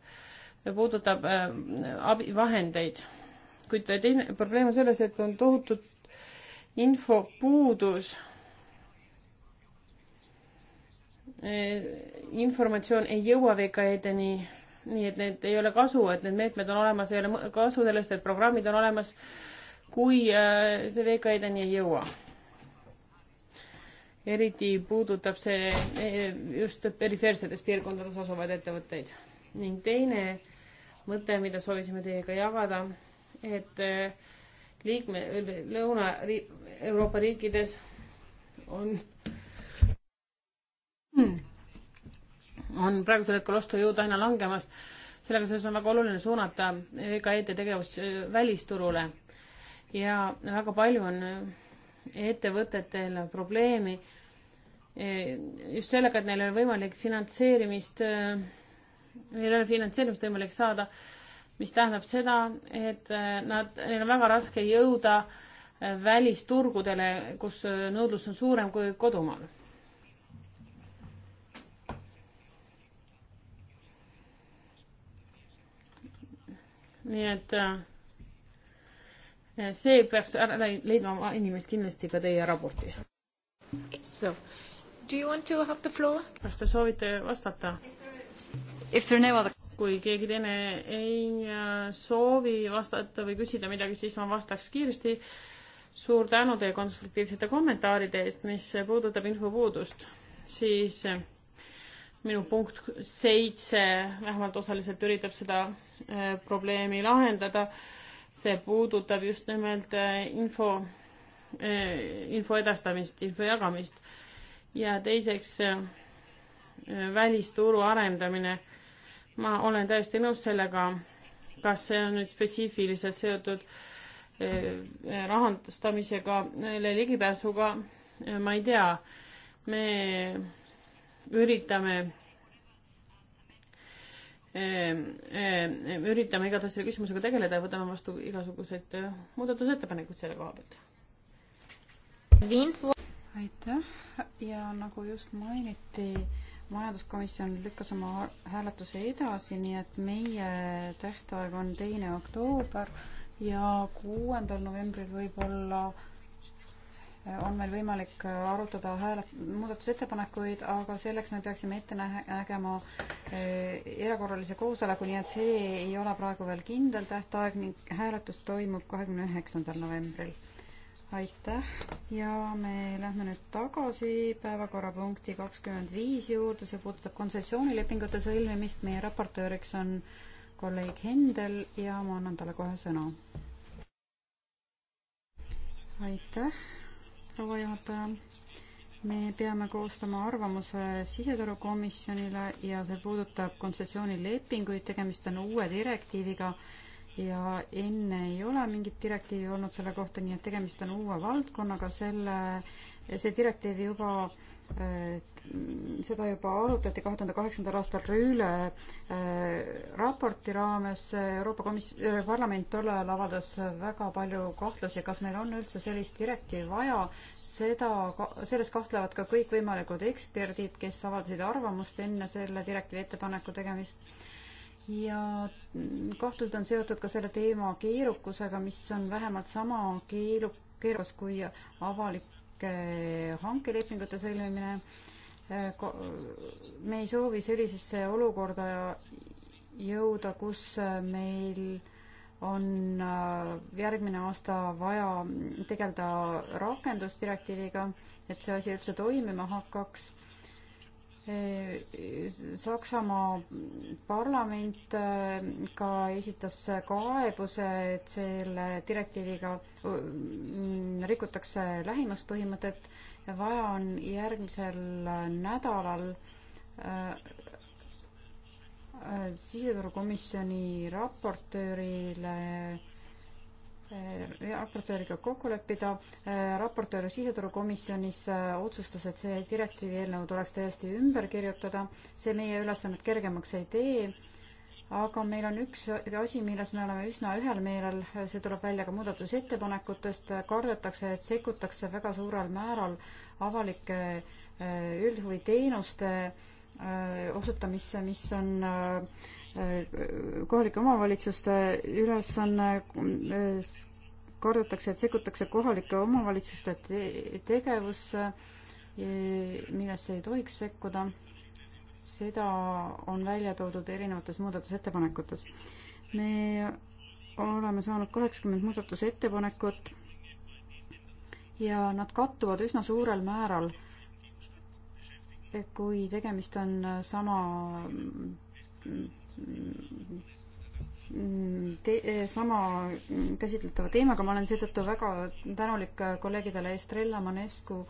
puudutab äh, abivahendeid. kuid teine probleem on selles, et on tohutud infopuudus. Äh, informatsioon ei jõua VKE-deni, nii et need ei ole kasu, et need meetmed on olemas, ei ole kasu sellest, et programmid on olemas, kui äh, see VKE-deni ei jõua eriti puudutab see just perifeersetes piirkondades asuvaid ettevõtteid. ning teine mõte, mida soovisime teiega jagada, et eh, liikme, Lõuna-Euroopa riikides on, on praegusel hetkel ostujõud aina langemas. sellega seoses on väga oluline suunata VKE-de tegevus eh, välisturule ja väga palju on eh, ettevõtetel probleemi just sellega, et neil on võimalik finantseerimist äh, neil ei ole finantseerimist võimalik saada, mis tähendab seda, et äh, nad, neil on väga raske jõuda äh, välisturgudele, kus äh, nõudlus on suurem kui kodumaal. nii et see peaks leidma oma inimest kindlasti ka teie raportis. So, do you want to have the floor? kas te soovite vastata? Other... kui keegi teine ei äh, soovi vastata või küsida midagi, siis ma vastaks kiiresti. suur tänu teie konstruktiivsete kommentaaride eest, mis puudutab infopuudust, siis äh, minu punkt seitse vähemalt osaliselt üritab seda äh, probleemi lahendada. see puudutab just nimelt info, info edastamist, info jagamist ja teiseks välisturu arendamine ma olen täiesti nõus sellega, kas see on nüüd spetsiifiliselt seotud eh, rahandustamisega, neile ligipääsuga, ma ei tea. me üritame eh, eh, üritame igatahes selle küsimusega tegeleda ja võtame vastu igasuguseid muudatusettepanekuid selle koha pealt. aitäh ja nagu just mainiti, majanduskomisjon lükkas oma hääletuse edasi, nii et meie tähtaeg on teine oktoober ja kuuendal novembril võib-olla eh, on meil võimalik eh, arutada häälet-, muudatusettepanekuid, aga selleks me peaksime ette nähe-, nägema eh, erakorralise koosoleku, nii et see ei ole praegu veel kindel tähtaeg ning hääletus toimub kahekümne üheksandal novembril aitäh ja me lähme nüüd tagasi päevakorrapunkti kakskümmend viis juurde, see puudutab kontsessioonilepingute sõlmimist, meie raportööriks on kolleeg Hendel ja ma annan talle kohe sõna. aitäh, proua juhataja. me peame koostama arvamuse siseturukomisjonile ja see puudutab kontsessioonilepinguid, tegemist on uue direktiiviga ja enne ei ole mingit direktiivi olnud selle kohta, nii et tegemist on uue valdkonnaga, selle, see direktiiv juba äh, seda juba arutati kahe tuhande kaheksandal aastal Rüüle äh, raporti raames. Euroopa Komis-, äh, parlament tol ajal avaldas väga palju kahtlusi, kas meil on üldse sellist direktiivi vaja. seda, selles kahtlevad ka kõikvõimalikud eksperdid, kes avaldasid arvamust enne selle direktiivi ettepaneku tegemist ja kahtlused on seotud ka selle teema keerukusega, mis on vähemalt sama keeru, keerukas kui avalike hankelepingute sõlmimine. me ei soovi sellisesse olukorda jõuda, kus meil on äh, järgmine aasta vaja tegeleda rakendusdirektiiviga, et see asi üldse toimima hakkaks Saksamaa parlament äh, ka esitas kaebuse, et selle direktiiviga mm, rikutakse lähimuspõhimõtet ja vaja on järgmisel nädalal äh, äh, siseturukomisjoni raportöörile Äh, raportööriga kokku leppida. Äh, raportöör siseturukomisjonis äh, otsustas, et see direktiivi eelnõu tuleks täiesti ümber kirjutada. see meie ülesannet kergemaks ei tee. aga meil on üks asi, milles me oleme üsna ühel meelel, see tuleb välja ka muudatusettepanekutest, kardetakse, et sekkutakse väga suurel määral avalike üldhuviteenuste osutamisse, mis on äh, kohalike omavalitsuste ülesanne, äh, kardetakse, et sekkutakse kohalike omavalitsuste te tegevusse, millesse ei tohiks sekkuda. seda on välja toodud erinevates muudatusettepanekutes. me oleme saanud kaheksakümmend muudatusettepanekut ja nad kattuvad üsna suurel määral, kui tegemist on sama te-, sama käsitletava teemaga, ma olen seetõttu väga tänulik kolleegidele Estrella Manescu,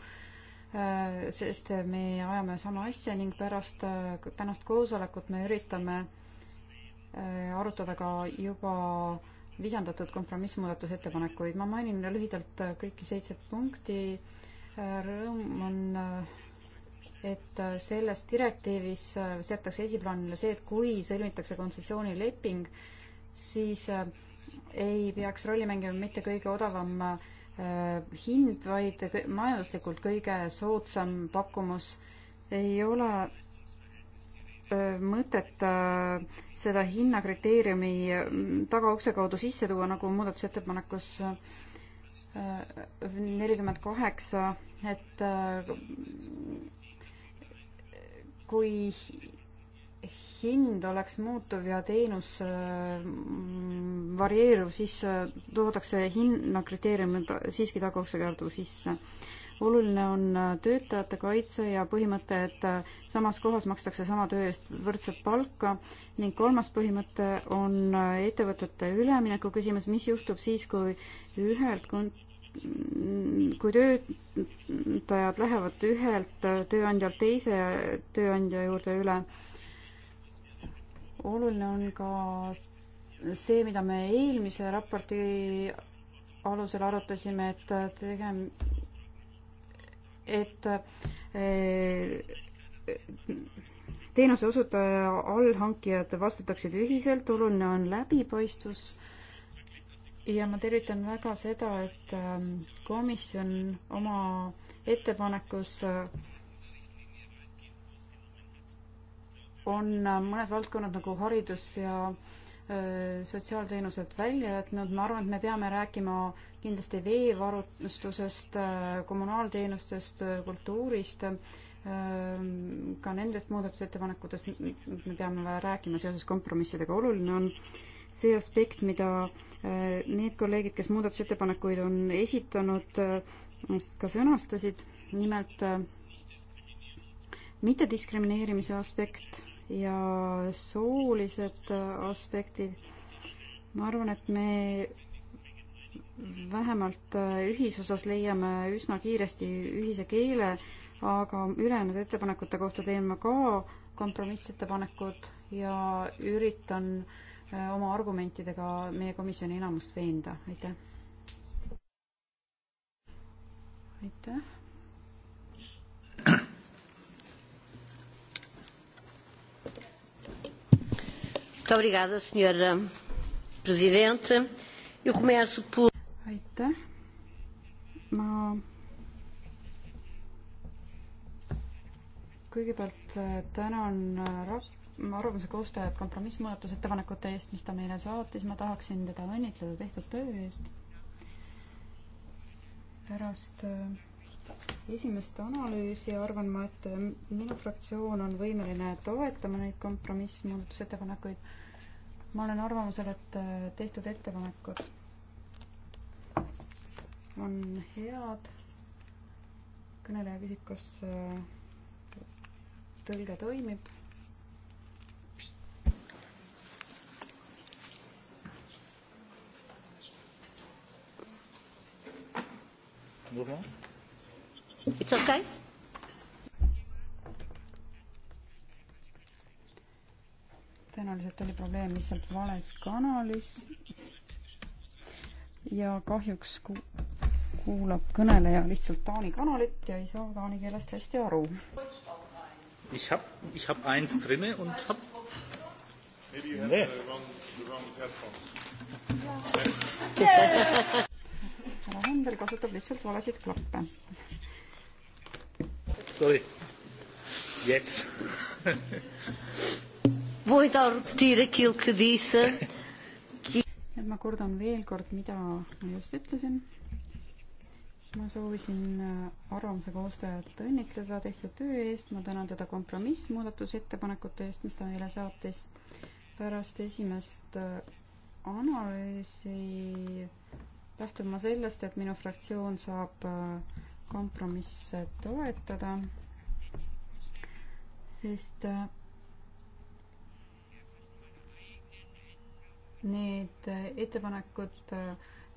äh, sest me ajame sama asja ning pärast äh, tänast koosolekut me üritame äh, arutada ka juba lisandatud kompromissmuudatusettepanekuid. ma mainin lühidalt kõiki seitset punkti. Rõõm on et äh, selles direktiivis äh, seatakse esiplaanile see, et kui sõlmitakse kontsessioonileping, siis äh, ei peaks rolli mängima mitte kõige odavam hind, vaid majanduslikult kõige soodsam pakkumus. ei ole mõtet seda hinnakriteeriumi tagaukse kaudu sisse tuua, nagu muudatusettepanekus nelikümmend kaheksa, et kui hind oleks muutuv ja teenus äh, varieeruv, siis äh, toodakse hinnakriteeriumid siiski tagauksekäärdu sisse. oluline on äh, töötajate kaitse ja põhimõte, et samas kohas makstakse sama töö eest võrdset palka ning kolmas põhimõte on ettevõtete ülemineku küsimus, mis juhtub siis, kui ühelt kont-, kui töötajad lähevad ühelt tööandjalt teise tööandja juurde üle, oluline on ka see, mida me eelmise raporti alusel arutasime, et tegem-, et eh, teenuse osutaja allhankijad vastutaksid ühiselt, oluline on läbipaistvus ja ma tervitan väga seda, et ähm, komisjon oma ettepanekus äh, on mõned valdkonnad nagu haridus ja äh, sotsiaalteenused välja jätnud, ma arvan, et me peame rääkima kindlasti veevarustusest, äh, kommunaalteenustest, kultuurist, ka nendest muudatusettepanekutest me peame rääkima seoses kompromissidega, oluline on, see aspekt, mida äh, need kolleegid, kes muudatusettepanekuid on esitanud, äh, ka sõnastasid, nimelt äh, mittediskrimineerimise aspekt ja soolised aspektid. ma arvan, et me vähemalt ühisosas leiame üsna kiiresti ühise keele, aga ülejäänud ettepanekute kohta teen ma ka kompromissettepanekud ja üritan äh, Äh, oma argumentidega meie komisjoni enamust veenda, aitäh. aitäh. aitäh, ma kõigepealt äh, tänan rap-, äh, arvamuse koostaja kompromissmuudatusettepanekute eest, mis ta meile saatis, ma tahaksin teda õnnitleda tehtud töö eest. pärast äh, esimest analüüsi arvan ma, et äh, minu fraktsioon on võimeline toetama neid kompromissmuudatusettepanekuid. ma olen arvamusel, et äh, tehtud ettepanekud on head. kõneleja küsib, kas tõlge toimib mouvement It's okay? tõenäoliselt oli probleem lihtsalt vales kanalis ja kahjuks ku kuulab kõneleja lihtsalt Taani kanalit ja ei saa taani keelest hästi aru. Ich hab, ich hab eins drinne und hab Maybe you have nee. the wrong, the wrong headphones härra Händel kasutab lihtsalt valesid klappe. Sorry, jets Vou então repetir aquilo que disse. Que... ma kordan veel kord, mida ma just ütlesin. ma soovisin äh, arvamuse koostajat õnnitleda tehtud töö eest, ma tänan teda kompromissmuudatusettepanekute eest, mis ta meile saatis. pärast esimest äh, analüüsi lähtun ma sellest, et minu fraktsioon saab äh, kompromisse toetada, sest äh, need äh, ettepanekud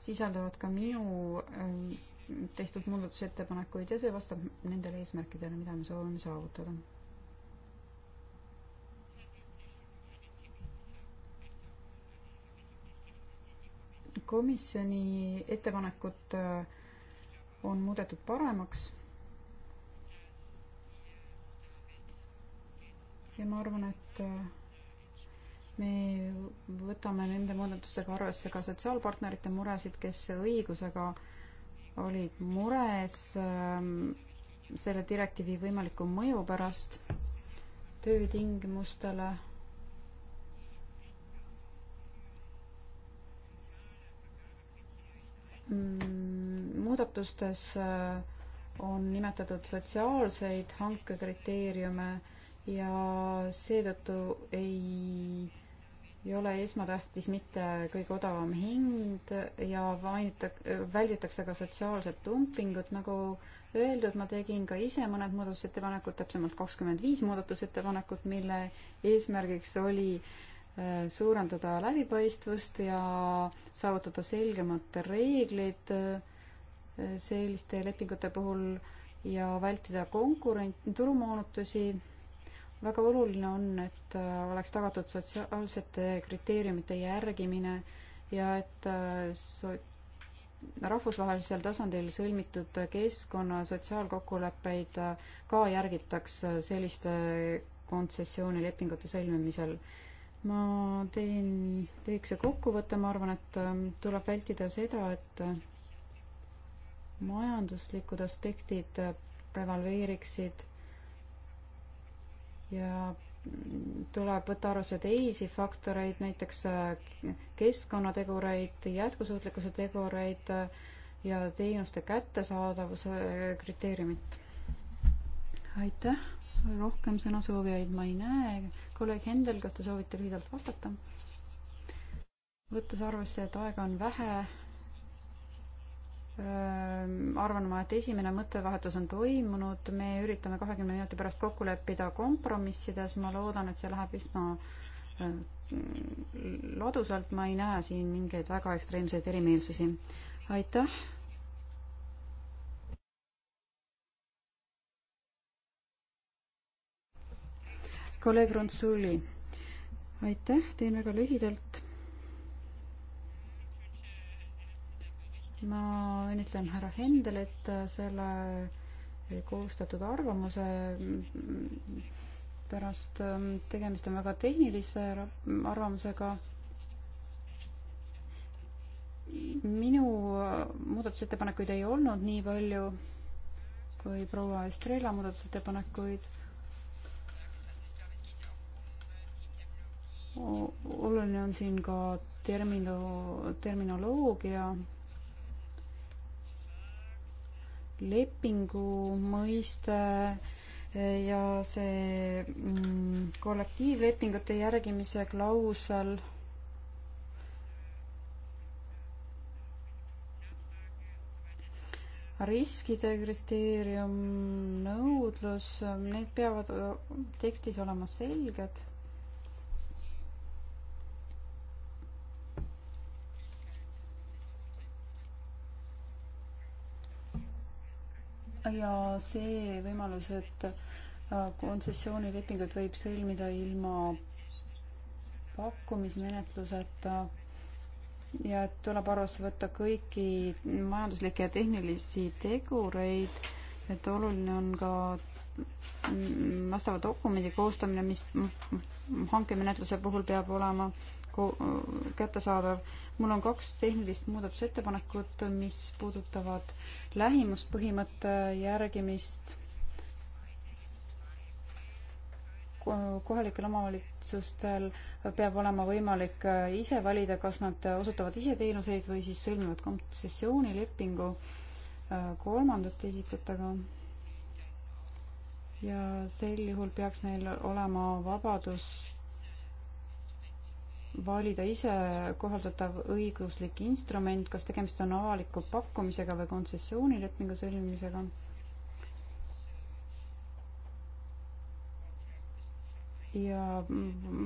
sisaldavad ka minu tehtud muudatusettepanekuid ja see vastab nendele eesmärkidele, mida me soovime saavutada komisjoni ettepanekut äh, on muudetud paremaks. ja ma arvan, et äh, me võtame nende muudatustega arvesse ka sotsiaalpartnerite muresid, kes õigusega olid mures ähm, selle direktiivi võimaliku mõju pärast töötingimustele Mm, muudatustes äh, on nimetatud sotsiaalseid hankekriteeriume ja seetõttu ei, ei ole esmatähtis mitte kõige odavam hind ja mainita-, välditakse ka sotsiaalset dumpingut, nagu öeldud, ma tegin ka ise mõned muudatusettepanekud, täpsemalt kakskümmend viis muudatusettepanekut, mille eesmärgiks oli äh, Äh, suurendada läbipaistvust ja saavutada selgemad reeglid äh, selliste lepingute puhul ja vältida konkurent, turumoonutusi. väga oluline on, et äh, oleks tagatud sotsiaalsete kriteeriumite järgimine ja et so-, rahvusvahelisel tasandil sõlmitud keskkonna sotsiaalkokkuleppeid ka järgitaks selliste kontsessioonilepingute sõlmimisel ma teen lühikese kokkuvõtte, ma arvan, et ähm, tuleb vältida seda, et äh, majanduslikud aspektid äh, prevaleeriksid ja mm, tuleb võtta arvesse teisi faktoreid, näiteks äh, keskkonnategureid, jätkusuutlikkuse tegureid ja teenuste kättesaadavuse kriteeriumit. aitäh! rohkem sõnasoovijaid ma ei näe. kolleeg Hendel, kas te soovite lühidalt vastata? võttes arvesse, et aega on vähe, ähm, arvan ma, et esimene mõttevahetus on toimunud, me üritame kahekümne minuti pärast kokku leppida kompromissides, ma loodan, et see läheb üsna ähm, ladusalt, ma ei näe siin mingeid väga ekstreemseid erimeelsusi. aitäh kolleeg Ronsuli. aitäh, teen väga lühidalt. ma õnnitlen härra Hendelit selle koostatud arvamuse pärast tegemist on väga tehnilise arvamusega minu muudatusettepanekuid ei olnud nii palju kui proua Estrela muudatusettepanekuid oluline on siin ka termino-, terminoloogia, lepingu mõiste ja see mm, kollektiivlepingute järgimise klausel riskide kriteerium, nõudlus, need peavad tekstis olema selged. ja see võimalus, et äh, kontsessioonilepingut võib sõlmida ilma pakkumismenetluseta ja et tuleb arvesse võtta kõiki majanduslikke ja tehnilisi tegureid, et oluline on ka mm, vastava dokumendi koostamine, mis hankemenetluse puhul peab olema äh, kättesaadav. mul on kaks tehnilist muudatusettepanekut, mis puudutavad lähimuspõhimõtte järgimist kohalikel omavalitsustel peab olema võimalik äh, ise valida, kas nad osutavad ise teenuseid või siis sõlmivad kontsessioonilepingu äh, kolmandate isikutega. ja sel juhul peaks neil olema vabadus valida ise kohaldatav õiguslik instrument, kas tegemist on avaliku pakkumisega või kontsessioonilepingu sõlmimisega. ja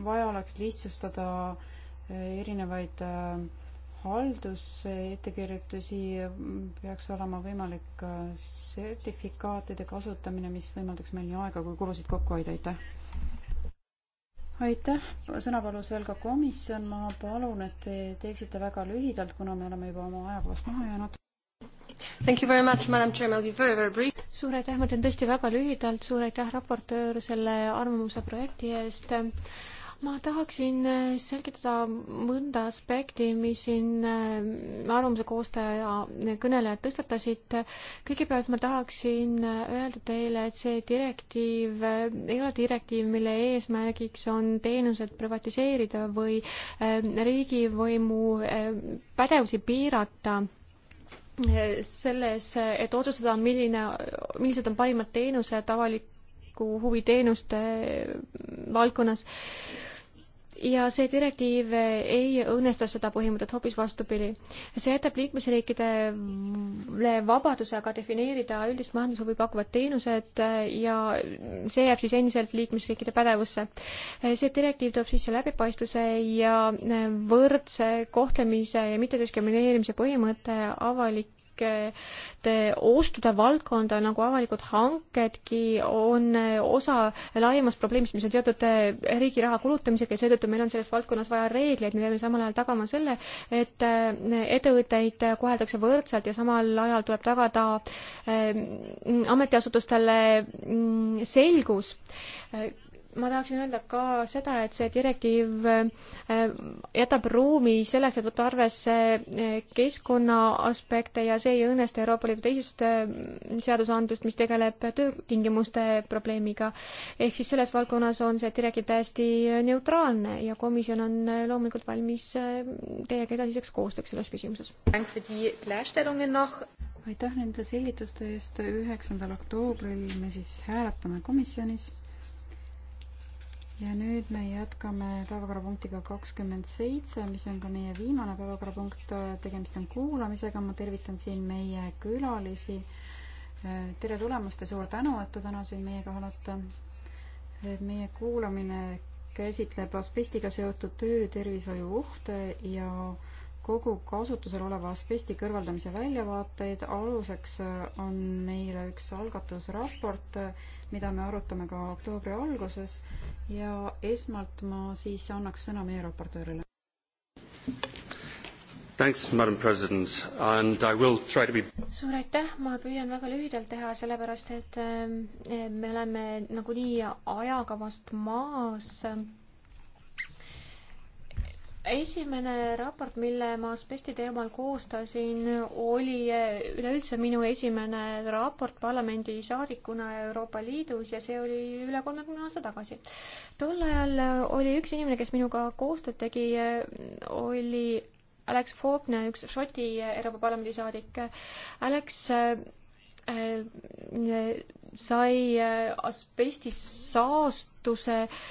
vaja oleks lihtsustada erinevaid äh, haldusettekirjutusi, peaks olema võimalik äh, sertifikaatide kasutamine, mis võimaldaks meil nii aega kui kulusid kokku hoida, aitäh! aitäh, sõna palus veel ka komisjon, ma palun, et te teeksite väga lühidalt, kuna me oleme juba oma ajakavast maha jäänud. Thank you very much, madam chair, I will be very, very brief. suur aitäh, ma teen tõesti väga lühidalt, suur aitäh, raportöör, selle arvamuse projekti eest ma tahaksin äh, selgitada mõnda aspekti, mis siin äh, arvamuse koostaja kõnelejad tõstatasid. kõigepealt ma tahaksin äh, öelda teile, et see direktiiv ei ole direktiiv, mille eesmärgiks on teenused privatiseerida või riigivõimu pädevusi piirata selles, et otsustada, milline, millised on parimad teenused avaliku huvi teenuste valdkonnas äh, ja see direktiiv ei õõnesta seda põhimõtet, hoopis vastupidi. see jätab liikmesriikidele vabaduse aga defineerida üldist majandushuvi pakuvad teenused ja see jääb siis endiselt liikmesriikide pädevusse. see direktiiv toob sisse läbipaistvuse ja võrdse kohtlemise ja mittediskrimineerimise põhimõte avalik kõikide ostude valdkonda nagu avalikud hankedki on osa laiemast probleemist, mis on seotud eh, riigi raha kulutamisega ja seetõttu meil on selles valdkonnas vaja reegleid, me peame samal ajal tagama selle, et eh, ettevõtteid koheldakse võrdselt ja samal ajal tuleb tagada eh, ametiasutustele mm, selgus ma tahaksin öelda ka seda, et see direktiiv äh, jätab ruumi selleks, et võtta arvesse äh, keskkonna aspekte ja see ei õõnesta Euroopa Liidu teisest äh, seadusandlust, mis tegeleb töötingimuste probleemiga. ehk siis selles valdkonnas on see direktiiv täiesti neutraalne ja komisjon on loomulikult valmis teiega edasiseks koostööks selles küsimuses. aitäh nende selgituste eest, üheksandal oktoobril me siis hääletame komisjonis ja nüüd me jätkame päevakorrapunktiga kakskümmend seitse, mis on ka meie viimane päevakorrapunkt, tegemist on kuulamisega, ma tervitan siin meie külalisi. tere tulemast ja suur tänu, et te täna siin meiega olete. meie kuulamine käsitleb asbestiga seotud töötervishoiu ohte ja kogu kasutusel oleva asbesti kõrvaldamise väljavaateid. aluseks on meile üks algatusraport, mida me arutame ka oktoobri alguses ja esmalt ma siis annaks sõna meie raportöörile. Thanks, Madam President, and I will try to be suur aitäh, ma püüan väga lühidalt teha, sellepärast et ähm, me oleme nagunii ajakavast maas esimene raport, mille ma asbesti teemal koostasin, oli üleüldse minu esimene raport parlamendisaadikuna Euroopa Liidus ja see oli üle kolmekümne aasta tagasi. tol ajal oli üks inimene, kes minuga koostööd tegi, oli Alex Faulkner, üks Šoti Euroopa Parlamendi saadik. Alex äh, sai asbesti saastuse äh,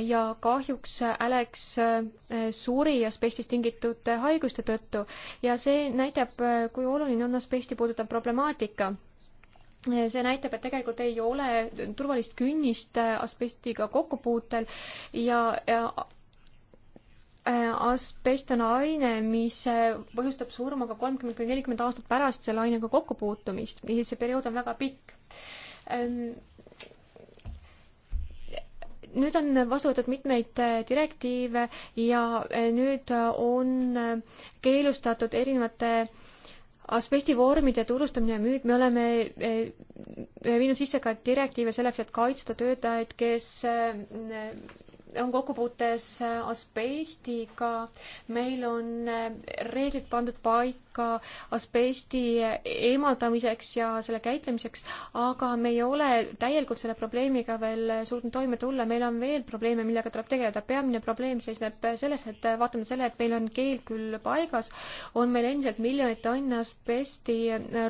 ja kahjuks Alex äh, suri asbestist tingitud äh, haiguste tõttu ja see näitab, äh, kui oluline on asbesti puudutav problemaatika see näitab, et tegelikult ei ole turvalist künnist asbestiga kokkupuutel ja, ja asbest on aine, mis põhjustab surma ka kolmkümmend kuni nelikümmend aastat pärast selle ainega kokkupuutumist ja see periood on väga pikk. Ähm, nüüd on vastu võetud mitmeid äh, direktiive ja äh, nüüd äh, on keelustatud erinevate asbestivormide turustamine ja müük, me oleme viinud sisse ka direktiive selleks, et kaitsta töötajaid, kes on kokkupuutes asbestiga, meil on reeglid pandud paika, ka asbesti eemaldamiseks ja selle käitlemiseks, aga me ei ole täielikult selle probleemiga veel suutnud toime tulla, meil on veel probleeme, millega tuleb tegeleda. peamine probleem seisneb selles, et vaatame selle, et meil on keeld küll paigas, on meil endiselt miljoneid tonne asbesti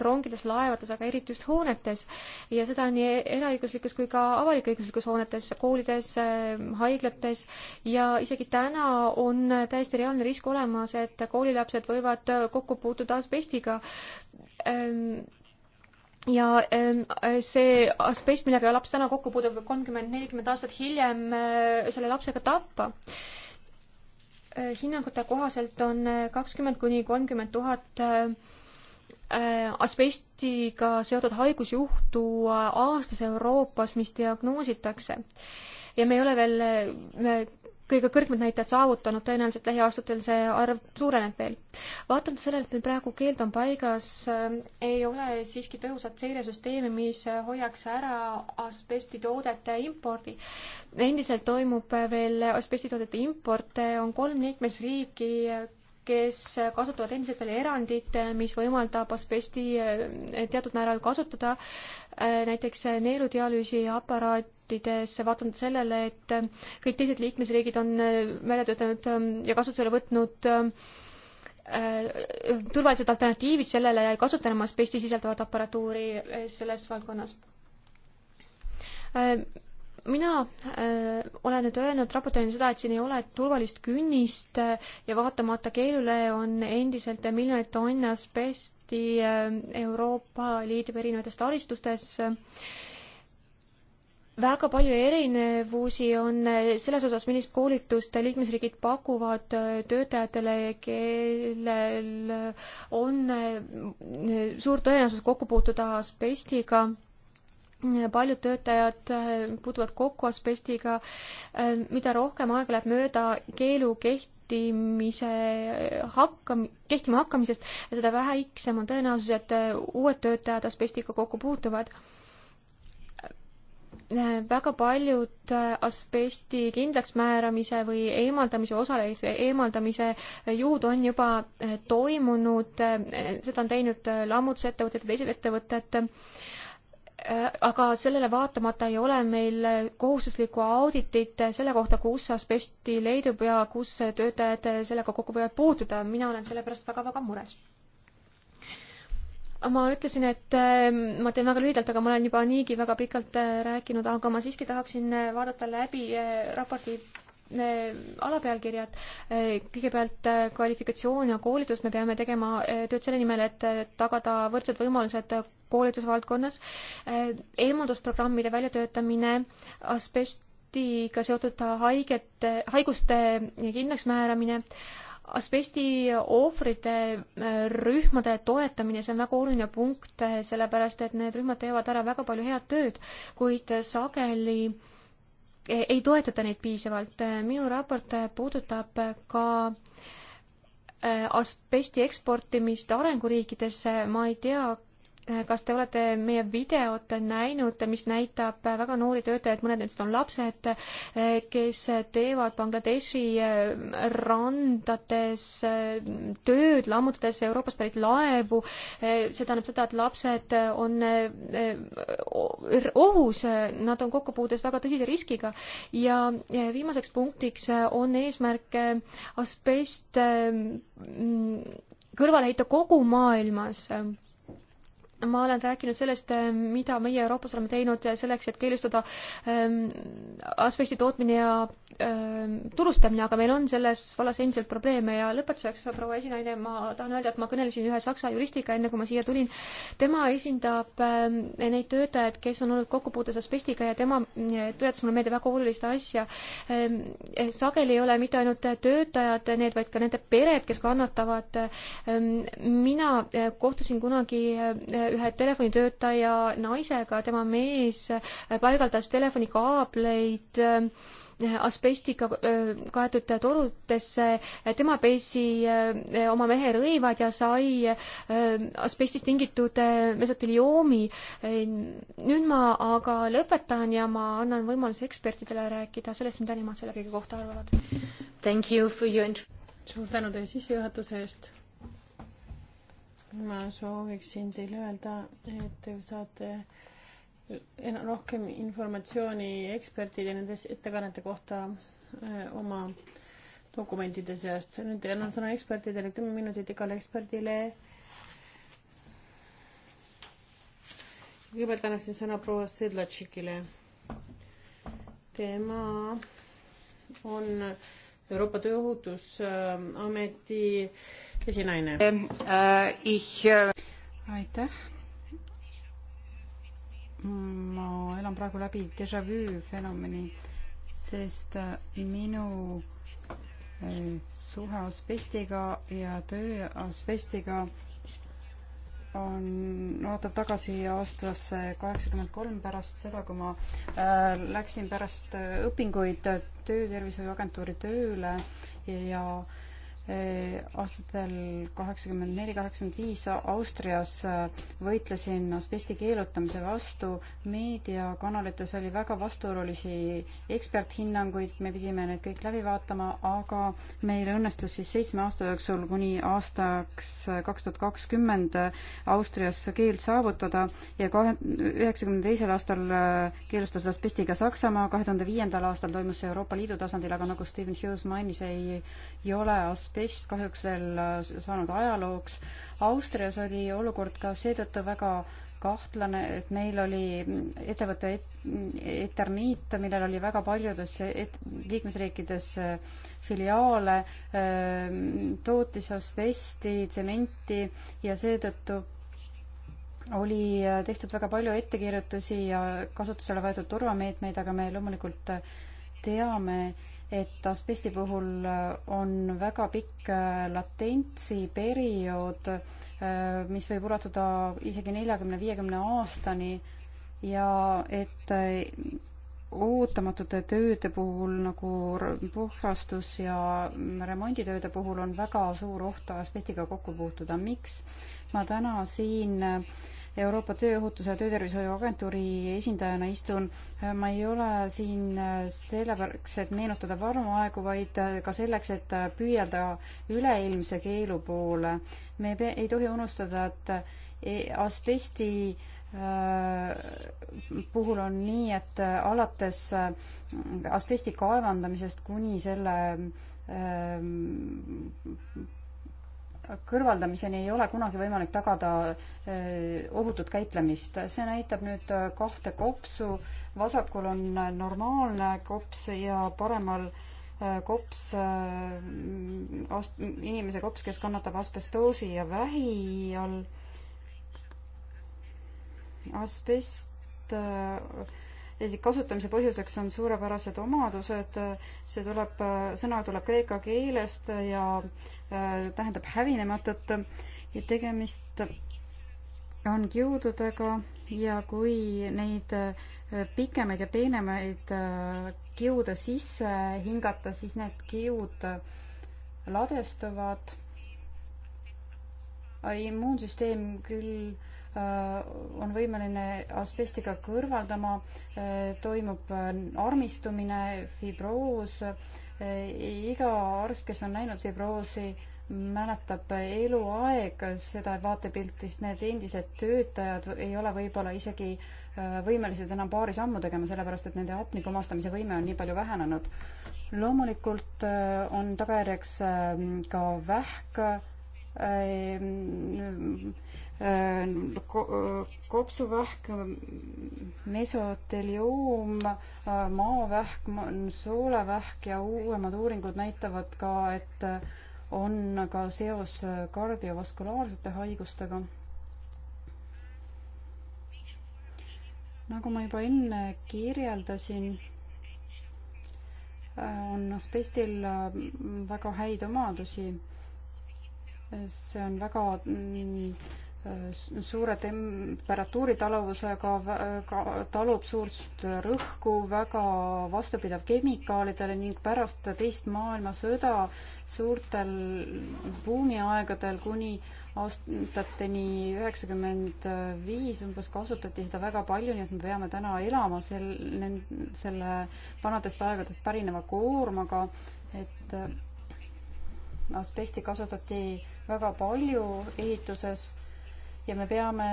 rongides, laevades, aga eriti just hoonetes ja seda nii eraõiguslikus kui ka avalik-õiguslikus hoonetes, koolides, haiglates ja isegi täna on täiesti reaalne risk olemas, et koolilapsed võivad kokku puutuda puutuda asbestiga ähm, ja ähm, see asbest, millega laps täna kokku puudub, võib kolmkümmend, nelikümmend aastat hiljem äh, selle lapsega tappa. Äh, hinnangute kohaselt on äh, kakskümmend kuni kolmkümmend tuhat asbestiga seotud haigusjuhtu aastas Euroopas, mis diagnoositakse. ja me ei ole veel kõige kõrgemad näitajad saavutanud, tõenäoliselt lähiaastatel see arv suureneb veel. vaatamata sellele, et meil praegu keeld on paigas, äh, ei ole siiski tõhusat seiresüsteemi, mis hoiaks ära asbestitoodete impordi. endiselt toimub veel asbestitoodete import, on kolm liikmesriiki, kes kasutavad endiselt veel erandit, mis võimaldab asbesti eh, teatud määral kasutada, eh, näiteks neeludialüüsiaparaatides, vaatamata sellele, et eh, kõik teised liikmesriigid on välja töötanud ja kasutusele võtnud turvalised alternatiivid sellele ja ei kasuta enam asbesti sisaldavat aparatuuri selles valdkonnas mina äh, olen nüüd öelnud raportöörina seda, et siin ei ole turvalist künnist äh, ja vaatamata keelule on endiselt miljoneid tonne asbesti äh, Euroopa Liidu erinevates taristustes äh, väga palju erinevusi on äh, selles osas, millist koolitust liikmesriigid pakuvad äh, töötajatele, kellel on äh, suur tõenäosus kokku puutuda asbestiga paljud töötajad äh, puutuvad kokku asbestiga, äh, mida rohkem aega läheb mööda keelu kehtimise hakkam-, kehtima hakkamisest, seda väiksem on tõenäosus, et äh, uued töötajad asbestiga kokku puutuvad. väga paljud asbesti kindlaksmääramise või eemaldamise, osalise eemaldamise juhud on juba toimunud, seda on teinud lammutusettevõtted ja teised ettevõtted et Äh, aga sellele vaatamata ei ole meil kohustuslikku auditit selle kohta, kus asbesti leidub ja kus töötajad sellega kokku võivad puutuda. mina olen selle pärast väga-väga mures. ma ütlesin, et äh, ma teen väga lühidalt, aga ma olen juba niigi väga pikalt äh, rääkinud, aga ma siiski tahaksin vaadata läbi raporti Äh, alapealkirjad. Äh, kõigepealt äh, kvalifikatsioon ja koolitus, me peame tegema tööd selle nimel, et tagada võrdsed võimalused koolitusvaldkonnas, eemaldusprogrammide väljatöötamine, asbestiga seotud haigete, haiguste kindlaksmääramine, asbesti ohvrite rühmade toetamine, see on väga oluline punkt, sellepärast et need rühmad teevad ära väga palju head tööd, kuid sageli äh, ei toetata neid piisavalt. minu raport puudutab ka äh, asbesti eksportimist arenguriikidesse, ma ei tea, kas te olete meie videot näinud, mis näitab väga noori töötajaid, mõned neist on lapsed, kes teevad Bangladeshi äh, randades äh, tööd, lammutades Euroopast pärit laevu. Äh, see tähendab seda, et lapsed on ohus, nad on kokkupuudes väga tõsise riskiga ja viimaseks punktiks on eesmärk asbest kõrvale heita kogu maailmas ma olen rääkinud sellest, mida meie Euroopas oleme teinud selleks, et keelustada ähm, asbesti tootmine ja ähm, turustamine, aga meil on selles vallas endiselt probleeme ja lõpetuseks, proua esinaine, ma tahan öelda, et ma kõnelesin ühe saksa juristiga, enne kui ma siia tulin. tema esindab ähm, neid töötajaid, kes on olnud kokkupuutes asbestiga ja tema äh, tuletas mulle meelde väga olulist asja ähm,. sageli ei ole mitte ainult töötajad need, vaid ka nende pered, kes kannatavad ähm,. mina äh, kohtusin kunagi äh, ühe telefonitöötaja naisega, tema mees paigaldas telefonikaableid äh, asbestiga äh, kaetud torudesse, äh, tema pesi oma mehe rõivad ja sai asbestist tingitud mesoteliomi. nüüd ma aga lõpetan ja ma annan võimaluse ekspertidele rääkida sellest, mida nemad selle kõige kohta arvavad. suur tänu teie sissejuhatuse eest ma sooviksin teile öelda, et te saate rohkem informatsiooni ekspertide nendes ettekannete kohta äh, oma dokumentide seast. nüüd annan sõna ekspertidele, kümme minutit igale eksperdile. kõigepealt annaksin sõna proua Sedlatšikile. tema on Euroopa Tööohutusameti äh, esinaine. Ähm, äh, äh, aitäh. ma elan praegu läbi déjà vu fenomeni, sest äh, minu suhe asbestiga ja töö asbestiga on, vaatab tagasi aastasse kaheksakümmend kolm pärast seda, kui ma äh, läksin pärast õpinguid Töötervishoiuagentuuri tööle ja, ja Äh, aastatel kaheksakümmend neli, kaheksakümmend viis Austrias äh, võitlesin asbesti keelutamise vastu. meediakanalites oli väga vastuolulisi eksperthinnanguid, me pidime need kõik läbi vaatama, aga meil õnnestus siis seitsme aasta jooksul kuni aastaks äh, kaks tuhat kakskümmend Austrias keeld saavutada ja kahe, üheksakümne teisel aastal keelustas asbestiga Saksamaa, kahe tuhande viiendal aastal toimus see Euroopa Liidu tasandil, aga nagu Steven Hughes mainis, ei, ei ole asbesti asbest kahjuks veel äh, saanud ajalooks. Austrias oli olukord ka seetõttu väga kahtlane, et meil oli mm, ettevõte Eternit, millel oli väga paljudes et, liikmesriikides äh, filiaale, ähm, tootis asbesti, tsementi ja seetõttu oli äh, tehtud väga palju ettekirjutusi ja kasutusele võetud turvameetmeid, aga me loomulikult teame, et asbesti puhul äh, on väga pikk äh, latentsi periood, äh, mis võib ulatuda isegi neljakümne-viiekümne aastani ja et ootamatute tööde puhul nagu puhastus ja remonditööde puhul on väga suur oht asbestiga kokku puutuda. miks ma täna siin äh, Euroopa Tööohutuse ja Töötervishoiu Agentuuri esindajana istun. ma ei ole siin selleks, et meenutada vanu aegu, vaid ka selleks, et püüelda üleilmse keelu poole. me ei, ei tohi unustada, et e-, asbesti äh, puhul on nii, et alates asbesti kaevandamisest kuni selle äh, kõrvaldamiseni ei ole kunagi võimalik tagada eh, ohutut käitlemist. see näitab nüüd eh, kahte kopsu, vasakul on normaalne kops ja paremal eh, kops, inimese kops, kes kannatab asbestoosi ja vähi all. asbest kasutamise põhjuseks on suurepärased omadused, see tuleb, sõna tuleb kreeka keelest ja Äh, tähendab hävinematut ja tegemist on kiududega ja kui neid äh, pikemaid ja peenemaid äh, kiude sisse hingata, siis need kiud ladestuvad. immuunsüsteem küll on võimeline asbestiga kõrvaldama, toimub armistumine, fibroos, iga arst, kes on näinud fibroosi, mäletab eluaeg seda vaatepilti, sest need endised töötajad ei ole võib-olla isegi äh, võimelised enam paari sammu tegema, sellepärast et nende hapni pumastamise võime on nii palju vähenenud. loomulikult äh, on tagajärjeks äh, ka vähk Äh, äh, kopsuvähk, mesotelioom, äh, maavähk, soolevähk ja uuemad uuringud näitavad ka, et on ka seos kardiovaskulaarsete haigustega. nagu ma juba enne kirjeldasin, on asbestil väga häid omadusi. see on väga mm, Äh, suure temperatuuri taluvusega, äh, talub suurt rõhku, väga vastupidav kemikaalidele ning pärast teist maailmasõda suurtel buumiaegadel kuni aastateni üheksakümmend viis umbes kasutati seda väga palju, nii et me peame täna elama sel-, selle vanadest aegadest pärineva koormaga, et äh, asbesti kasutati väga palju ehituses ja me peame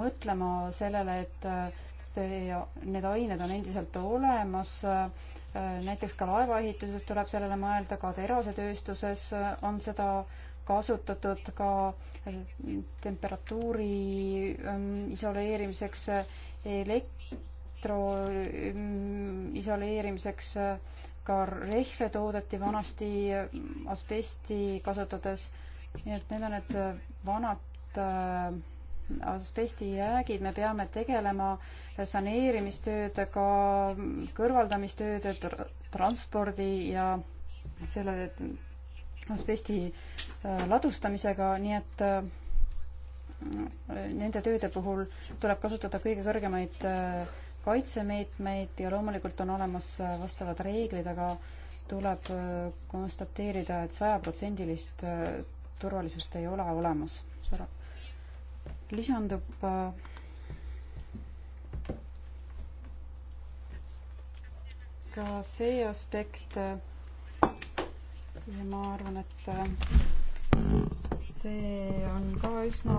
mõtlema sellele, et äh, see, need ained on endiselt olemas, äh, näiteks ka laevaehituses tuleb sellele mõelda, ka terasetööstuses äh, on seda kasutatud ka temperatuuri ähm, isoleerimiseks, elektro ähm, isoleerimiseks, ka rehve toodeti vanasti asbesti kasutades, nii et need on need vanad ainult äh, asbesti jäägid, me peame tegelema saneerimistöödega, kõrvaldamistööde, transpordi ja selle asbesti äh, ladustamisega, nii et äh, nende tööde puhul tuleb kasutada kõige kõrgemaid kaitsemeetmeid ja loomulikult on olemas vastavad reeglid, aga tuleb konstateerida et, et sajaprotsendilist turvalisust ei ole olemas lisandub äh, ka see aspekt äh, ja ma arvan, et äh, see on ka üsna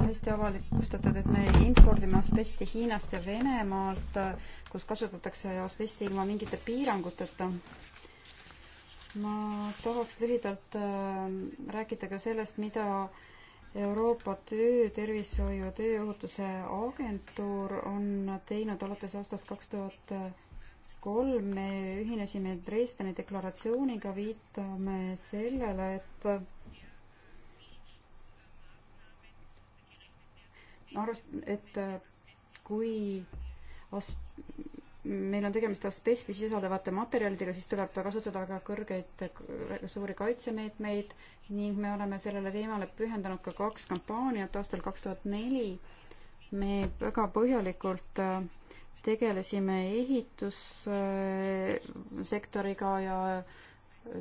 hästi avalikustatud, et me impordime asbesti Hiinast ja Venemaalt, kus kasutatakse asbesti ilma mingite piiranguteta. ma tahaks lühidalt rääkida ka sellest, mida äh, Euroopa Töötervishoiu ja Tööohutuse Agentuur on teinud alates aastast kaks tuhat kolm, me ühinesime Dresdeni deklaratsiooniga, viitame sellele, et arvest-, et kui as-, meil on tegemist asbesti sisaldavate materjalidega, siis tuleb kasutada ka kõrgeid suuri kaitsemeetmeid ning me oleme sellele teemale pühendanud ka kaks kampaaniat aastal kaks tuhat neli. me väga põhjalikult äh, tegelesime ehitussektoriga ja äh,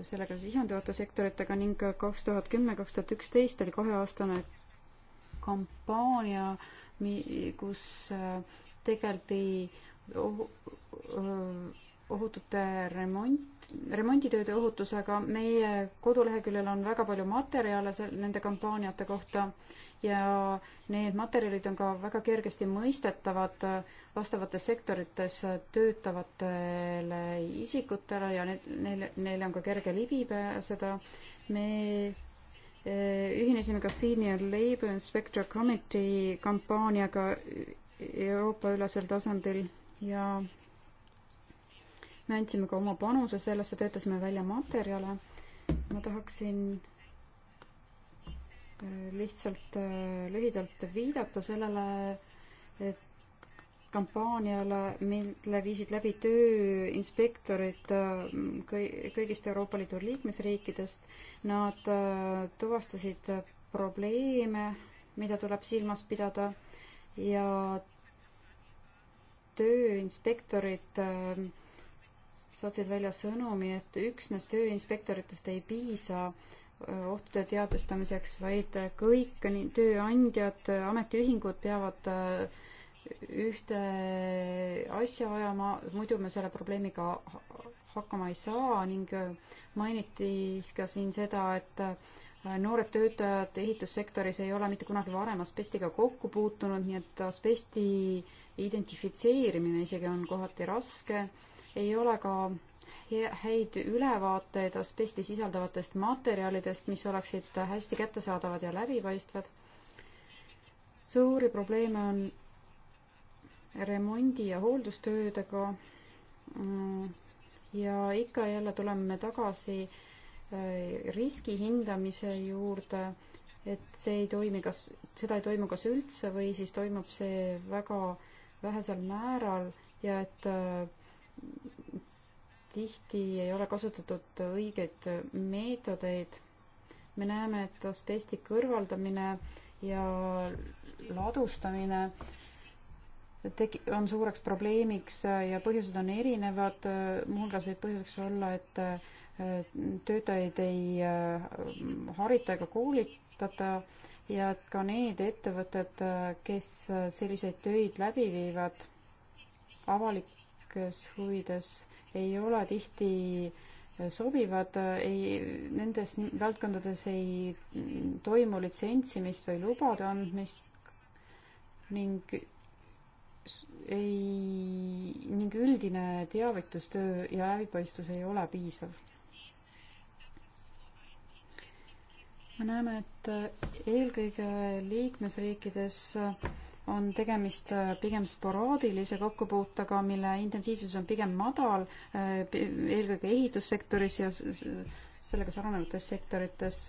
sellega sisenduvate sektoritega ning kaks tuhat kümme, kaks tuhat üksteist oli kaheaastane kampaania, kus äh, tegeldi äh, ohutute remont, remonditööde ohutusega. meie koduleheküljel on väga palju materjale nende kampaaniate kohta ja need materjalid on ka väga kergesti mõistetavad vastavates sektorites töötavatele isikutele ja need, neil, neile on ka kerge ligi pääseda. me e, ühinesime ka Senior Labour Inspector Committee kampaaniaga Euroopa-ülesel tasandil ja me andsime ka oma panuse sellesse, töötasime välja materjale. ma tahaksin äh, lihtsalt äh, lühidalt viidata sellele kampaaniale, mille viisid läbi tööinspektorid äh, kõigist Euroopa Liidu liikmesriikidest. Nad tuvastasid probleeme, mida tuleb silmas pidada ja tööinspektorid ähm, saatsid välja sõnumi, et üksnes tööinspektoritest ei piisa äh, ohtude teadvustamiseks, vaid kõik nii tööandjad, ametiühingud peavad äh, ühte asja ajama, muidu me selle probleemiga hakkama ei saa ning äh, mainiti ka siin seda, et noored töötajad ehitussektoris ei ole mitte kunagi varem asbestiga kokku puutunud, nii et asbesti identifitseerimine isegi on kohati raske, ei ole ka häid ülevaateid asbesti sisaldavatest materjalidest, mis oleksid hästi kättesaadavad ja läbipaistvad. suuri probleeme on remondi- ja hooldustöödega. Mm, ja ikka ja jälle tuleme me tagasi äh, riski hindamise juurde, et see ei toimi, kas, seda ei toimu kas üldse või siis toimub see väga äh, vähesel määral ja et äh, tihti ei ole kasutatud õigeid meetodeid. me näeme, et asbesti kõrvaldamine ja ladustamine tegi-, on suureks probleemiks ja põhjused on erinevad, muuhulgas võib põhjuseks olla, et äh, töötajaid ei äh, harita ega koolitata ja et ka need ettevõtted, kes selliseid töid läbi viivad avalikes huvides, ei ole tihti sobivad, ei, nendes valdkondades ei toimu litsentsimist või lubade andmist ning ei, ning üldine teavitustöö ja läbipaistvus ei ole piisav me näeme, et eelkõige liikmesriikides on tegemist pigem sporaadilise kokkupuutega, mille intensiivsus on pigem madal, eelkõige ehitussektoris ja sellega sarnanevates sektorites.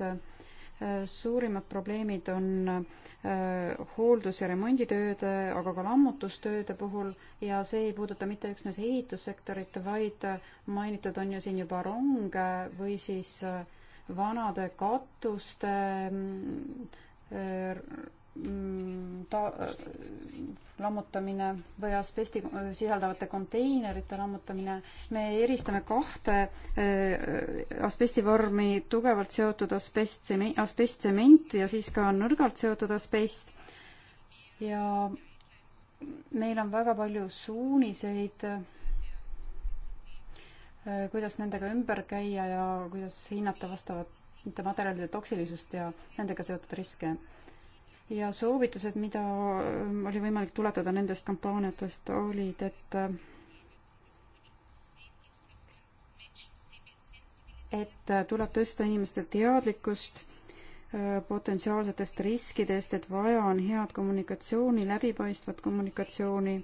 suurimad probleemid on äh, hooldus- ja remonditööde, aga ka lammutustööde puhul ja see ei puuduta mitte üksnes ehitussektorit, vaid mainitud on ju siin juba ronge või siis äh, vanade katuste mm, ta-, lammutamine või asbesti sisaldavate konteinerite lammutamine. me eristame kahte eh, asbestivormi, tugevalt seotud asbest, asbesttsement ja siis ka nõrgalt seotud asbest. ja meil on väga palju suuniseid Äh, kuidas nendega ümber käia ja kuidas hinnata vastavate materjalide toksilisust ja nendega seotud riske. ja soovitused, mida äh, oli võimalik tuletada nendest kampaaniatest, olid, et äh, et tuleb tõsta inimeste teadlikkust potentsiaalsetest riskidest, et vaja on head kommunikatsiooni, läbipaistvat kommunikatsiooni,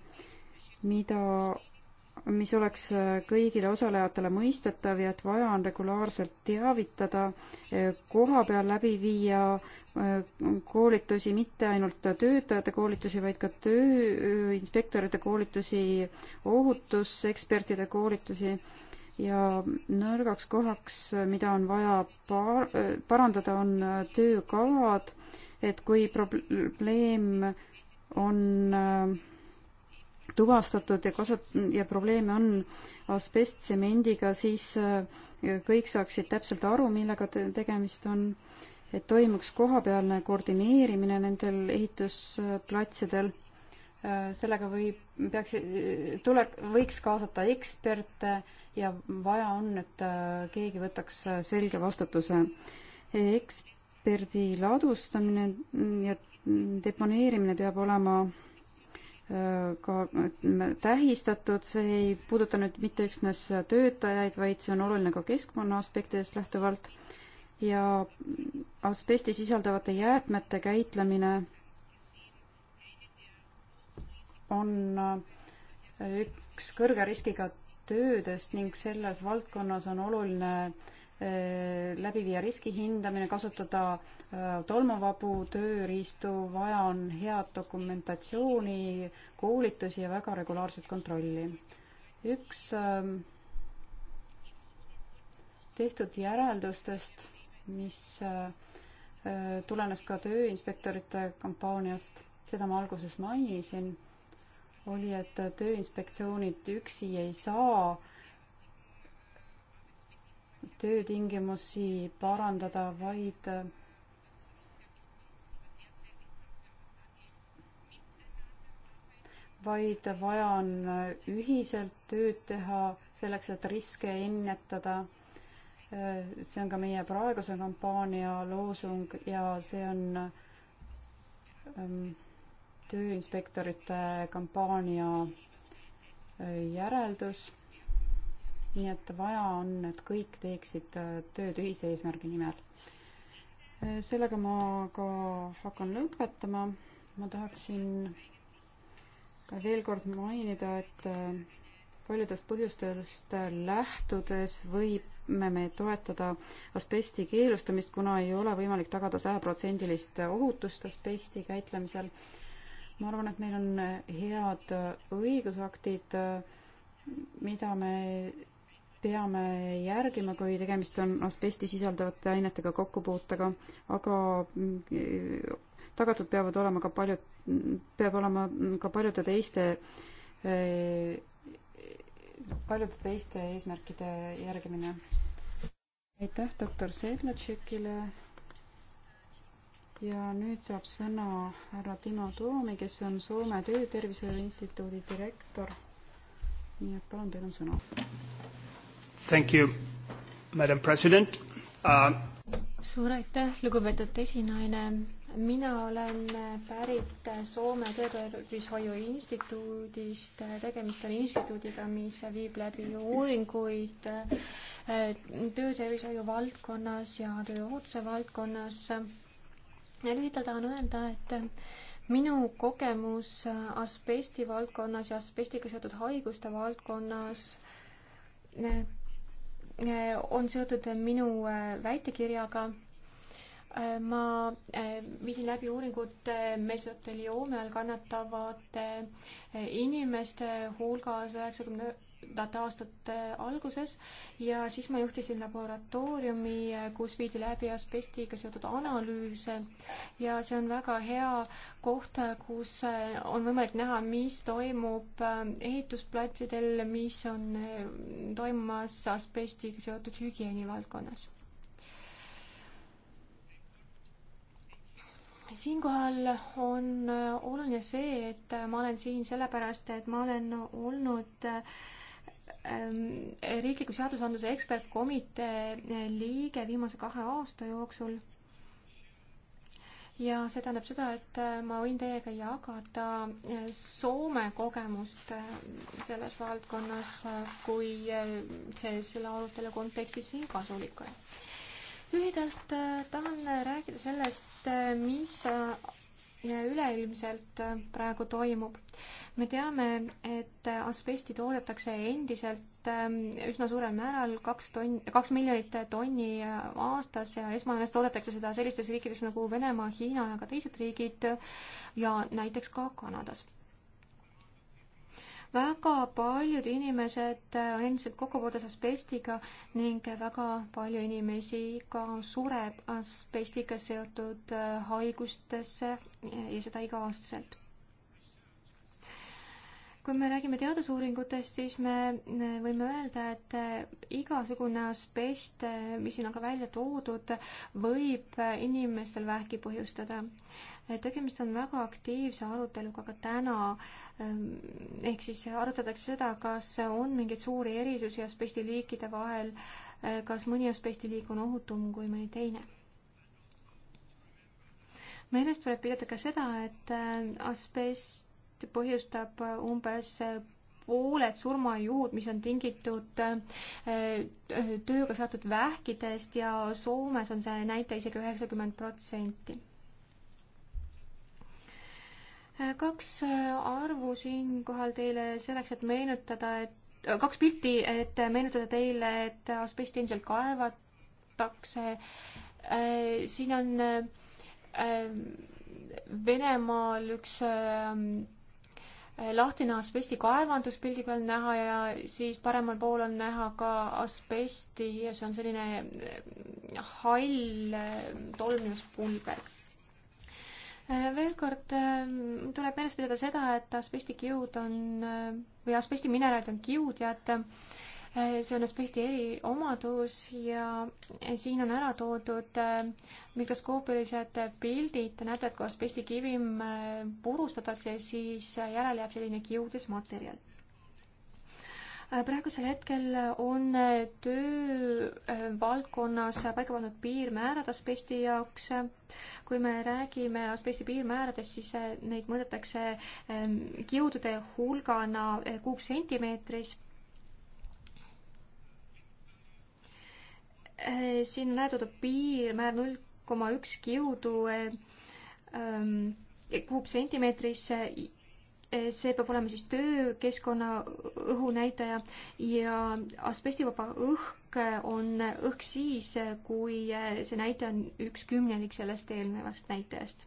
mida mis oleks äh, kõigile osalejatele mõistetav ja et vaja on regulaarselt teavitada, äh, koha peal läbi viia äh, koolitusi, mitte ainult töötajate koolitusi, vaid ka tööinspektorite koolitusi, ohutusekspertide koolitusi ja nõrgaks kohaks, mida on vaja par-, parandada, on töökavad, et kui probleem on äh, tuvastatud ja kasut- ja probleeme on asbestsemendiga, siis äh, kõik saaksid täpselt aru, millega te tegemist on, et toimuks kohapealne koordineerimine nendel ehitusplatsidel. Äh, sellega võib, peaks, äh, tule-, võiks kaasata eksperte ja vaja on, et keegi võtaks selge vastutuse. eksperdi ladustamine ja deponeerimine peab olema ka tähistatud, see ei puuduta nüüd mitte üksnes töötajaid, vaid see on oluline ka keskkonna aspektidest lähtuvalt ja asbesti sisaldavate jäätmete käitlemine on üks kõrge riskiga töödest ning selles valdkonnas on oluline Äh, läbi viia riskihindamine, kasutada äh, tolmuvabu tööriistu, vaja on head dokumentatsiooni, koolitusi ja väga regulaarset kontrolli. üks ähm, tehtud järeldustest, mis äh, tulenes ka tööinspektorite kampaaniast, seda ma alguses mainisin, oli, et tööinspektsioonid üksi ei saa äh, töötingimusi parandada, vaid vaid vaja on ühiselt tööd teha selleks, et riske ennetada. see on ka meie praeguse kampaania loosung ja see on ähm, tööinspektorite kampaania äh, järeldus nii et vaja on, et kõik teeksid äh, tööd ühise eesmärgi nimel. Äh, sellega ma ka hakkan lõpetama. ma tahaksin ka veel kord mainida, et äh, paljudest põhjustest lähtudes võime me toetada asbesti keelustamist, kuna ei ole võimalik tagada sajaprotsendilist ohutust asbesti käitlemisel. ma arvan, et meil on head õigusaktid, mida me peame järgima, kui tegemist on asbesti sisaldavate ainetega kokkupuutega, aga mm, tagatud peavad olema ka paljud, peab olema ka paljude teiste, eh, paljude teiste eesmärkide järgimine. aitäh doktor Sevnatšekile. ja nüüd saab sõna härra Timo Toomi, kes on Soome Töötervishoiu Instituudi direktor. nii et palun, teil on sõna Thank you, madam president uh.... suur aitäh, lugupeetud esinaine. mina olen pärit Soome Töötervishoiu Instituudist. tegemist on instituudiga, mis viib läbi uuringuid äh, töötervishoiu valdkonnas ja tööohutuse valdkonnas. lühidalt tahan öelda, et minu kogemus asbesti valdkonnas ja asbestiga seotud haiguste valdkonnas äh, Äh, on seotud minu äh, väitekirjaga. Äh, ma viisin läbi uuringut mesotelioomi all kannatavate inimeste hulgas üheksakümne üheksakümnendate aastate alguses ja siis ma juhtisin laboratooriumi, kus viidi läbi asbestiga seotud analüüse ja see on väga hea koht, kus on võimalik näha, mis toimub ähm, ehitusplatsidel, mis on äh, toimumas asbestiga seotud hügieeni valdkonnas siinkohal on äh, oluline see, et äh, ma olen siin sellepärast, et ma olen olnud äh, Ehm, riikliku seadusandluse ekspertkomitee eh, liige viimase kahe aasta jooksul. ja see tähendab seda, et eh, ma võin teiega jagada eh, Soome kogemust selles valdkonnas, kui see selle arutelu kontekstis siin kasulik on lühidalt tahan rääkida sellest, mis üleilmselt äh, praegu toimub. me teame, et asbesti toodetakse endiselt ähm, üsna suurel määral, kaks tonn, kaks miljonit tonni äh, aastas ja esmajoones toodetakse seda sellistes riikides nagu Venemaa, Hiina ja ka teised riigid ja näiteks ka Kanadas väga paljud inimesed on äh, endiselt kokkupuudes asbestiga ning väga palju inimesi ka sureb asbestiga seotud äh, haigustesse äh, ja seda iga-aastaselt kui me räägime teadusuuringutest, siis me võime öelda, et igasugune asbest, mis siin on ka välja toodud, võib inimestel vähki põhjustada tegemist on väga aktiivse aruteluga ka täna. Ehm, ehk siis arutatakse seda, kas on mingeid suuri erisusi asbestiliikide vahel, eh, kas mõni asbestiliik on ohutum kui mõni teine meeles tuleb pidada ka seda, et eh, asbest põhjustab umbes pooled surmajuhud, mis on tingitud eh, tööga seotud vähkidest ja Soomes on see näitaja isegi üheksakümmend protsenti. Äh, kaks äh, arvu siinkohal teile selleks, et meenutada, et äh, kaks pilti, et meenutada teile, et asbesti endiselt kaevatakse. siin on Venemaal üks lahtine asbesti kaevandus pildi peal näha ja siis paremal pool on näha ka asbesti ja see on selline hall tolmjuspulber Äh, veel kord äh, tuleb meeles pidada seda, et asbestikiud on äh, või asbestimineraalid on kiudjad. see on asbesti eriomadus ja siin on ära toodud mikroskoopilised pildid. Te näete, et kui asbestikivim purustatakse, siis järele jääb selline kiudes materjal Äh, praegusel hetkel on äh, töövaldkonnas äh, paika pandud piirmäärad asbesti jaoks. kui me räägime asbesti piirmääradest, siis neid mõõdetakse ähm, kiudude hulgana kuupsentimeetris siin on näidatud piirmäär null koma üks kiudu ähm, kuupsentimeetris see peab olema siis töökeskkonna õhunäitaja ja asbestivaba õhk on õhk siis, kui see näitaja on üks kümnelik sellest eelnevast näitajast.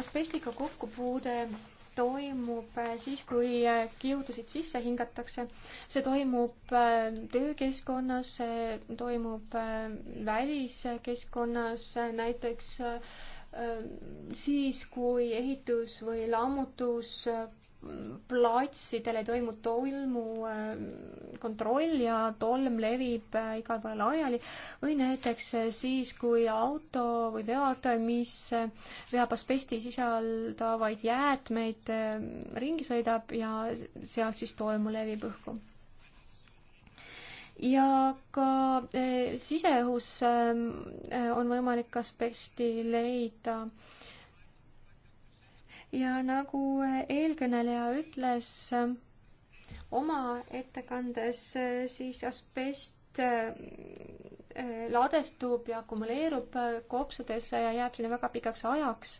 asbestiga kokkupuude toimub siis, kui kiudusid sisse hingatakse. see toimub äh, töökeskkonnas, toimub äh, väliskeskkonnas, näiteks äh, siis, kui ehitus või lammutus platsidel ei toimu tolmu kontroll ja tolm levib igal pool laiali või näiteks siis, kui auto või veoauto, mis veab asbesti sisaldavaid jäätmeid, ringi sõidab ja sealt siis tolmu levib õhku ja ka eh, siseõhus ehm, eh, on võimalik asbesti leida. ja nagu eh, eelkõneleja ütles oma ettekandes, siis asbest ladestub ja akumuleerub kopsudesse ja jääb sinna väga pikaks ajaks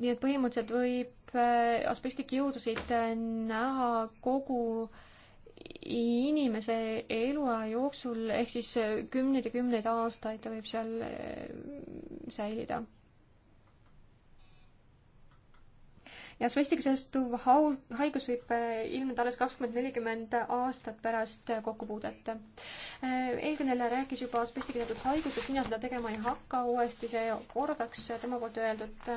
nii et põhimõtteliselt võib äh, asbesti kiudusid äh, näha kogu inimese eluaja jooksul ehk siis äh, kümneid ja kümneid aastaid ta võib seal säilida. ja asbestiga seostuv haigus võib ilmneda alles kakskümmend, nelikümmend aastat pärast kokkupuudet. eelkõneleja rääkis juba asbestiga seotud haigusest, mina seda tegema ei hakka uuesti, see kordaks tema poolt öeldut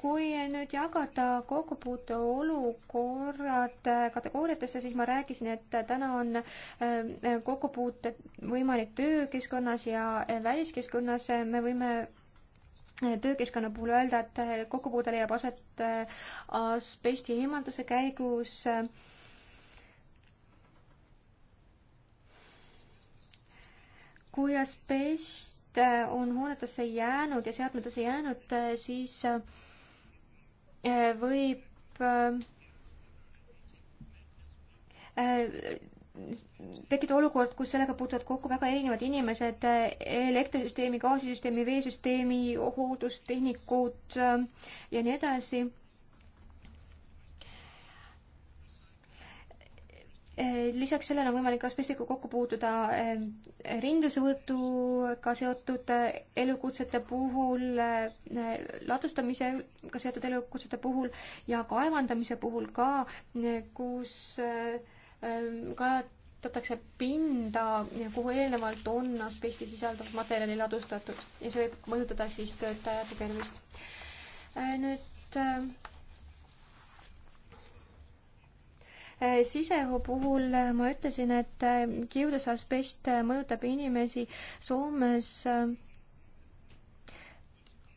kui nüüd jagada kokkupuuteolukorrad äh, kategooriatesse, siis ma rääkisin, et täna on äh, kokkupuuted võimalik töökeskkonnas ja äh, väliskeskkonnas, me võime töökeskkonna puhul öelda, et kokkupuude leiab aset asbesti eemalduse käigus. kui asbest Äh, on hoonetesse jäänud ja seadmetesse jäänud, äh, siis äh, võib tekkida olukord, kus sellega puutuvad kokku väga erinevad inimesed, elektrisüsteemi, gaasisüsteemi, veesüsteemi, hooldustehnikud ja nii edasi Eh, lisaks sellele on võimalik asbestiga kokku puutuda eh, ringlussevõtuga seotud eh, elukutsete puhul, ladustamisega seotud elukutsete puhul ja kaevandamise puhul ka, kus kajatatakse pinda, kuhu eelnevalt on asbesti sisaldav materjali ladustatud ja see võib mõjutada siis töötajate tervist. nüüd Eh, siseõhu puhul eh, ma ütlesin, et kiudes eh, asbest mõjutab inimesi Soomes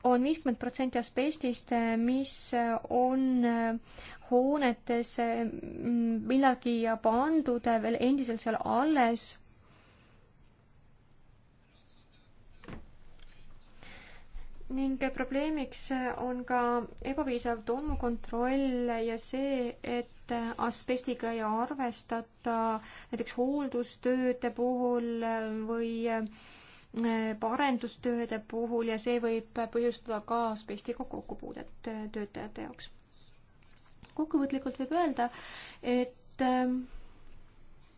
on viiskümmend protsenti asbestist, mis on hoonetes mm, millalgi pandud veel endiselt seal alles. ning probleemiks on ka ebapiisav tolmukontroll ja see, et asbestiga ja arvestata näiteks hooldustööde puhul või äh, parendustööde puhul ja see võib põhjustada ka asbestiga kokkupuudet äh, töötajate jaoks. kokkuvõtlikult võib öelda, et äh,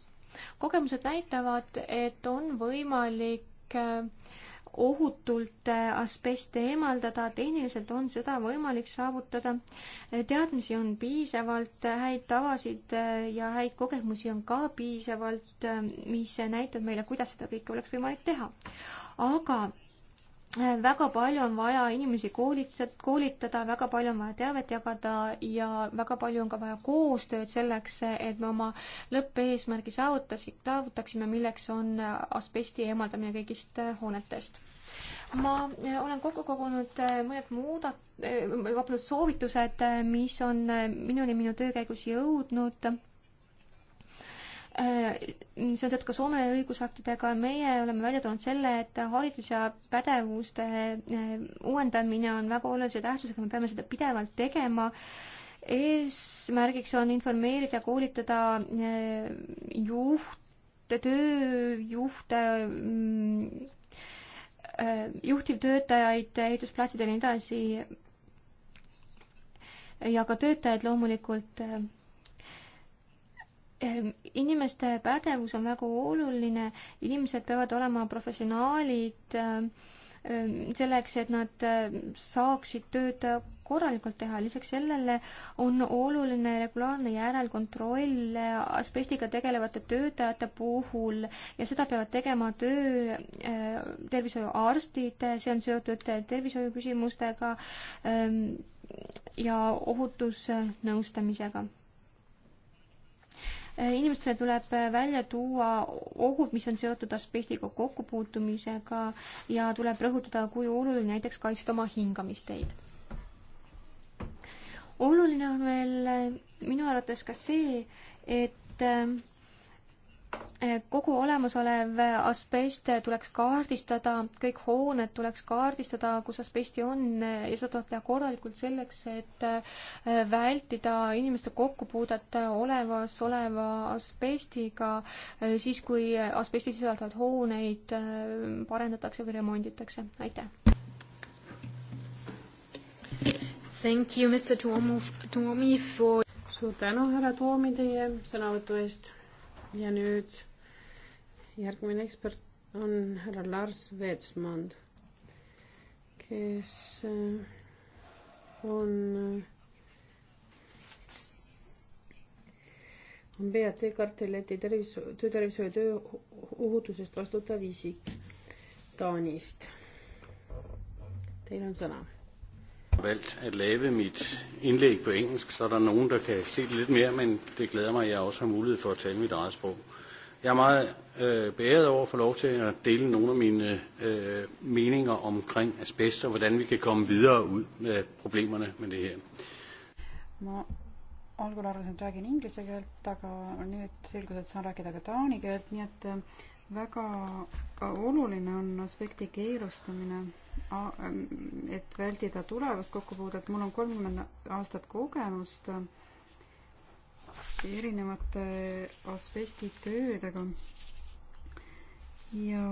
kogemused näitavad, et on võimalik ohutult äh, asbeste eemaldada, tehniliselt on seda võimalik saavutada. teadmisi on piisavalt, häid tavasid äh, ja häid kogemusi on ka piisavalt, äh, mis näitab meile, kuidas seda kõike oleks võimalik teha. aga väga palju on vaja inimesi koolitada, koolitada, väga palju on vaja teavet jagada ja väga palju on ka vaja koostööd selleks, et me oma lõppeesmärgi saavutasi, saavutaksime, milleks on asbesti eemaldamine kõigist hoonetest. ma olen kokku kogunud äh, mõned muudat-, äh, vabandust, soovitused, äh, mis on minuni minu töö käigus jõudnud see äh, on seotud ka Soome õigusaktidega, meie oleme välja toonud selle, et haridus ja pädevuste äh, uuendamine on väga olulise tähtsusega, me peame seda pidevalt tegema eesmärgiks on informeerida ja koolitada äh, juhte, tööjuhte, mm, juhtivtöötajaid ehitusplatsidel ja nii edasi. ja ka töötajaid loomulikult Ehm, inimeste pädevus on väga oluline, inimesed peavad olema professionaalid ehm, ehm, selleks, et nad saaksid tööd korralikult teha, lisaks sellele on oluline regulaarne järelkontroll asbestiga tegelevate töötajate puhul ja seda peavad tegema töö tervishoiuarstid, see on seotud tervishoiuküsimustega ja ohutusnõustamisega Äh, inimestele tuleb äh, välja tuua ohud, mis on seotud asbestiga kokkupuutumisega ja tuleb rõhutada, kui oluline näiteks kaitsta oma hingamisteid. oluline on veel äh, minu arvates ka see, et kogu olemasolev asbest tuleks kaardistada, kõik hooned tuleks kaardistada, kus asbesti on ja seda tuleb teha korralikult selleks, et äh, vältida inimeste kokkupuudet olemasoleva asbestiga äh, siis, kui asbesti sisaldavaid hooneid äh, parendatakse või remonditakse. aitäh! Thank you, Mr Tuomu, Tuomi for suur tänu, härra Toomi, teie sõnavõtu eest ja nüüd järgmine ekspert on härra Lars Vetsmand, kes äh, on, äh, on BAT kartelleti tervise, töötervishoiu ja tööohutusest vastutav isik Taanist. Teil on sõna. valgt at lave mit indlæg på engelsk, så er der nogen, der kan se det lidt mere, men det glæder mig, at jeg også har mulighed for at tale mit eget sprog. Jeg er meget øh, beæret over at få lov til at dele nogle af mine øh, meninger omkring asbest og hvordan vi kan komme videre ud med problemerne med det her. Ma algul arvasin, et räägin inglise keelt, aga nüüd selgus, et saan rääkida ka taani keelt, nii et äh, väga oluline on aspekti keelustamine, ähm, et vältida tulevast kokkupuudet. mul on kolmkümmend aastat kogemust äh, erinevate asbestitöödega ja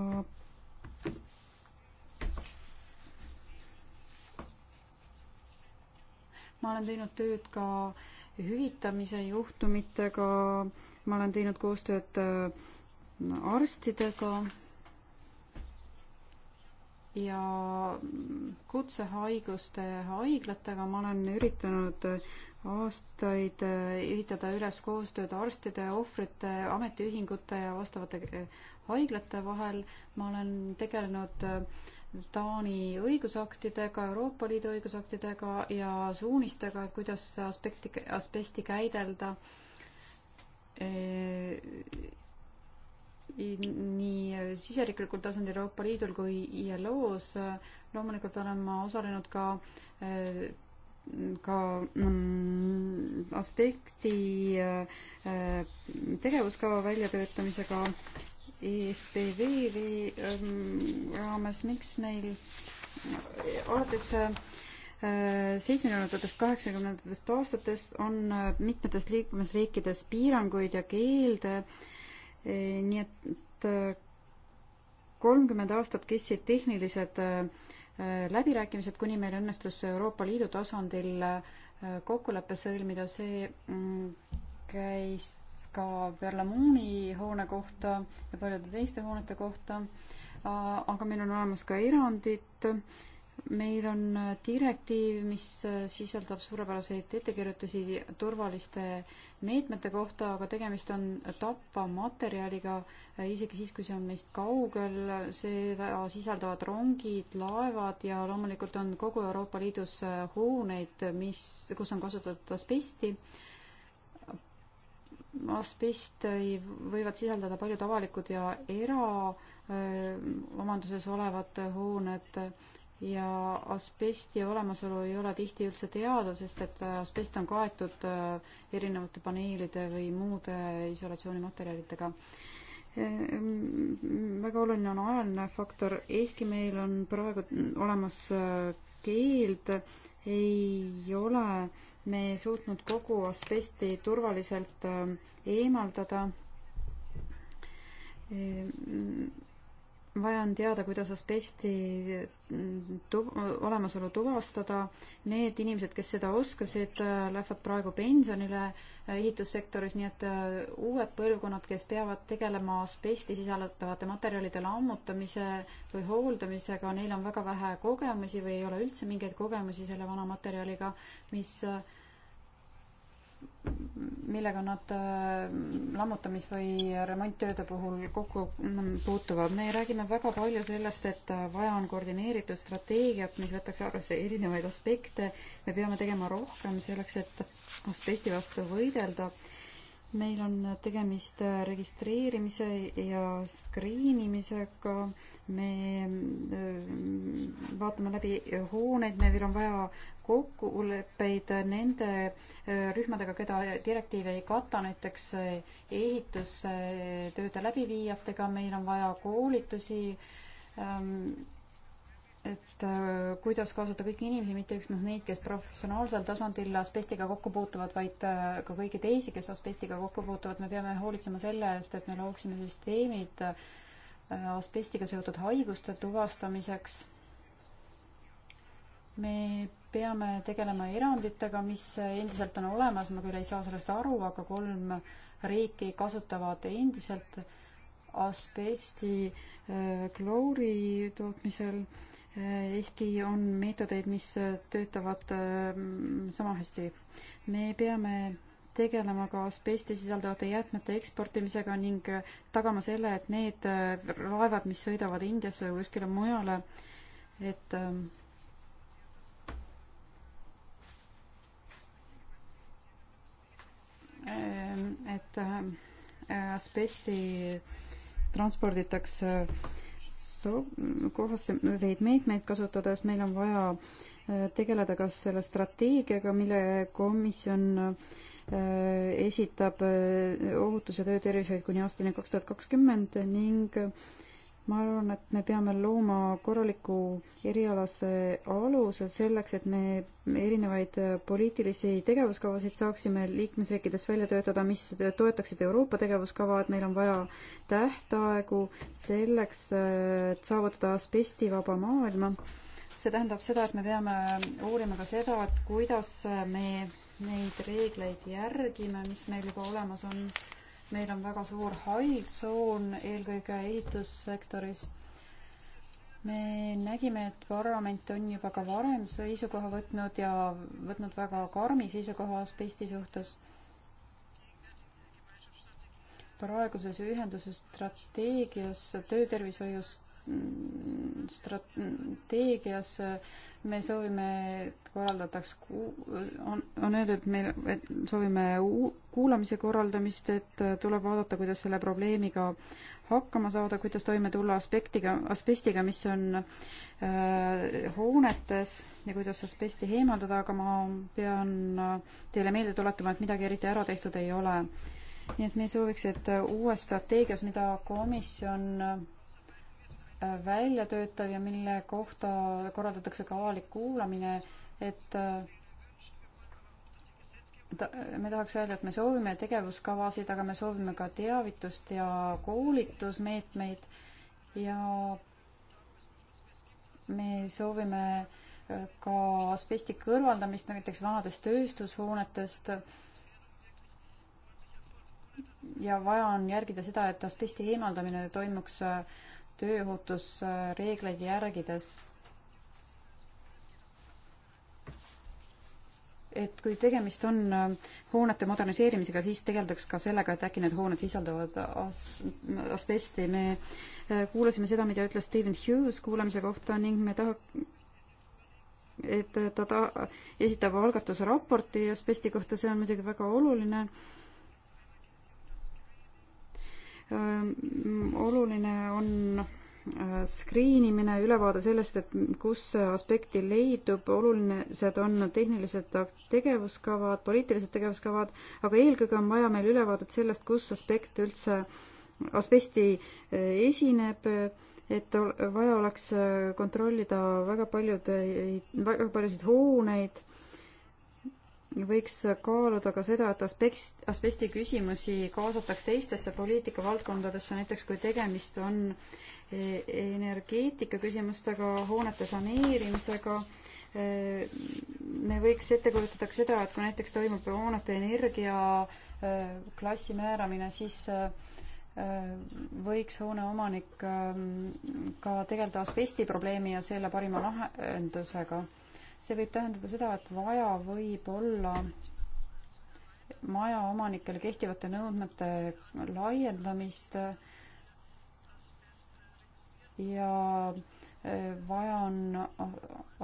ma olen teinud tööd ka hüvitamise juhtumitega, ma olen teinud koostööd äh, arstidega ja kutsehaiguste haiglatega, ma olen üritanud äh, aastaid äh, ehitada üles koostööd arstide, ohvrite, ametiühingute ja vastavate äh, haiglate vahel. ma olen tegelenud äh, Taani õigusaktidega, Euroopa Liidu õigusaktidega ja suunistega, et kuidas aspekti, asbesti käidelda nii siseriiklikul tasandil Euroopa Liidul kui ILO-s. loomulikult olen ma osalenud ka ka mm, aspekti äh, äh, tegevuskava väljatöötamisega EFPV ähm, raames, miks meil alates äh, seitsmekümnendatest, kaheksakümnendatest aastatest on mitmetes liikmesriikides piiranguid ja keelde, nii et kolmkümmend aastat kestsid tehnilised äh, läbirääkimised, kuni meil õnnestus Euroopa Liidu tasandil äh, kokkulepe sõlmida, see mm, käis ka Berlamuuni hoone kohta ja paljude teiste hoonete kohta, äh, aga meil on olemas ka erandid, meil on äh, direktiiv, mis sisaldab suurepäraseid ettekirjutusi turvaliste äh, meetmete kohta, aga tegemist on tapva materjaliga, äh, isegi siis, kui see on meist kaugel, seda sisaldavad rongid, laevad ja loomulikult on kogu Euroopa Liidus äh, hooneid, mis, kus on kasutatud asbesti. asbesti võivad sisaldada paljud avalikud ja eraomanduses äh, olevad hooned, ja asbesti olemasolu ei ole tihti üldse teada, sest et äh, asbest on kaetud äh, erinevate paneelide või muude isolatsioonimaterjalidega. Äh, mm, väga oluline on ajaline faktor, ehkki meil on praegu olemas keeld, ei ole me suutnud kogu asbesti turvaliselt eemaldada mm, vaja on teada, kuidas asbesti tu-, olemasolu tuvastada. Need inimesed, kes seda oskasid, äh, lähevad praegu pensionile äh, ehitussektoris, nii et äh, uued põlvkonnad, kes peavad tegelema asbesti sisaldavate materjalide lammutamise või hooldamisega, neil on väga vähe kogemusi või ei ole üldse mingeid kogemusi selle vana materjaliga, mis äh, millega nad äh, lammutamis- või remonttööde puhul kokku mm, puutuvad. me räägime väga palju sellest, et äh, vaja on koordineeritud strateegiat, mis võtaks arvesse erinevaid aspekte. me peame tegema rohkem selleks, et asbesti vastu võidelda. meil on tegemist äh, registreerimise ja skriinimisega. me vaatame läbi hooneid, meil on vaja kokkuleppeid nende äh, rühmadega, keda direktiiv ei kata, näiteks äh, ehitustööde läbiviijatega, meil on vaja koolitusi, ähm, et äh, kuidas kaasata kõiki inimesi, mitte üksnes noh, neid, kes professionaalsel tasandil asbestiga kokku puutuvad, vaid ka kõiki teisi, kes asbestiga kokku puutuvad, me peame hoolitsema selle eest, et me looksime süsteemid asbestiga seotud haiguste tuvastamiseks me peame tegelema eranditega, mis endiselt on olemas, ma küll ei saa sellest aru, aga kolm riiki kasutavad endiselt asbesti äh, kloori tootmisel, äh, ehkki on meetodeid, mis töötavad äh, sama hästi. me peame tegelema ka asbesti sisaldavate jäätmete eksportimisega ning tagama selle, et need laevad, mis sõidavad Indiasse või kuskile mujale, et äh, Ähm, et äh, asbesti transporditakse so-, kohasteid meetmeid kasutades, meil on vaja äh, tegeleda ka selle strateegiaga, mille komisjon äh, esitab ohutus- ja töötervishoid kuni aastani kaks tuhat kakskümmend ning ma arvan, et me peame looma korraliku erialase aluse selleks, et me erinevaid poliitilisi tegevuskavasid saaksime liikmesriikides välja töötada, mis toetaksid Euroopa tegevuskava, et meil on vaja tähtaegu selleks, et saavutada asbestivaba maailma see tähendab seda, et me peame uurima ka seda, et kuidas me neid reegleid järgime, mis meil juba olemas on meil on väga suur haigtsoon, eelkõige ehitussektoris. me nägime, et parlament on juba ka varem seisukoha võtnud ja võtnud väga karmi seisukoha asbesti suhtes. praeguses ühenduse strateegias töötervishoius strateegias me soovime, et korraldataks, on, on öeldud, et me et soovime kuulamise korraldamist, et tuleb vaadata, kuidas selle probleemiga hakkama saada, kuidas toime tulla aspektiga, asbestiga, mis on äh, hoonetes ja kuidas asbesti eemaldada, aga ma pean äh, teile meelde tuletama, et midagi eriti ära tehtud ei ole. nii et me sooviks, et uues strateegias, mida komisjon äh, välja töötav ja mille kohta korraldatakse ka avalik kuulamine, et äh, ta, me tahaks öelda, et me soovime tegevuskavasid, aga me soovime ka teavitust ja koolitusmeetmeid ja me soovime äh, ka asbesti kõrvaldamist näiteks vanadest tööstushoonetest ja vaja on järgida seda, et asbesti eemaldamine toimuks äh, tööohutusreegleid järgides. et kui tegemist on äh, hoonete moderniseerimisega, siis tegeldaks ka sellega, et äkki need hooned sisaldavad as-, asbesti. me äh, kuulasime seda, mida ütles Steven Hughes kuulamise kohta ning me taha-, et äh, ta ta-, esitab algatuse raporti asbesti kohta, see on muidugi väga oluline Ehm, oluline on äh, skriinimine, ülevaade sellest, et kus aspekti leidub, olulised on tehnilised tegevuskavad, poliitilised tegevuskavad, aga eelkõige on vaja meil ülevaadet sellest, kus aspekt üldse, asbesti äh, esineb, et vaja oleks äh, kontrollida väga paljude, väga paljusid hooneid võiks kaaluda ka seda, et aspekt, aspekti küsimusi kaasataks teistesse poliitikavaldkondadesse, näiteks kui tegemist on e-, energeetika küsimustega, hoonete saneerimisega. E-, me võiks ette kujutada ka seda, et kui näiteks toimub hoonete energiaklassi e, määramine, siis võiks hoone omanik ka tegeleda asbesti probleemi ja selle parima lahendusega see võib tähendada seda, et vaja võib olla majaomanikele kehtivate nõudmete laiendamist ja e, vaja on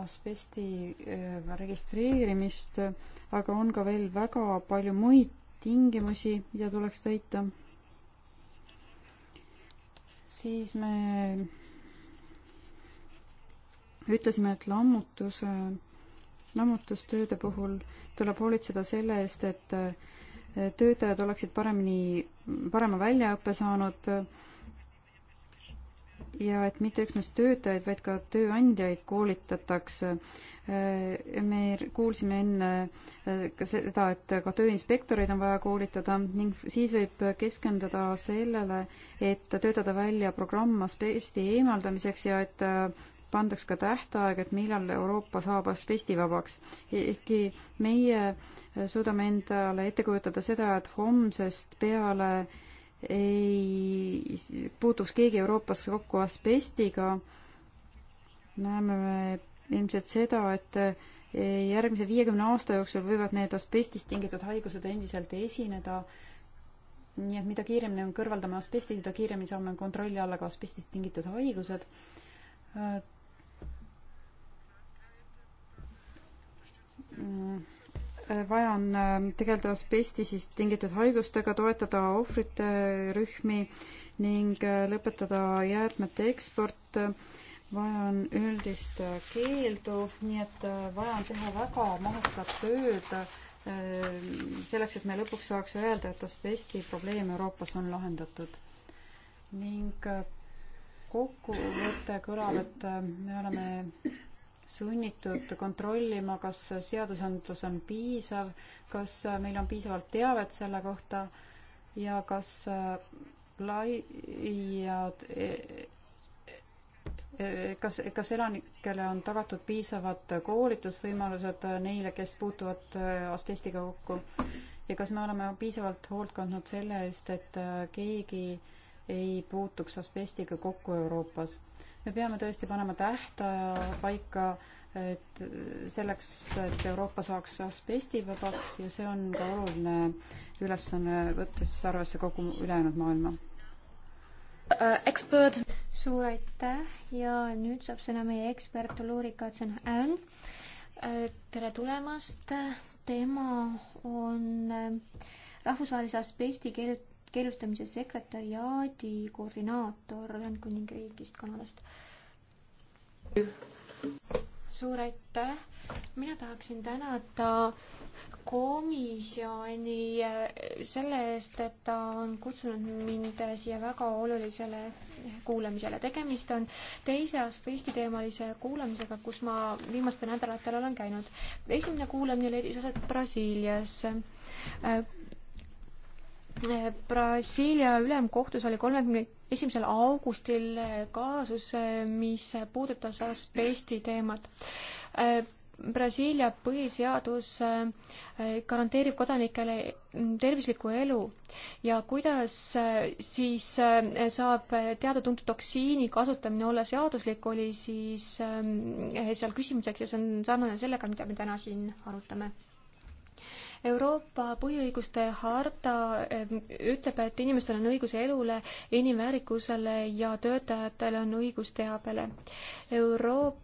asbesti e, registreerimist, aga on ka veel väga palju muid tingimusi, mida tuleks täita. siis me ütlesime, et lammutuse, lammutustööde puhul tuleb hoolitseda selle eest, et töötajad oleksid paremini, parema väljaõppe saanud ja et mitte üksnes töötajaid, vaid ka tööandjaid koolitatakse. me kuulsime enne äh, ka seda, et ka tööinspektoreid on vaja koolitada ning siis võib keskenduda sellele, et töötada välja programm asbesti eemaldamiseks ja et äh, pandaks ka tähtaeg, et millal Euroopa saab asbestivabaks. ehkki meie suudame endale ette kujutada seda, et homsest peale ei puutuks keegi Euroopas kokku asbestiga, näeme me ilmselt seda, et järgmise viiekümne aasta jooksul võivad need asbestist tingitud haigused endiselt esineda. nii et mida kiiremini me kõrvaldame asbesti, seda kiiremini saame kontrolli alla ka asbestist tingitud haigused. Mm. Äh, vaja on ähm, tegeleda asbestisist tingitud haigustega, toetada ohvrite rühmi ning äh, lõpetada jäätmete eksport. vaja on üldist äh, keeldu, nii et vaja on teha väga mahukat tööd selleks, et me lõpuks saaks öelda, et asbesti probleem Euroopas on lahendatud. ning kokkuvõte kõlab, et me oleme sunnitud kontrollima, kas seadusandlus on piisav, kas meil on piisavalt teavet selle kohta ja kas äh, laiad e, e, e, kas, kas elanikele on tagatud piisavad koolitusvõimalused neile, kes puutuvad äh, asbestiga kokku ja kas me oleme piisavalt hoolt kandnud selle eest, et äh, keegi ei puutuks asbestiga kokku Euroopas? me peame tõesti panema tähtaja paika, et selleks, et Euroopa saaks asbestivabaks ja see on ka oluline ülesanne, võttes arvesse kogu ülejäänud maailma. Äh, ekspert. suur aitäh ja nüüd saab sõna meie ekspert Ulrika Tsenhärn. Äh, tere tulemast, tema on äh, rahvusvahelise asbesti keelt keelustamise sekretäriaadi koordinaator Ühendkuningriigist, Kanadast. suur aitäh, mina tahaksin tänada komisjoni eh, selle eest, et ta on kutsunud mind siia väga olulisele kuulamisele. tegemist on teise asbestiteemalise kuulamisega, kus ma viimastel nädalatel olen käinud. esimene kuulamine leidis aset Brasiilias. Eh, Brasiilia ülemkohtus oli kolmekümne esimesel augustil kaasus, mis puudutas asbesti teemat. Brasiilia põhiseadus äh, garanteerib kodanikele tervislikku elu ja kuidas äh, siis äh, saab teada-tuntud toksiini kasutamine olla seaduslik, oli siis ähm, seal küsimuseks ja see on sarnane sellega, mida me täna siin arutame Euroopa põhiõiguste harta ehm, ütleb, et inimestel on õigus elule, inimväärikusele ja töötajatel on õigus teabele. Euroopa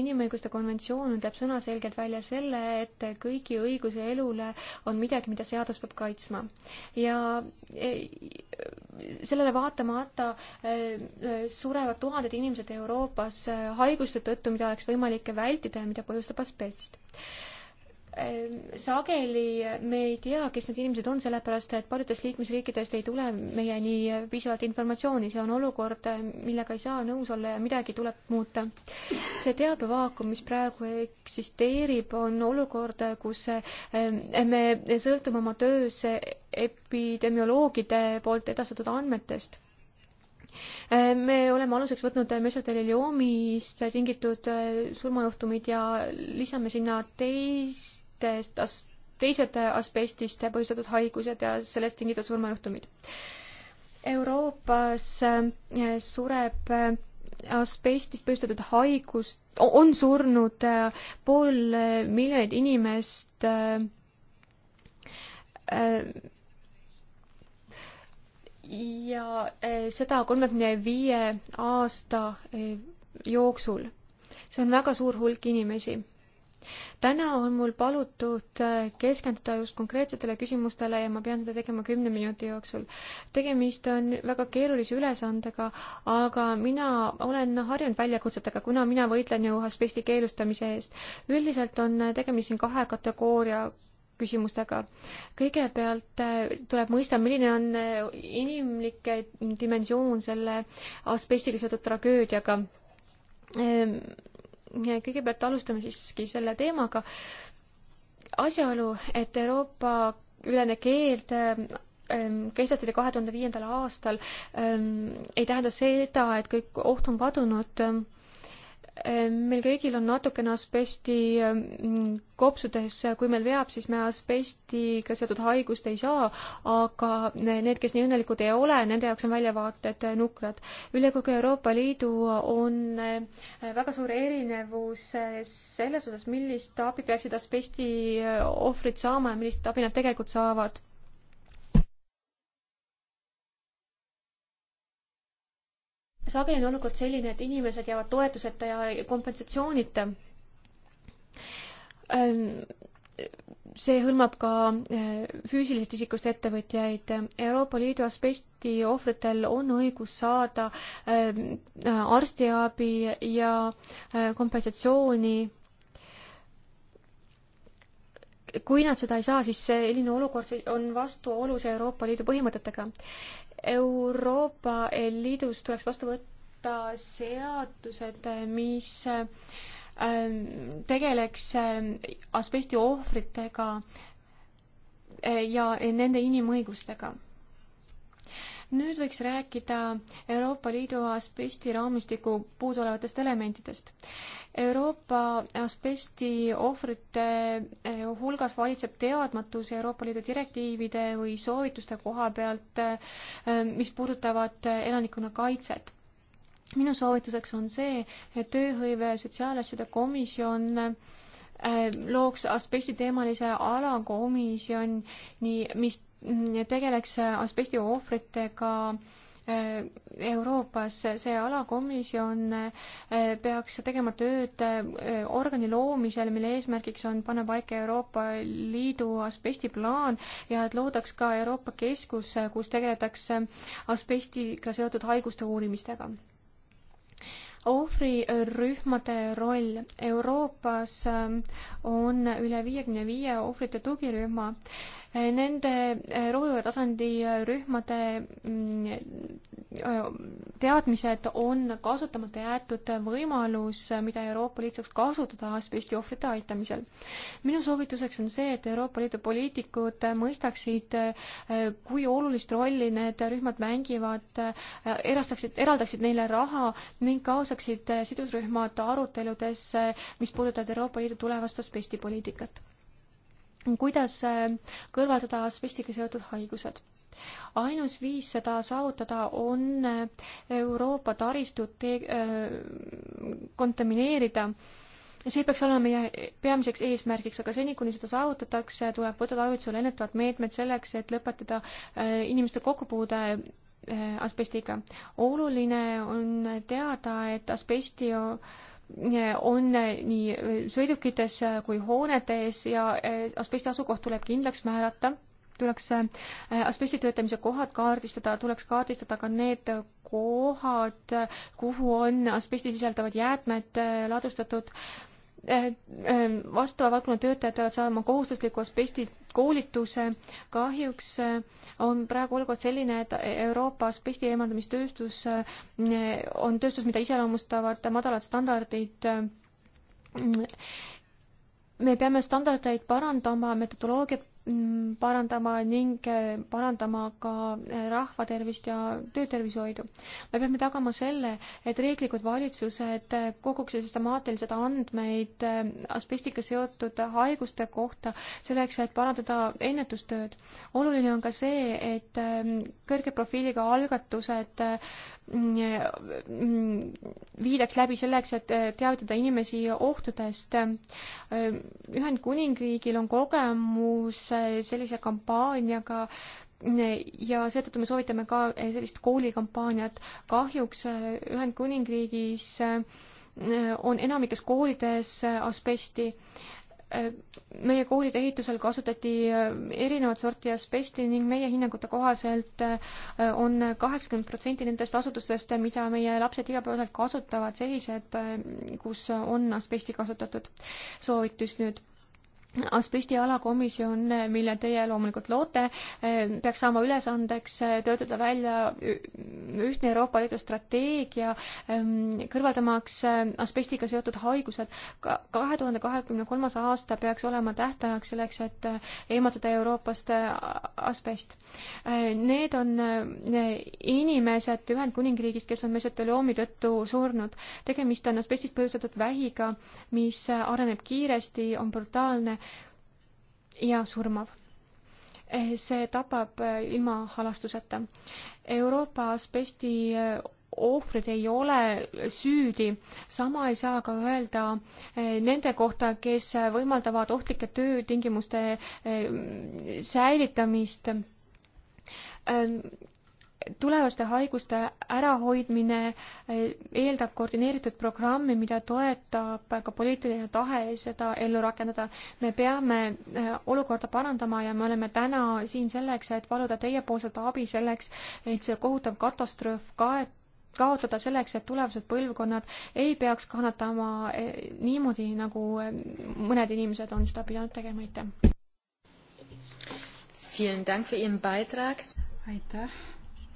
Inimõiguste Konventsioon ütleb sõnaselgelt välja selle, et kõigi õiguse elule on midagi, mida seadus peab kaitsma. ja e, sellele vaatamata e, surevad tuhanded inimesed Euroopas e, haiguste tõttu, mida oleks võimalik vältida ja mida põhjustab asbest Ehm, sageli me ei tea, kes need inimesed on, sellepärast et paljudest liikmesriikidest ei tule meieni piisavalt informatsiooni, see on olukord, millega ei saa nõus olla ja midagi tuleb muuta. see teabevaakum, mis praegu eksisteerib, on olukord, kus ehm, me sõltume oma töös epidemioloogide poolt edastatud andmetest ehm, me oleme aluseks võtnud mesotelioomiist tingitud eh, surmajuhtumid ja lisame sinna teist teistest as-, teised asbestist põhjustatud haigused ja sellest tingitud surmajuhtumid. Euroopas äh, sureb äh, asbestist põhjustatud haigust, on surnud äh, pool miljonit inimest ja seda kolmekümne viie aasta jooksul. see on väga suur hulk inimesi täna on mul palutud äh, keskenduda just konkreetsetele küsimustele ja ma pean seda tegema kümne minuti jooksul. tegemist on väga keerulise ülesandega, aga mina olen noh, harjunud väljakutsetega, kuna mina võitlen ju asbesti keelustamise eest. üldiselt on äh, tegemist siin kahe kategooria küsimustega. kõigepealt äh, tuleb mõista, milline on inimlik dimensioon selle asbestiga seotud tragöödiaga ehm, kõigepealt alustame siiski selle teemaga. asjaolu, et Euroopa ülene keeld ähm, kehtestati kahe tuhande viiendal aastal, ähm, ei tähenda seda, et kõik oht on kadunud Ehm, meil kõigil on natukene asbesti ehm, kopsudes, kui meil veab, siis me asbestiga seotud haigust ei saa, aga need, kes nii õnnelikud ei ole, nende jaoks on väljavaated eh, nukrad. üle kogu Euroopa Liidu on eh, väga suur erinevus eh, selles osas, millist abi peaksid asbesti ohvrid saama ja millist abi nad tegelikult saavad sageli on olukord selline, et inimesed jäävad toetuseta ja kompensatsioonita. Ähm, see hõlmab ka äh, füüsilisest isikust ettevõtjaid. Euroopa Liidu asbesti ohvritel on õigus saada ähm, arstiabi ja äh, kompensatsiooni kui nad seda ei saa, siis selline olukord on vastuolus Euroopa Liidu põhimõtetega. Euroopa Liidus tuleks vastu võtta seadused, mis ähm, tegeleks ähm, asbesti ohvritega äh, ja nende inimõigustega nüüd võiks rääkida Euroopa Liidu asbesti raamistiku puuduolevatest elementidest. Euroopa asbesti ohvrite eh, hulgas valitseb teadmatus Euroopa Liidu direktiivide või soovituste koha pealt, eh, mis puudutavad eh, elanikkonna kaitset minu soovituseks on see, et tööhõive sotsiaalasjade komisjon looks asbestiteemalise alakomisjoni, mis tegeleks äh, asbesti ohvritega äh, Euroopas, see alakomisjon äh, peaks tegema tööd organi loomisel, mille eesmärgiks on panna paika Euroopa Liidu asbestiplaan ja et loodaks ka Euroopa keskus, kus tegeletakse asbestiga seotud haiguste uurimistega ohvrirühmade roll. Euroopas ähm, on üle viiekümne viie ohvrite tugirühma nende äh, rohujuure tasandi äh, rühmade mm, äh, teadmised on kasutamata jäetud võimalus, mida Euroopa Liit saaks kasutada asbesti ohvrite aitamisel. minu soovituseks on see, et Euroopa Liidu poliitikud mõistaksid, kui olulist rolli need rühmad mängivad, erastaksid, eraldaksid neile raha ning kaasaksid sidusrühmad aruteludesse, mis puudutavad Euroopa Liidu tulevast asbestipoliitikat kuidas äh, kõrvaldada asbestiga seotud haigused ainus viis seda saavutada on äh, Euroopa taristut äh, kontamineerida. see peaks olema meie peamiseks eesmärgiks, aga seni, kuni seda saavutatakse, tuleb võtta tarvitusele ennetavad meetmed selleks, et lõpetada inimeste kokkupuude asbestiga. oluline on teada, et asbesti on nii sõidukites kui hoonetes ja eh, asbesti asukoht tuleb kindlaks määrata, tuleks eh, asbesti töötamise kohad kaardistada, tuleks kaardistada ka need kohad, kuhu on asbesti sisaldavad jäätmed eh, ladustatud Eh, eh, vastava valdkonna töötajad peavad saama kohustusliku asbesti koolituse. kahjuks eh, on praegu olukord selline, et Euroopa asbesti eemaldamistööstus on tööstus, mida iseloomustavad madalad standardid. Mm, me peame standardeid parandama, metodoloogiat Mm, parandama ning eh, parandama ka eh, rahvatervist ja töötervishoidu. me peame tagama selle, et riiklikud valitsused eh, koguksid süstemaatiliselt andmeid asbestiga seotud haiguste kohta, selleks et parandada ennetustööd. oluline on ka see, et kõrge profiiliga algatused Mm, viidaks läbi selleks, et äh, teavitada inimesi ohtudest. Äh, Ühendkuningriigil on kogemus äh, sellise kampaaniaga ja seetõttu me soovitame ka sellist koolikampaaniat. kahjuks Ühendkuningriigis on enamikes koolides asbesti meie koolide ehitusel kasutati äh, erinevat sorti asbesti ning meie hinnangute kohaselt äh, on kaheksakümmend protsenti nendest asutustest, mida meie lapsed igapäevaselt kasutavad, sellised, äh, kus on asbesti kasutatud. soovitus nüüd Aspisti alakomisjon, mille teie loomulikult loote, eh, peaks saama ülesandeks eh, töötada välja ühtne Euroopa Liidu strateegia, ehm, kõrvaldamaks eh, asbestiga seotud haigused. kahe tuhande kahekümne kolmas aasta peaks olema tähtajaks selleks, et eemaldada Euroopast asbest. Need on inimesed Ühendkuningriigist, kes on mesoteloomi tõttu surnud. tegemist on asbestist põhjustatud vähiga, mis areneb kiiresti, on brutaalne ja surmav. Eh, see tapab eh, ilma halastuseta. Euroopa asbesti eh, ohvrid ei ole süüdi, sama ei saa ka öelda nende kohta, kes võimaldavad ohtlike töötingimuste säilitamist tulevaste haiguste ärahoidmine eh, eeldab koordineeritud programmi, mida toetab ka poliitiline tahe seda ellu rakendada. me peame eh, olukorda parandama ja me oleme täna siin selleks, et paluda teiepoolset abi selleks, et see kohutav katastroof kaet-, kaotada selleks, et tulevased põlvkonnad ei peaks kannatama eh, niimoodi, nagu mõned inimesed on seda pidanud tegema, aitäh! aitäh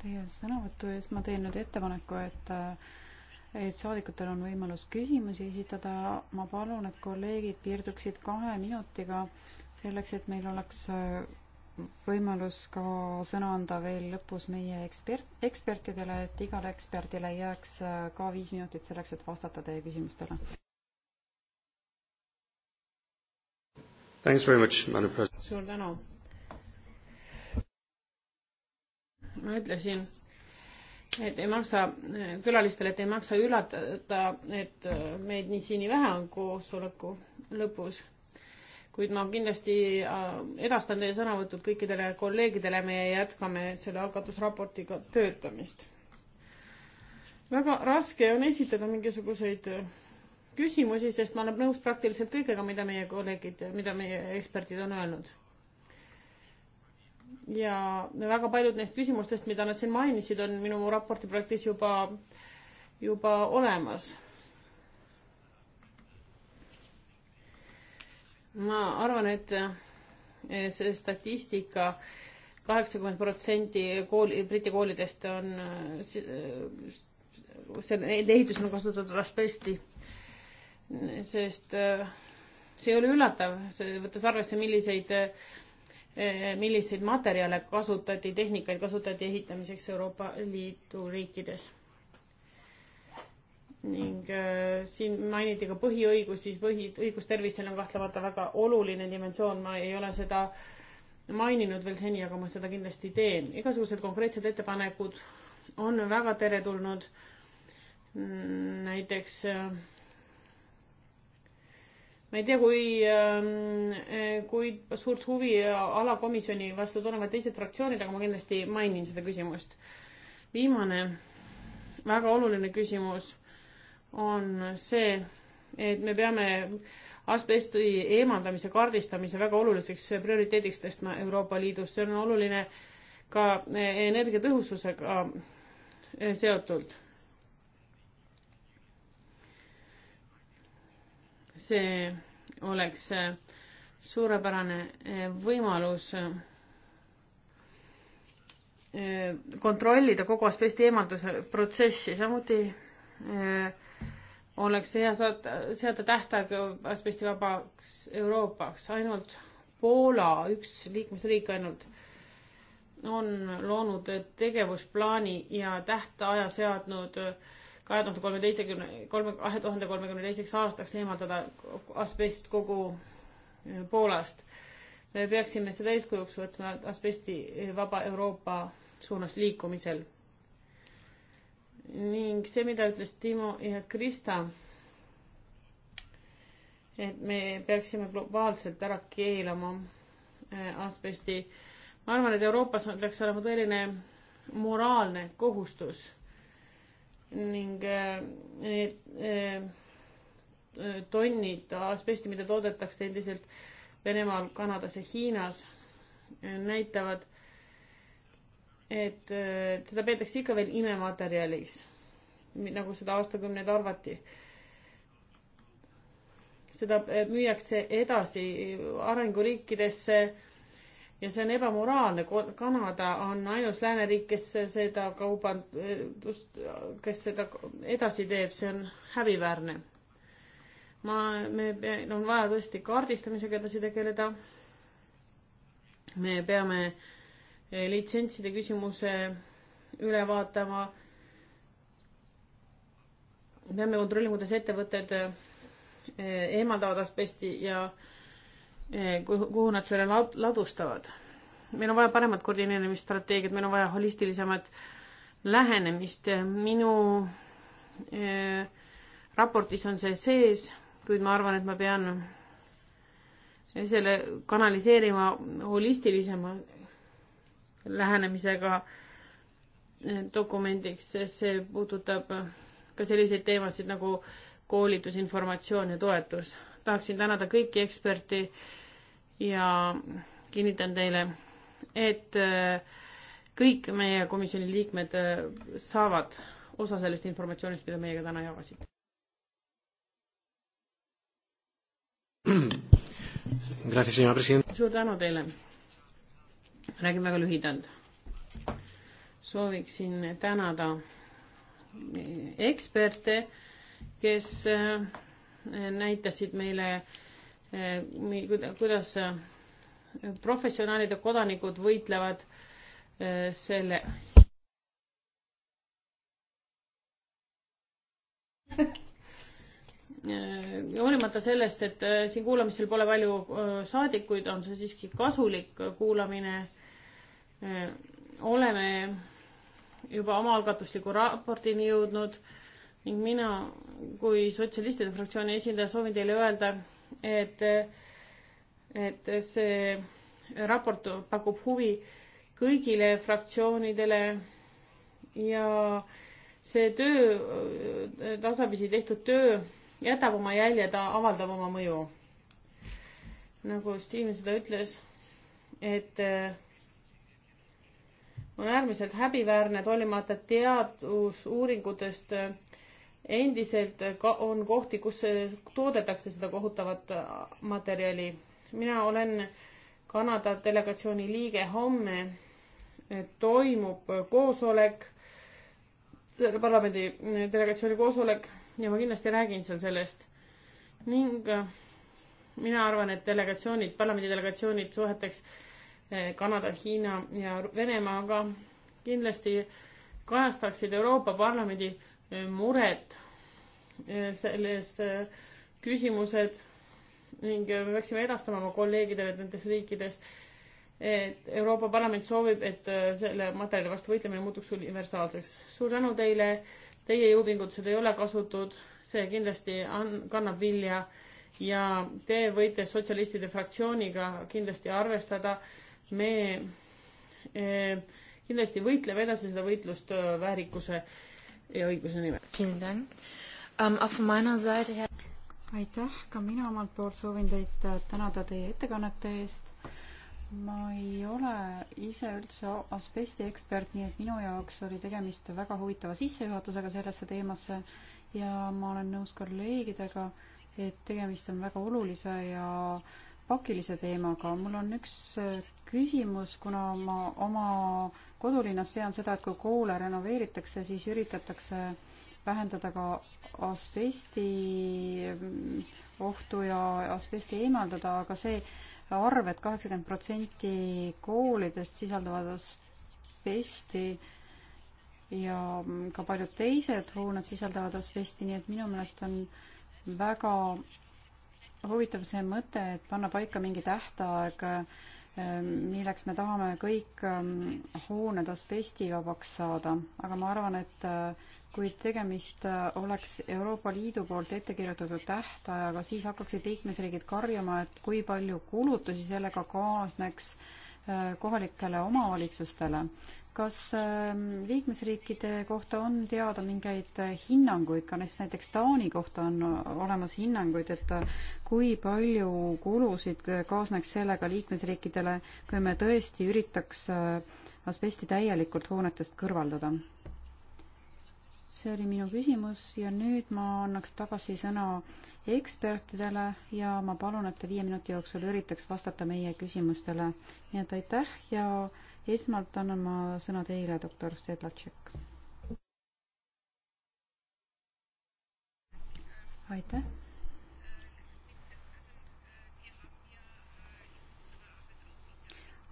teie sõnavõtu eest, ma teen nüüd ettepaneku, et äh, et saadikutel on võimalus küsimusi esitada, ma palun, et kolleegid piirduksid kahe minutiga, selleks et meil oleks äh, võimalus ka sõna anda veel lõpus meie ekspert, ekspertidele, et igale eksperdile jääks äh, ka viis minutit selleks, et vastata teie küsimustele. suur tänu ma ütlesin, et ei maksa külalistele, et ei maksa üllatada, et äh, meid nii siin nii vähe on koosoleku lõpus. kuid ma kindlasti äh, edastan teie sõnavõtud kõikidele kolleegidele, me jätkame selle algatusraportiga töötamist. väga raske on esitada mingisuguseid äh, küsimusi, sest ma olen nõus praktiliselt kõigega, mida meie kolleegid, mida meie eksperdid on öelnud ja väga paljud neist küsimustest, mida nad siin mainisid, on minu raporti projektis juba, juba olemas. ma arvan, et see statistika kaheksakümmend protsenti kooli, Briti koolidest on, selle ehitusel on kasutatud asbesti, sest see ei ole üllatav, võttes arvesse, milliseid Eh, milliseid materjale kasutati, tehnikaid kasutati ehitamiseks Euroopa Liidu riikides. ning äh, siin mainiti ka põhiõigusi, põhi, õigus tervisele on kahtlemata väga oluline dimensioon, ma ei ole seda maininud veel seni, aga ma seda kindlasti teen. igasugused konkreetsed ettepanekud on väga teretulnud. Mm, näiteks äh, ma ei tea, kui, ähm, äh, kui suurt huvi alakomisjoni vastu tunnevad teised fraktsioonid, aga ma kindlasti mainin seda küsimust. viimane väga oluline küsimus on see, et me peame asbesti eemaldamise kaardistamise väga oluliseks prioriteediks tõstma Euroopa Liidus, see on oluline ka energiatõhususega äh, seotult see oleks äh, suurepärane äh, võimalus äh, kontrollida kogu asbesti eemalduse protsessi, samuti oleks hea saata, seada tähtaeg asbestivabaks Euroopaks, ainult Poola, üks liikmesriik ainult, on loonud tegevusplaani ja tähtaja seadnud äh, kahe tuhande kolmeteistkümne, kolme, kahe tuhande kolmekümne teiseks aastaks eemaldada asbest kogu Poolast. me peaksime seda eeskujuks võtma asbesti vaba Euroopa suunas liikumisel. ning see, mida ütles Timo ja Krista, et me peaksime globaalselt ära keelama asbesti. ma arvan, et Euroopas peaks olema tõeline moraalne kohustus ning eh, need eh, tonnid asbesti, mida toodetakse endiselt Venemaal, Kanadas ja Hiinas, eh, näitavad, et seda peetakse ikka veel imematerjaliks, nagu seda aastakümneid arvati. seda müüakse edasi arenguriikidesse ja see on ebamoraalne, Kanada on ainus lääneriik, kes seda kaubandust, kes seda edasi teeb, see on häbiväärne. ma, me, on vaja tõesti kaardistamisega edasi tegeleda. me peame eh, litsentside küsimuse üle vaatama. peame kontrollima, kuidas ettevõtted eh, eemaldavad asbesti ja äh, Eh, kuhu nad selle ladustavad. meil on vaja paremat koordineerimisstrateegiat, meil on vaja holistilisemat lähenemist. minu eh, raportis on see sees, kuid ma arvan, et ma pean selle kanaliseerima holistilisema lähenemisega eh, dokumendiks, sest see puudutab ka selliseid teemasid nagu koolitus, informatsioon ja toetus tahaksin tänada kõiki eksperti ja kinnitan teile, et äh, kõik meie komisjoni liikmed äh, saavad osa sellest informatsioonist, mida meiega täna jagasite. suur tänu teile. räägin väga lühidalt. sooviksin tänada äh, eksperte, kes näitasid meile, eh, kuidas eh, professionaalid ja kodanikud võitlevad eh, selle hoolimata sellest, et siin kuulamisel pole palju saadikuid, on see siiski kasulik kuulamine. oleme juba omaalgatusliku raportini jõudnud ning mina kui sotsialistide fraktsiooni esindaja soovin teile öelda, et, et see raport pakub huvi kõigile fraktsioonidele ja see töö, tasapisi tehtud töö jätab oma jälje, ta avaldab oma mõju. nagu Steven seda ütles, et on äärmiselt häbiväärne, et hoolimata teadusuuringutest äh, endiselt on kohti, kus toodetakse seda kohutavat materjali. mina olen Kanada delegatsiooni liige, homme toimub koosolek, parlamendi delegatsiooni koosolek ja ma kindlasti räägin seal sellest. ning äh, mina arvan, et delegatsioonid, parlamendi delegatsioonid suheteks äh, Kanada, Hiina ja Venemaaga kindlasti kajastaksid Euroopa Parlamendi mured äh, selles äh, küsimused ning äh, me peaksime edastama oma kolleegidele nendes riikides, et Euroopa Parlament soovib, et selle materjali vastu võitlemine muutuks universaalseks. suur tänu teile, teie jõupingutused ei ole kasutud, see kindlasti on, kannab vilja ja te võite sotsialistide fraktsiooniga kindlasti arvestada. me eh, kindlasti võitleme edasi seda võitlust väärikuse ja õiguse nimel. Ähm, aitäh, ka mina omalt poolt soovin teid äh, tänada teie ettekannete eest. ma ei ole ise üldse asbesti ekspert, nii et minu jaoks oli tegemist väga huvitava sissejuhatusega sellesse teemasse ja ma olen nõus kolleegidega, et tegemist on väga olulise ja pakilise teemaga. mul on üks äh, küsimus, kuna ma oma kodulinnas tean seda, et kui koole renoveeritakse, siis üritatakse vähendada ka asbesti ohtu ja asbesti eemaldada, aga see arv, et kaheksakümmend protsenti koolidest sisaldavad asbesti ja ka paljud teised hooned sisaldavad asbesti, nii et minu meelest on väga huvitav see mõte, et panna paika mingi tähtaeg äh, Ehm, milleks me tahame kõik ehm, hooned asbestivabaks saada, aga ma arvan, et eh, kui tegemist eh, oleks Euroopa Liidu poolt ette kirjutatud tähtajaga, siis hakkaksid liikmesriigid karjuma, et kui palju kulutusi sellega kaasneks eh, kohalikele omavalitsustele kas ähm, liikmesriikide kohta on teada mingeid äh, hinnanguid, ka näiteks Taani kohta on äh, olemas hinnanguid, et äh, kui palju kulusid kaasneks sellega liikmesriikidele, kui me tõesti üritaks asbesti täielikult hoonetest kõrvaldada? see oli minu küsimus ja nüüd ma annaks tagasi sõna ekspertidele ja ma palun, et te viie minuti jooksul üritaks vastata meie küsimustele. nii et aitäh ja esmalt annan ma sõna teile, doktor Sedlatšek. aitäh.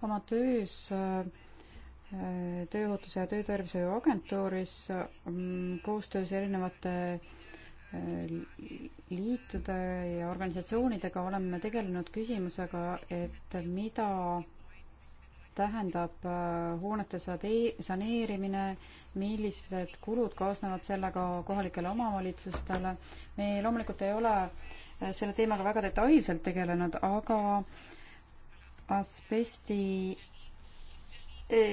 oma töös äh, Tööohutuse ja Töötervishoiu Agentuuris mm, koostöös erinevate äh, liitude ja organisatsioonidega oleme tegelenud küsimusega, et mida tähendab äh, hoonete saneerimine, millised kulud kaasnevad sellega kohalikele omavalitsustele. me loomulikult ei ole äh, selle teemaga väga detailselt tegelenud, aga asbesti e,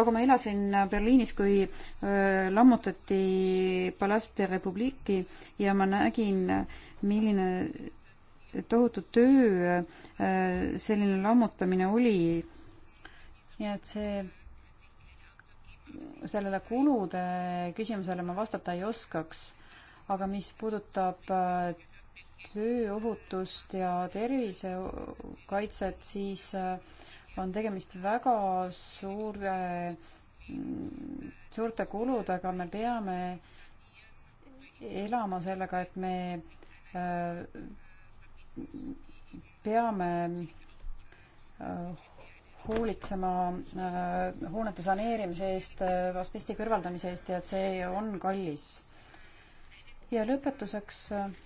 aga ma elasin Berliinis, kui äh, lammutati Palast Republiki ja ma nägin, milline tohutu töö selline lammutamine oli nii et see, sellele kulude küsimusele ma vastata ei oskaks, aga mis puudutab äh, tööohutust ja tervisekaitset, siis äh, on tegemist väga suure, suurte kuludega, me peame elama sellega, et me äh, peame hoolitsema äh, hoonete saneerimise eest, äh, asbesti kõrvaldamise eest ja et see on kallis. ja lõpetuseks äh,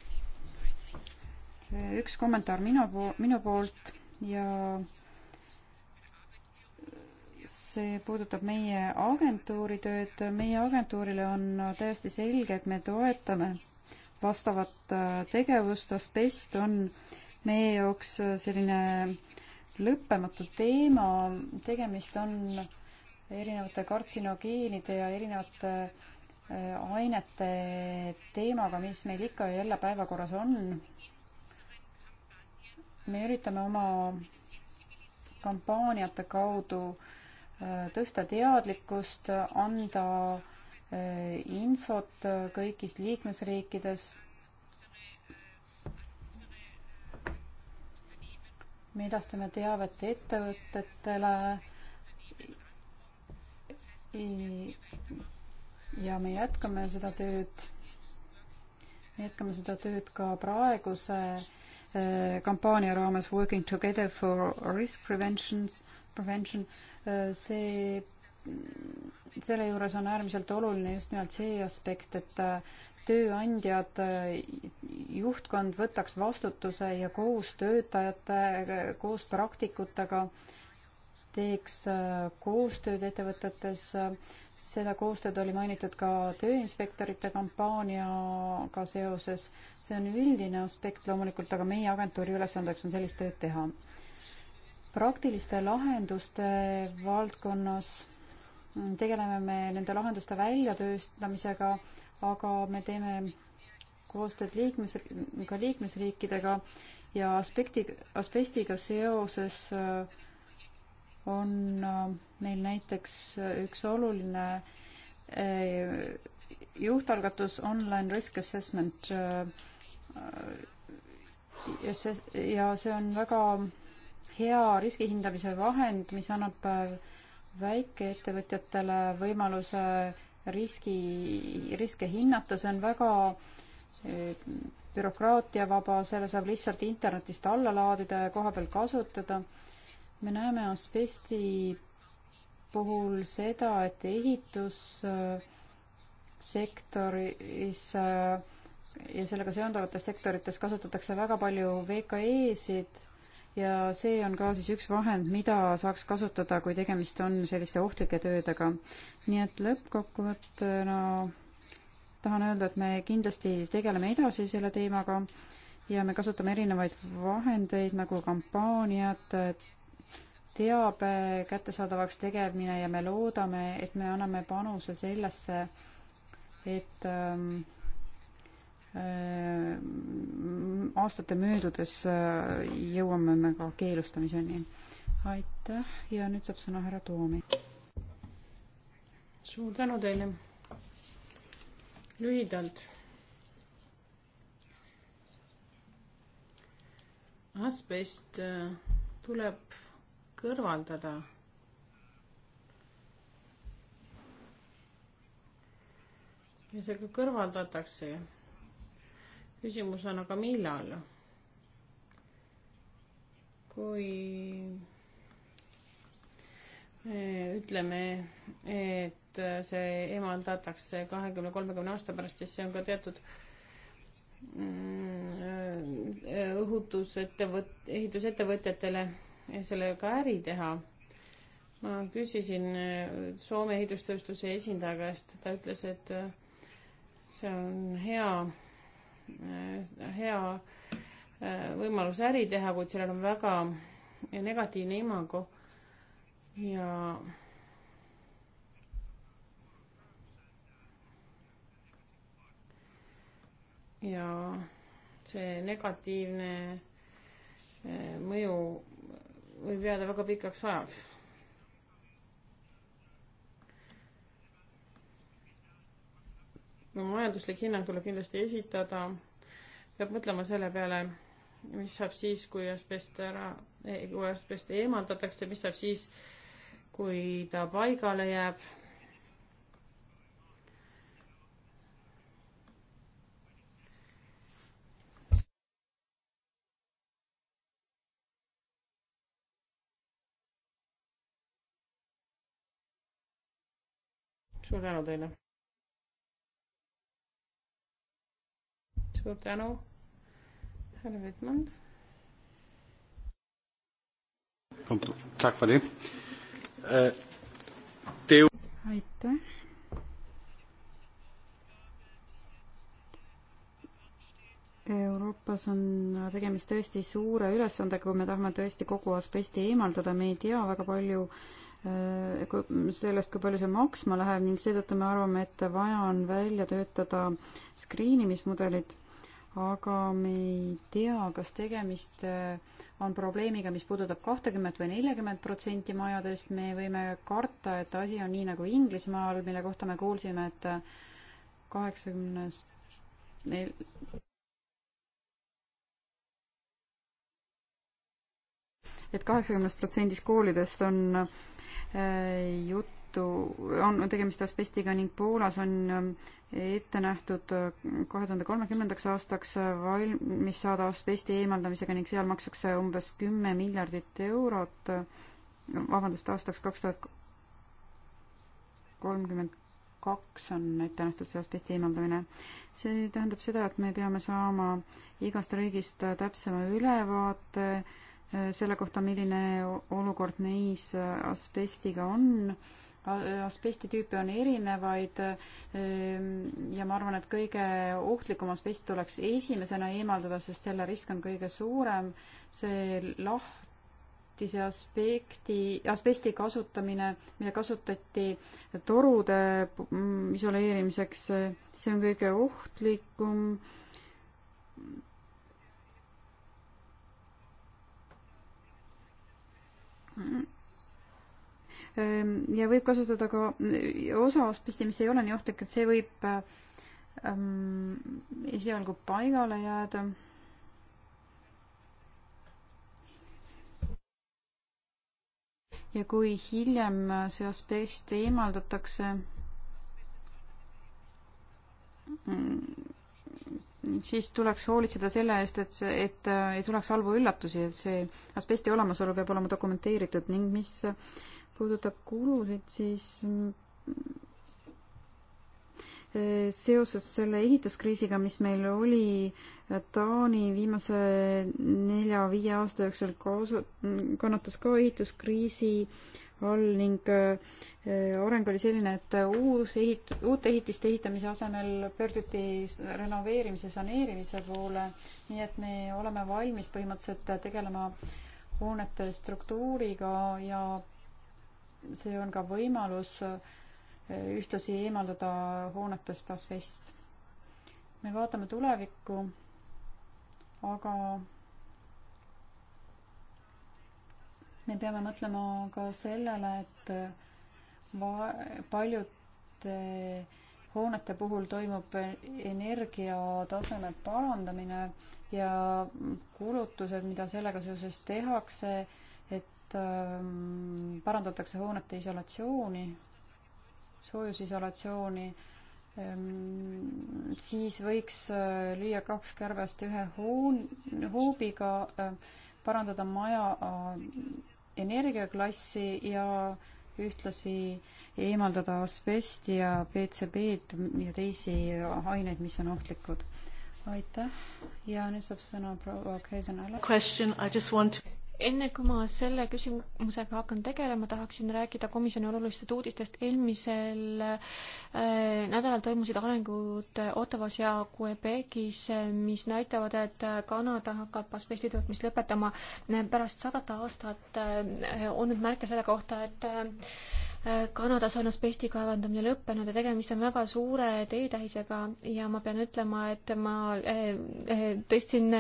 üks kommentaar minu po-, minu poolt ja see puudutab meie agentuuri tööd. meie agentuurile on täiesti selge, et me toetame vastavat tegevust. asbest on meie jaoks selline lõppematu teema, tegemist on erinevate kartsinogeenide ja erinevate äh, ainete teemaga, mis meil ikka ja jälle päevakorras on. me üritame oma kampaaniate kaudu äh, tõsta teadlikkust, anda äh, infot kõigis liikmesriikides me edastame teavet ettevõtetele. ja me jätkame seda tööd, jätkame seda tööd ka praeguse eh, kampaania raames Working Together for Risk Preventions, Prevention. Eh, see, selle juures on äärmiselt oluline just nimelt see aspekt, et eh, tööandjad, juhtkond võtaks vastutuse ja koos töötajate, koos praktikutega teeks äh, koostööd ettevõtetes. seda koostööd oli mainitud ka tööinspektorite kampaaniaga seoses. see on üldine aspekt loomulikult, aga meie agentuuri ülesandeks on sellist tööd teha. praktiliste lahenduste valdkonnas tegeleme me nende lahenduste väljatöötamisega, aga me teeme koostööd liikmes, ka liikmesriikidega ja aspekti, asbestiga seoses äh, on äh, meil näiteks äh, üks oluline juhtalgatus Online Risk Assessment ja see, ja see on väga hea riskihindamise vahend, mis annab väikeettevõtjatele võimaluse riski, riske hinnata, see on väga eh, bürokraatiavaba, selle saab lihtsalt internetist alla laadida ja koha peal kasutada. me näeme asbesti puhul seda, et ehitussektoris eh, ja sellega seonduvates sektorites kasutatakse väga palju VKE-sid ja see on ka siis üks vahend, mida saaks kasutada, kui tegemist on selliste ohtlike töödega. nii et lõppkokkuvõttena no, tahan öelda, et me kindlasti tegeleme edasi selle teemaga ja me kasutame erinevaid vahendeid nagu kampaaniad, teabe kättesaadavaks tegemine ja me loodame, et me anname panuse sellesse, et ähm, Äh, aastate möödudes äh, jõuame me ka keelustamiseni. aitäh ja nüüd saab sõna härra Toomi. suur tänu teile. lühidalt. asbest äh, tuleb kõrvaldada ja see ka kõrvaldatakse küsimus on aga millal? kui ütleme, et see eemaldatakse kahekümne, kolmekümne aasta pärast, siis see on ka teatud mm, õhutusettevõt-, ehitusettevõtjatele sellega äri teha. ma küsisin Soome ehitustööstuse esindaja käest, ta ütles, et see on hea Äh, hea äh, võimalus äri teha, kuid sellel on väga negatiivne imago ja ja see negatiivne äh, mõju võib jääda väga pikaks ajaks majanduslik hinnang tuleb kindlasti esitada, peab mõtlema selle peale, mis saab siis, kui asbest ära, kui asbest eemaldatakse, mis saab siis, kui ta paigale jääb. suur tänu teile! suur tänu, härra Vetmand. Eh, aitäh. Euroopas on tegemist tõesti suure ülesandega, kui me tahame tõesti kogu asbesti eemaldada, me ei tea väga palju eh, sellest, kui palju see maksma läheb ning seetõttu me arvame, et vaja on välja töötada skriinimismudelid aga me ei tea, kas tegemist äh, on probleemiga, mis puudutab kahtekümmet või nelikümmend protsenti majadest, me võime karta, et asi on nii nagu Inglismaal, mille kohta me kuulsime, et äh, kaheksakümnes neil et kaheksakümnes protsendis koolidest on äh, jutt Liitu, on tegemist asbestiga ning Poolas on ähm, ette nähtud äh, kahe tuhande kolmekümnendaks aastaks äh, valmis saada asbesti eemaldamisega ning seal makstakse äh, umbes kümme miljardit eurot, vabandust, aastaks kaks tuhat kolmkümmend kaks on ette nähtud see asbesti eemaldamine. see tähendab seda, et me peame saama igast riigist täpsema ülevaate selle kohta, milline olukord neis asbestiga on asbestitüüpe on erinevaid ehm, ja ma arvan, et kõige ohtlikum asbest tuleks esimesena eemaldada, sest selle risk on kõige suurem. see lahtise aspekti, asbesti kasutamine, mida kasutati torude mm, isoleerimiseks, see on kõige ohtlikum mm Ehm, ja võib kasutada ka mm, osa asbesti, mis ei ole nii ohtlik, et see võib ähm, esialgu paigale jääda. ja kui hiljem see asbest eemaldatakse, mm, siis tuleks hoolitseda selle eest, et see, et äh, ei tuleks halbu üllatusi, et see asbesti olemasolu peab olema dokumenteeritud ning mis äh, puudutab kulusid, siis mm, eh, seoses selle ehituskriisiga, mis meil oli Taani viimase nelja-viie aasta jooksul kaasa, mm, kannatas ka ehituskriisi all ning eh, eh, areng oli selline, et uus ehit-, uute ehitiste ehitamise asemel pöörduti renoveerimise, saneerimise poole, nii et me oleme valmis põhimõtteliselt tegelema hoonete struktuuriga ja see on ka võimalus eh, ühtlasi eemaldada hoonetest asbest. me vaatame tulevikku, aga me peame mõtlema ka sellele, et eh, va-, paljude hoonete puhul toimub energiataseme parandamine ja kulutused, mida sellega seoses tehakse, et ähm, parandatakse hoonete isolatsiooni, soojusisolatsiooni, ähm, siis võiks äh, lüüa kaks kärbest ühe hoon-, hoobiga, äh, parandada maja äh, energiaklassi ja ühtlasi eemaldada asbesti ja PCB-d ja teisi aineid, mis on ohtlikud. aitäh ja nüüd saab sõna proua Keisenale enne kui ma selle küsimusega hakkan tegelema, tahaksin rääkida komisjoni olulistest uudistest. eelmisel äh, nädalal toimusid arengud Ottawas ja Quebecis, mis näitavad, et Kanada hakkab asbesti tootmist lõpetama pärast sadat aastat äh,. on nüüd märke selle kohta, et äh, Äh, Kanadas on asbesti kaevandamine lõppenud ja tegemist on väga suure teetähisega ja ma pean ütlema, et ma äh, äh, tõstsin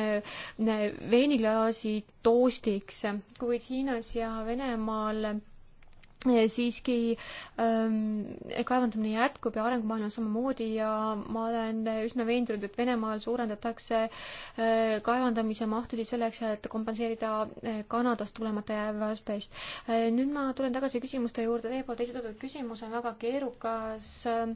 veiniklaasi toostiks, kuid Hiinas ja Venemaal siiski ähm, kaevandamine jätkub ja arengumaailmas samamoodi ja ma olen üsna veendunud, et Venemaal suurendatakse äh, kaevandamise mahtusid selleks, et kompenseerida äh, Kanadast tulemata jääv asbest äh,. nüüd ma tulen tagasi küsimuste juurde, teie poolt esitatud küsimus on väga keerukas äh,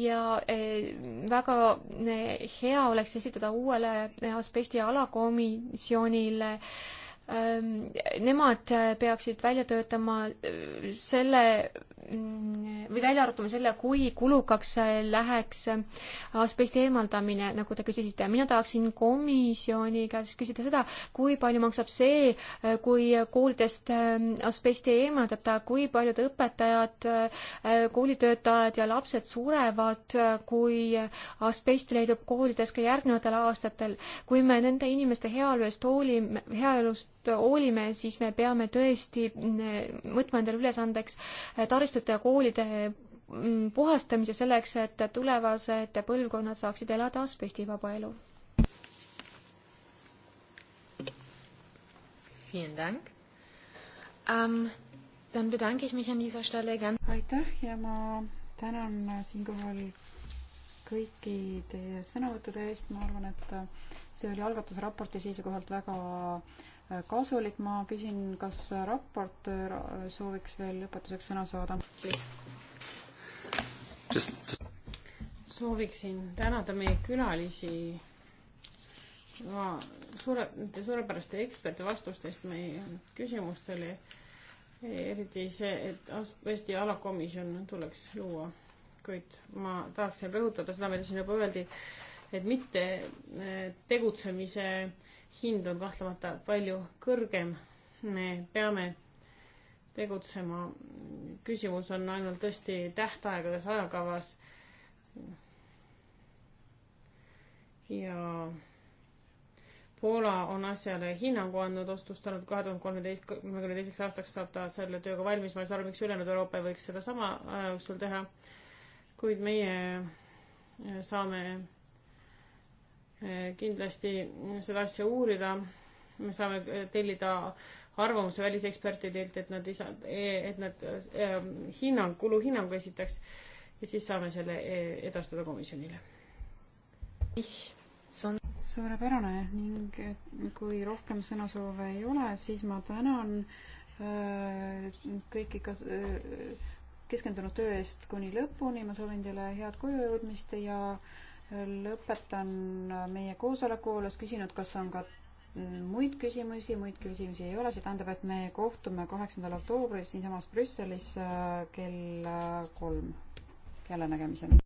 ja äh, väga äh, hea oleks esitada uuele asbesti alakomisjonile äh, Ähm, nemad äh, peaksid välja töötama äh, selle mm, või välja arutama selle, kui kulukaks äh, läheks asbesti eemaldamine, nagu te küsisite. mina tahaksin komisjoni käest küsida seda, kui palju maksab see, kui koolidest ähm, asbesti ei eemaldata, kui paljud õpetajad, koolitöötajad ja lapsed surevad, kui asbest leidub koolides ka järgnevatel aastatel. kui me nende inimeste heaolu eest hoolime, heaolust hoolime, siis me peame tõesti mm, võtma endale ülesandeks eh, taristute ja koolide mm, puhastamise selleks, et tulevased põlvkonnad saaksid elada asbestivaba elu. Ähm, aitäh ja ma tänan äh, siinkohal kõiki teie sõnavõttude eest, ma arvan, et äh, see oli algatusraporti seisukohalt väga äh, kasulik, ma küsin, kas raportöör sooviks veel lõpetuseks sõna saada? sooviksin tänada meie külalisi ma suure, suurepäraste eksperdi vastustest meie küsimustele, eriti see, et asbesti alakomisjon tuleks luua, kuid ma tahaksin rõhutada seda, mida siin juba öeldi, et mitte eh, tegutsemise hind on kahtlemata palju kõrgem. me peame tegutsema. küsimus on ainult tõesti tähtaegades, ajakavas. ja Poola on asjale hinnangu andnud, otsustanud kahe tuhande kolmeteistkümne teiseks aastaks saab ta selle tööga valmis, ma ei saa aru, miks ülejäänud Euroopa ei võiks sedasama äh, aja jooksul teha. kuid meie äh, saame Eh, kindlasti seda asja uurida. me saame tellida arvamusi välisekspertidelt, et nad ei saa, eh, et nad eh, hinnang, kuluhinnangu esitaks ja siis saame selle eh, edastada komisjonile. suurepärane ning kui rohkem sõnasoove ei ole, siis ma tänan kõiki kas-, keskendunud töö eest kuni lõpuni, ma soovin teile head kojujõudmist ja äh, lõpetan meie koosoleku, olles küsinud, kas on ka muid küsimusi, muid küsimusi ei ole, see tähendab, et me kohtume kaheksandal oktoobril siinsamas Brüsselis äh, kell äh, kolm. jälle nägemiseni!